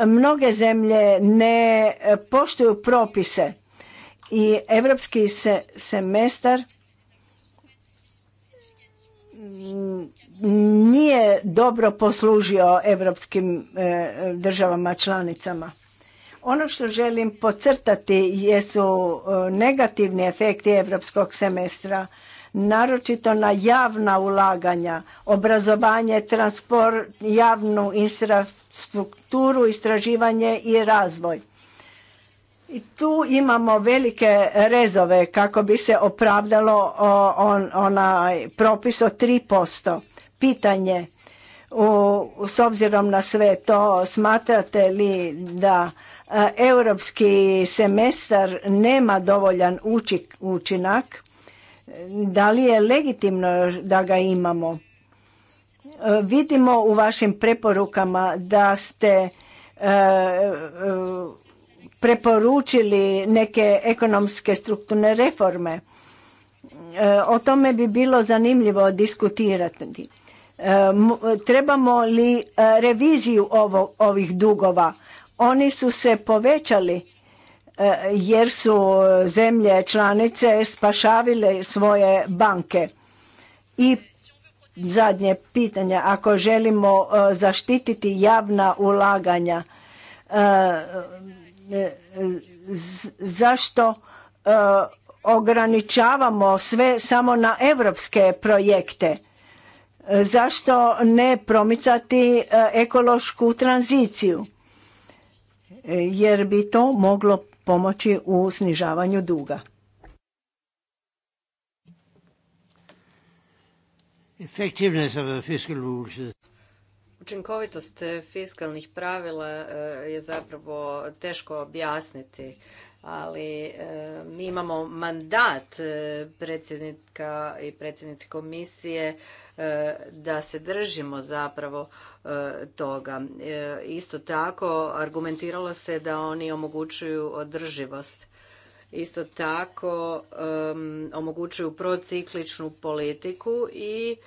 Mnoge zemlje ne e, poštuju propise i evropski se, semestar nije dobro poslužio evropskim e, državama članicama. Ono što želim podcrtati jesu e, negativni efekti evropskog semestra naročito na javna ulaganja, obrazovanje, transport, javnu infrastrukturu, istraživanje i razvoj. I tu imamo velike rezove kako bi se opravdalo on, onaj propis od 3%. Pitanje, u, s obzirom na sve to, smatrate li da e, europski semestar nema dovoljan učinak da li je legitimno da ga imamo? E, vidimo u vašim preporukama da ste e, e, preporučili neke ekonomske strukturne reforme. O tome bi bilo zanimljivo diskutirati. Trebamo li reviziju ovih dugova? Oni su se povećali Eh, jer su eh, zemlje članice spašavile svoje banke. I zadnje pitanje, ako želimo eh, zaštititi javna ulaganja, zašto ograničavamo sve samo na europske projekte? Zašto ne promicati ekološku tranziciju? jer bi to moglo pomoći u snižavanju duga. Učinkovitost fiskalnih pravila eh, je zapravo teško objasniti ali e, mi imamo mandat e, predsjednika i predsjednice komisije e, da se držimo zapravo toga. Isto tako argumentiralo se da oni omogućuju održivost. Isto tako omogućuju procikličnu politiku i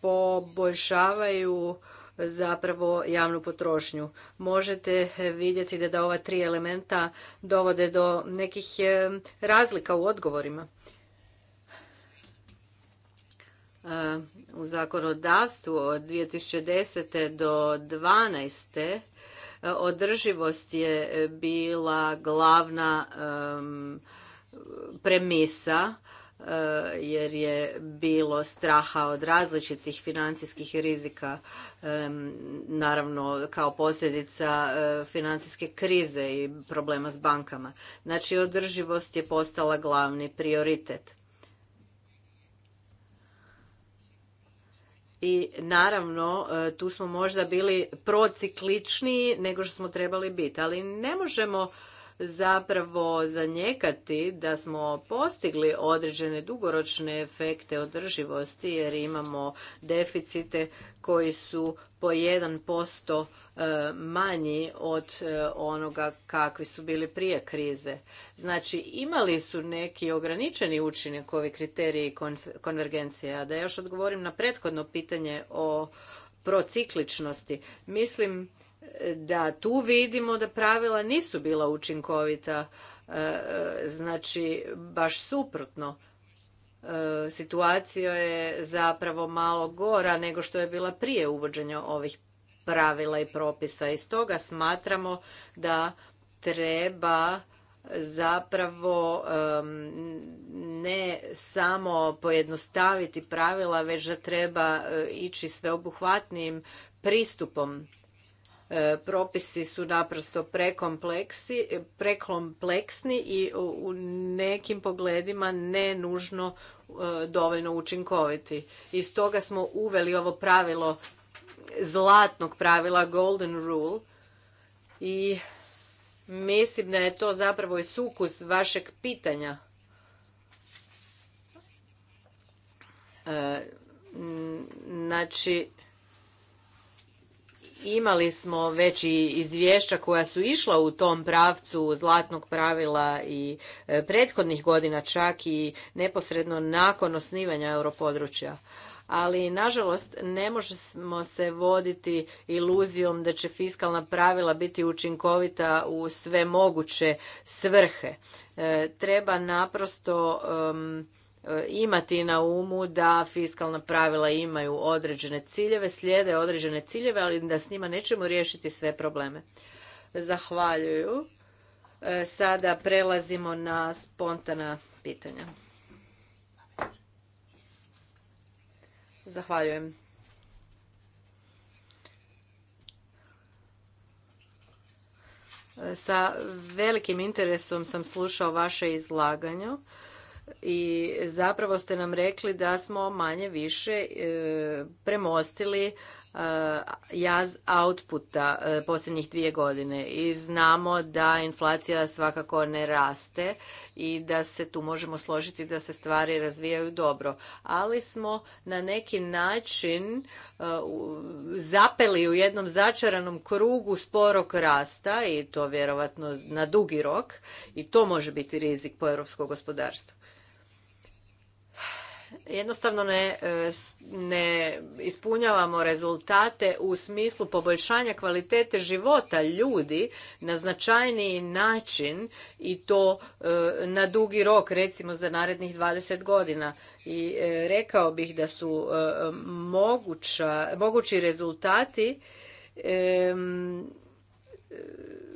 poboljšavaju zapravo javnu potrošnju. Možete vidjeti da, ova tri elementa dovode do nekih e, razlika u odgovorima. E, u zakonodavstvu od 2010. do 2012 e, održivost je bila glavna premisa Eh, jer je bilo straha od različitih financijskih rizika, naravno kao posljedica eh, financijske krize i problema s bankama. Znači, održivost je postala glavni prioritet. I naravno, eh, tu smo možda bili procikličniji nego što smo trebali biti, ali ne možemo zapravo zanijekati da smo postigli određene dugoročne efekte održivosti jer imamo deficite koji su po 1% e, manji od e, onoga kakvi su bili prije krize. Znači imali su neki ograničeni učinak ovi kriteriji konvergencije. A da još odgovorim na prethodno pitanje o procikličnosti. Mislim da tu vidimo da pravila nisu bila učinkovita, e, e, znači baš suprotno. E, situacija je zapravo malo gora nego što je bila prije uvođenja ovih pravila i propisa. I stoga smatramo da treba zapravo ne samo pojednostaviti pravila, već da treba ići sveobuhvatnijim pristupom E, propisi su naprosto prekompleksni i u nekim pogledima ne nužno e, dovoljno učinkoviti. I stoga smo uveli ovo pravilo zlatnog pravila Golden Rule i mislim da je to zapravo i sukus vašeg pitanja. E, znači, Imali smo već i izvješća koja su išla u tom pravcu zlatnog pravila i e, prethodnih godina, čak i neposredno nakon osnivanja europodručja. Ali, nažalost, ne možemo se voditi iluzijom da će fiskalna pravila biti učinkovita u sve moguće svrhe. E, treba naprosto... E, imati na umu da fiskalna pravila imaju određene ciljeve, slijede određene ciljeve, ali da s njima nećemo riješiti sve probleme. Zahvaljuju. E, sada prelazimo na spontana pitanja. Zahvaljujem. E, sa velikim interesom sam slušao vaše izlaganje i zapravo ste nam rekli da smo manje više e, premostili e, jaz outputa e, posljednjih dvije godine i znamo da inflacija svakako ne raste i da se tu možemo složiti da se stvari razvijaju dobro. Ali smo na neki način zapeli u jednom začaranom krugu sporog rasta i to vjerovatno na dugi rok i to može biti rizik po europskog gospodarstvo jednostavno ne, e, ne ispunjavamo rezultate u smislu poboljšanja kvalitete života ljudi na značajniji način i to e, na dugi rok, recimo za narednih 20 godina. I e, rekao bih da su moguća, mogući rezultati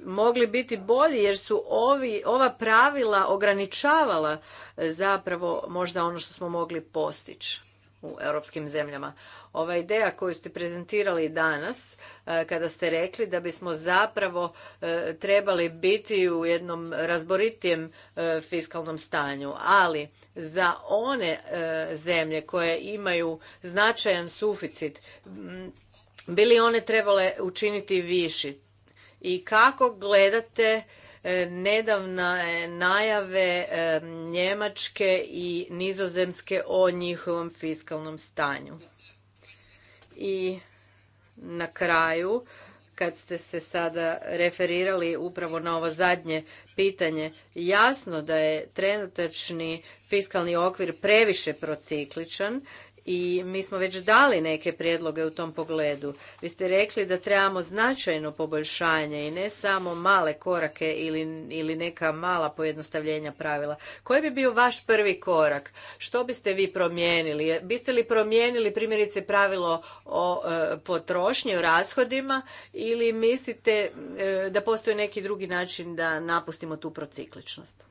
mogli biti bolji jer su ovi, ova pravila ograničavala e, zapravo možda ono što smo mogli postići u europskim zemljama. Ova ideja koju ste prezentirali danas, e, kada ste rekli da bismo zapravo e, trebali biti u jednom razboritijem fiskalnom stanju, ali za one zemlje koje imaju značajan suficit, bili one trebale učiniti viši? i kako gledate e, nedavna najave e, Njemačke i Nizozemske o njihovom fiskalnom stanju. I na kraju, kad ste se sada referirali upravo na ovo zadnje pitanje, jasno da je trenutačni fiskalni okvir previše procikličan i mi smo već dali neke prijedloge u tom pogledu. Vi ste rekli da trebamo značajno poboljšanje i ne samo male korake ili, neka mala pojednostavljenja pravila. Koji bi bio vaš prvi korak? Što biste vi promijenili? Biste li promijenili primjerice pravilo o e, potrošnji, o rashodima ili mislite e, da postoji neki drugi način da napustimo tu procikličnost?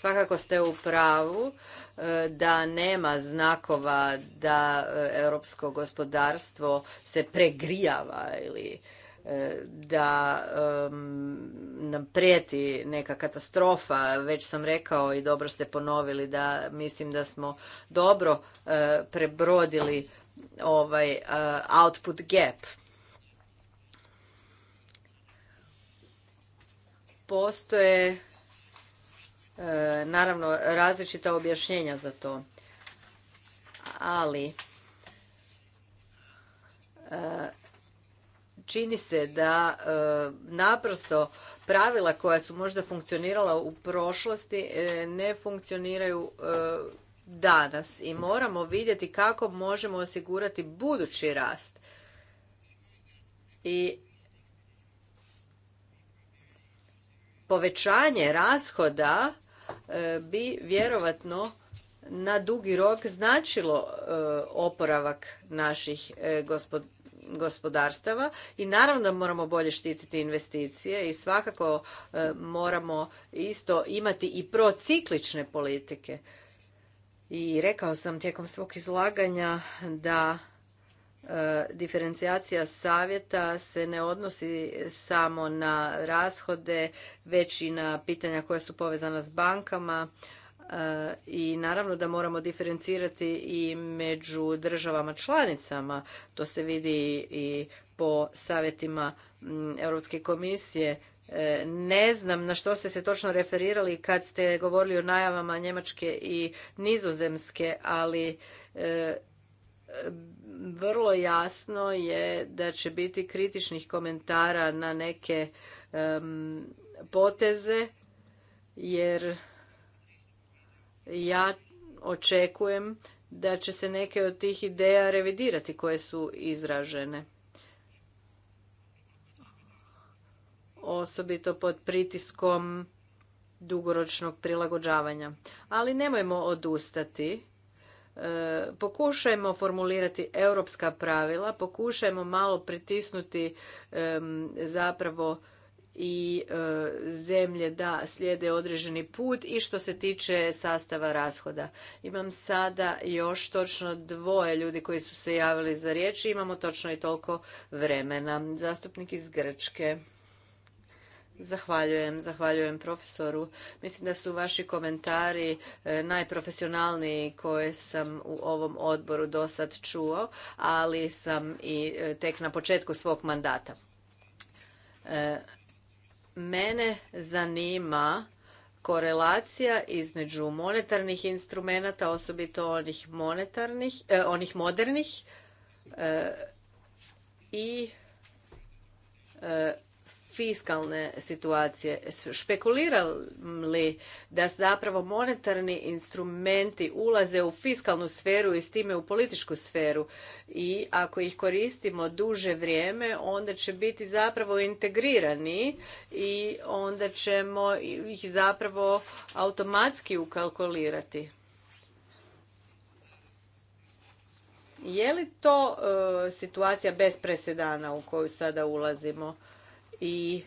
Svakako ste u pravu e, da nema znakova da e, europsko gospodarstvo se pregrijava ili e, da nam prijeti neka katastrofa. Već sam rekao i dobro ste ponovili da mislim da smo dobro prebrodili ovaj output gap. Postoje E, naravno različita objašnjenja za to. Ali e, čini se da e, naprosto pravila koja su možda funkcionirala u prošlosti ne funkcioniraju danas i moramo vidjeti kako možemo osigurati budući rast. I povećanje rashoda E, bi vjerovatno na dugi rok značilo e, oporavak naših e, gospodarstava i naravno da moramo bolje štititi investicije i svakako moramo isto imati i prociklične politike. I rekao sam tijekom svog izlaganja da E, diferencijacija savjeta se ne odnosi samo na rashode, već i na pitanja koja su povezana s bankama e, i naravno da moramo diferencirati i među državama članicama. To se vidi i po savjetima Europske komisije. E, ne znam na što ste se točno referirali kad ste govorili o najavama Njemačke i Nizozemske, ali vrlo jasno je da će biti kritičnih komentara na neke poteze jer ja očekujem da će se neke od tih ideja revidirati koje su izražene. Osobito pod pritiskom dugoročnog prilagođavanja. Ali nemojmo odustati pokušajmo formulirati europska pravila, pokušajmo malo pritisnuti zapravo i e, zemlje da slijede određeni put i što se tiče sastava rashoda. Imam sada još točno dvoje ljudi koji su se javili za riječ imamo točno i toliko vremena. Zastupnik iz Grčke. Zahvaljujem, zahvaljujem profesoru. Mislim da su vaši komentari e, najprofesionalniji koje sam u ovom odboru do sad čuo, ali sam i e, tek na početku svog mandata. E, mene zanima korelacija između monetarnih instrumenata, osobito onih monetarnih, onih modernih i fiskalne situacije. li da zapravo monetarni instrumenti ulaze u fiskalnu sferu i s time u političku sferu i ako ih koristimo duže vrijeme onda će biti zapravo integrirani i onda ćemo ih zapravo automatski ukalkulirati. Je li to e, situacija bez presedana u koju sada ulazimo? i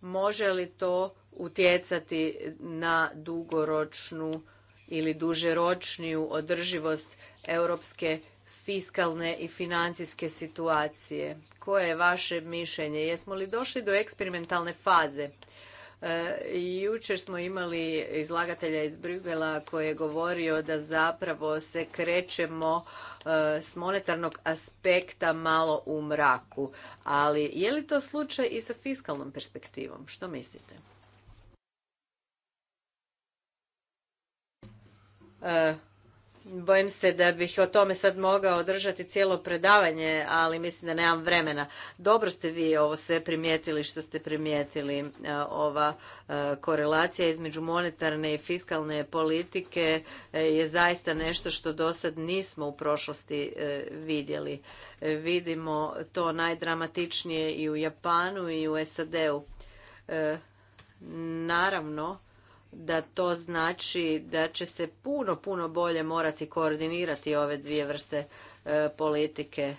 može li to utjecati na dugoročnu ili dužeročniju održivost europske fiskalne i financijske situacije. Koje je vaše mišljenje? Jesmo li došli do eksperimentalne faze? E, jučer smo imali izlagatelja iz Brugela koji je govorio da zapravo se krećemo e, s monetarnog aspekta malo u mraku. Ali je li to slučaj i sa fiskalnom perspektivom? Što mislite? E, Bojim se da bih o tome sad mogao održati cijelo predavanje, ali mislim da nemam vremena. Dobro ste vi ovo sve primijetili što ste primijetili. E, ova e, korelacija između monetarne i fiskalne politike e, je zaista nešto što do sad nismo u prošlosti vidjeli. Vidimo to najdramatičnije i u Japanu i u SAD-u. Naravno, da to znači da će se puno, puno bolje morati koordinirati ove dvije vrste e, politike.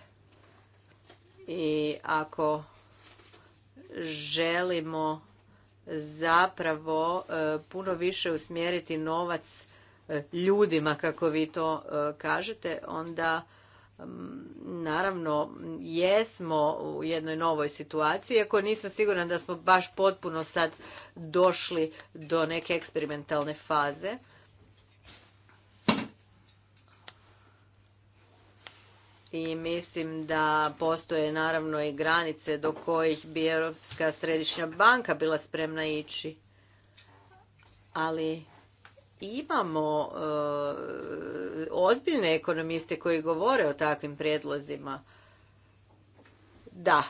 I ako želimo zapravo e, puno više usmjeriti novac e, ljudima, kako vi to kažete, onda Naravno, jesmo u jednoj novoj situaciji, iako nisam sigurna da smo baš potpuno sad došli do neke eksperimentalne faze. i mislim da postoje naravno i granice do kojih bi Europska središnja banka bila spremna ići. Ali imamo eh, ozbiljne ekonomiste koji govore o takvim prijedlozima. Da,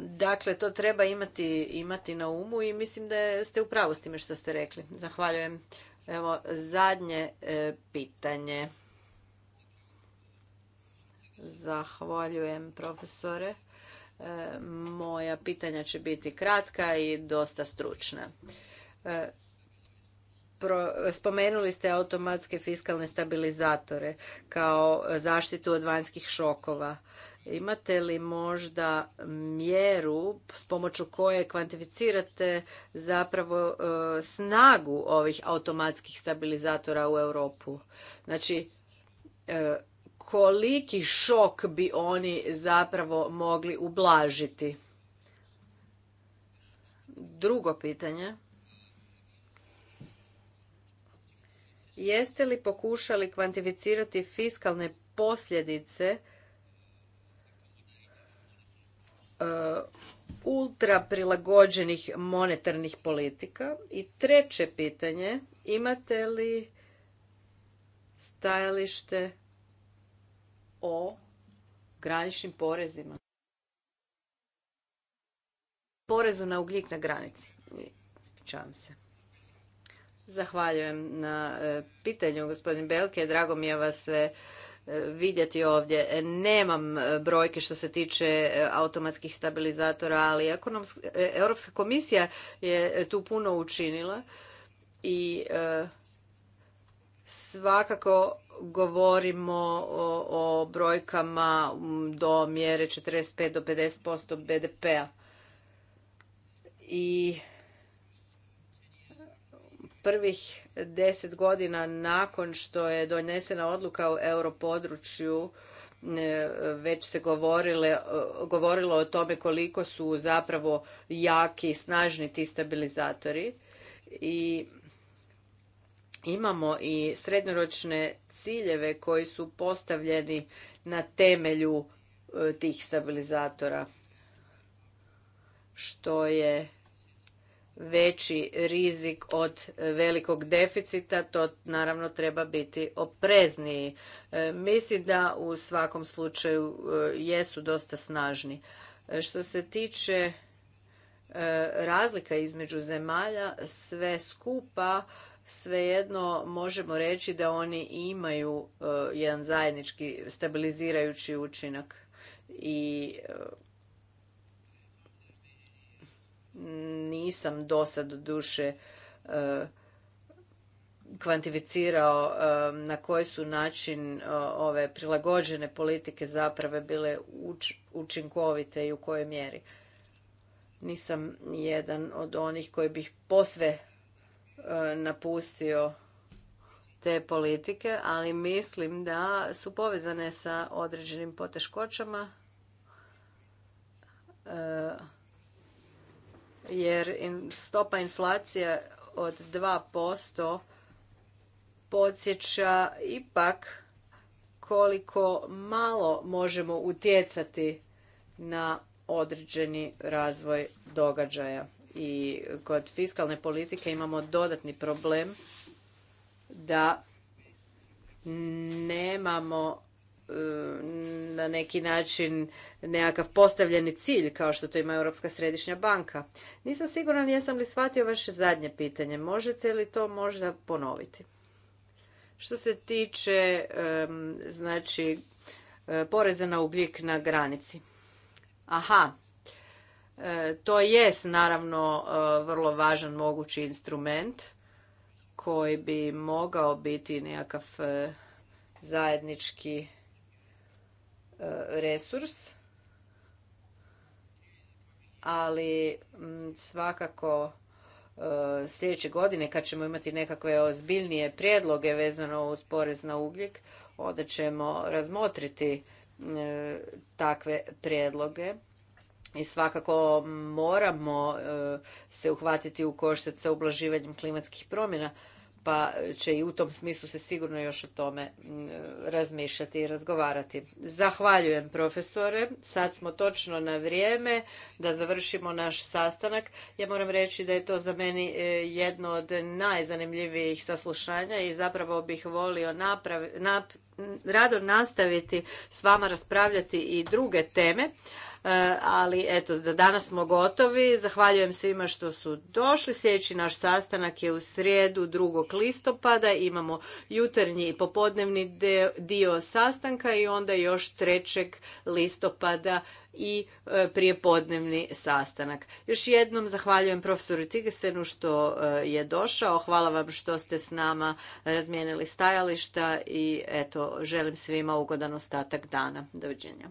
dakle to treba imati, na umu i mislim da ste u pravu s time što ste rekli. Zahvaljujem. Evo zadnje eh, pitanje. Zahvaljujem profesore. Eh, moja pitanja će biti kratka i dosta stručna spomenuli ste automatske fiskalne stabilizatore kao zaštitu od vanjskih šokova. Imate li možda mjeru s pomoću koje kvantificirate zapravo e, snagu ovih automatskih stabilizatora u Europu? Znači, e, koliki šok bi oni zapravo mogli ublažiti? Drugo pitanje. Jeste li pokušali kvantificirati fiskalne posljedice e, ultra prilagođenih monetarnih politika? I treće pitanje, imate li stajalište o graničnim porezima? Porezu na ugljik na granici. Ispričavam se. Zahvaljujem na e, pitanju, gospodin Belke. Drago mi je vas e, vidjeti ovdje. E, nemam brojke što se tiče automatskih stabilizatora, ali Europska komisija je tu puno učinila i svakako govorimo o, brojkama do mjere 45 do 50% BDP-a. I prvih deset godina nakon što je donesena odluka u europodručju e, već se govorile, e, govorilo o tome koliko su zapravo jaki i snažni ti stabilizatori i imamo i srednjoročne ciljeve koji su postavljeni na temelju e, tih stabilizatora što je veći rizik od velikog deficita, to naravno treba biti oprezniji. E, mislim da u svakom slučaju e, jesu dosta snažni. E, što se tiče razlika između zemalja, sve skupa svejedno možemo reći da oni imaju jedan zajednički stabilizirajući učinak i nisam do sad duše e, kvantificirao e, na koji su način e, ove prilagođene politike zapravo bile učinkovite i u kojoj mjeri. Nisam jedan od onih koji bih posve napustio te politike, ali mislim da su povezane sa određenim poteškoćama jer stopa inflacije od 2% podsjeća ipak koliko malo možemo utjecati na određeni razvoj događaja. I kod fiskalne politike imamo dodatni problem da nemamo E, na neki način nekakav postavljeni cilj kao što to ima Europska središnja banka. Nisam sigurna jesam li shvatio vaše zadnje pitanje. Možete li to možda ponoviti? Što se tiče znači e, poreza na ugljik na granici. Aha. E, to je naravno vrlo važan mogući instrument koji bi mogao biti nekakav zajednički E, resurs, ali mm, svakako e, sljedeće godine kad ćemo imati nekakve ozbiljnije prijedloge vezano uz porez na ugljik, onda ćemo razmotriti e, takve prijedloge i svakako moramo se uhvatiti u koštac sa ublaživanjem klimatskih promjena pa će i u tom smislu se sigurno još o tome mm, razmišljati i razgovarati. Zahvaljujem profesore, sad smo točno na vrijeme da završimo naš sastanak. Ja moram reći da je to za meni e, jedno od najzanimljivijih saslušanja i zapravo bih volio rado nastaviti s vama raspravljati i druge teme. Eh, ali eto, za danas smo gotovi. Zahvaljujem svima što su došli. Sljedeći naš sastanak je u srijedu 2. listopada. Imamo jutarnji i popodnevni dio sastanka i onda još 3. listopada i eh, prijepodnevni sastanak. Još jednom zahvaljujem profesoru Tigesenu što eh, je došao. Hvala vam što ste s nama razmijenili stajališta i eto, želim svima ugodan ostatak dana. Doviđenja.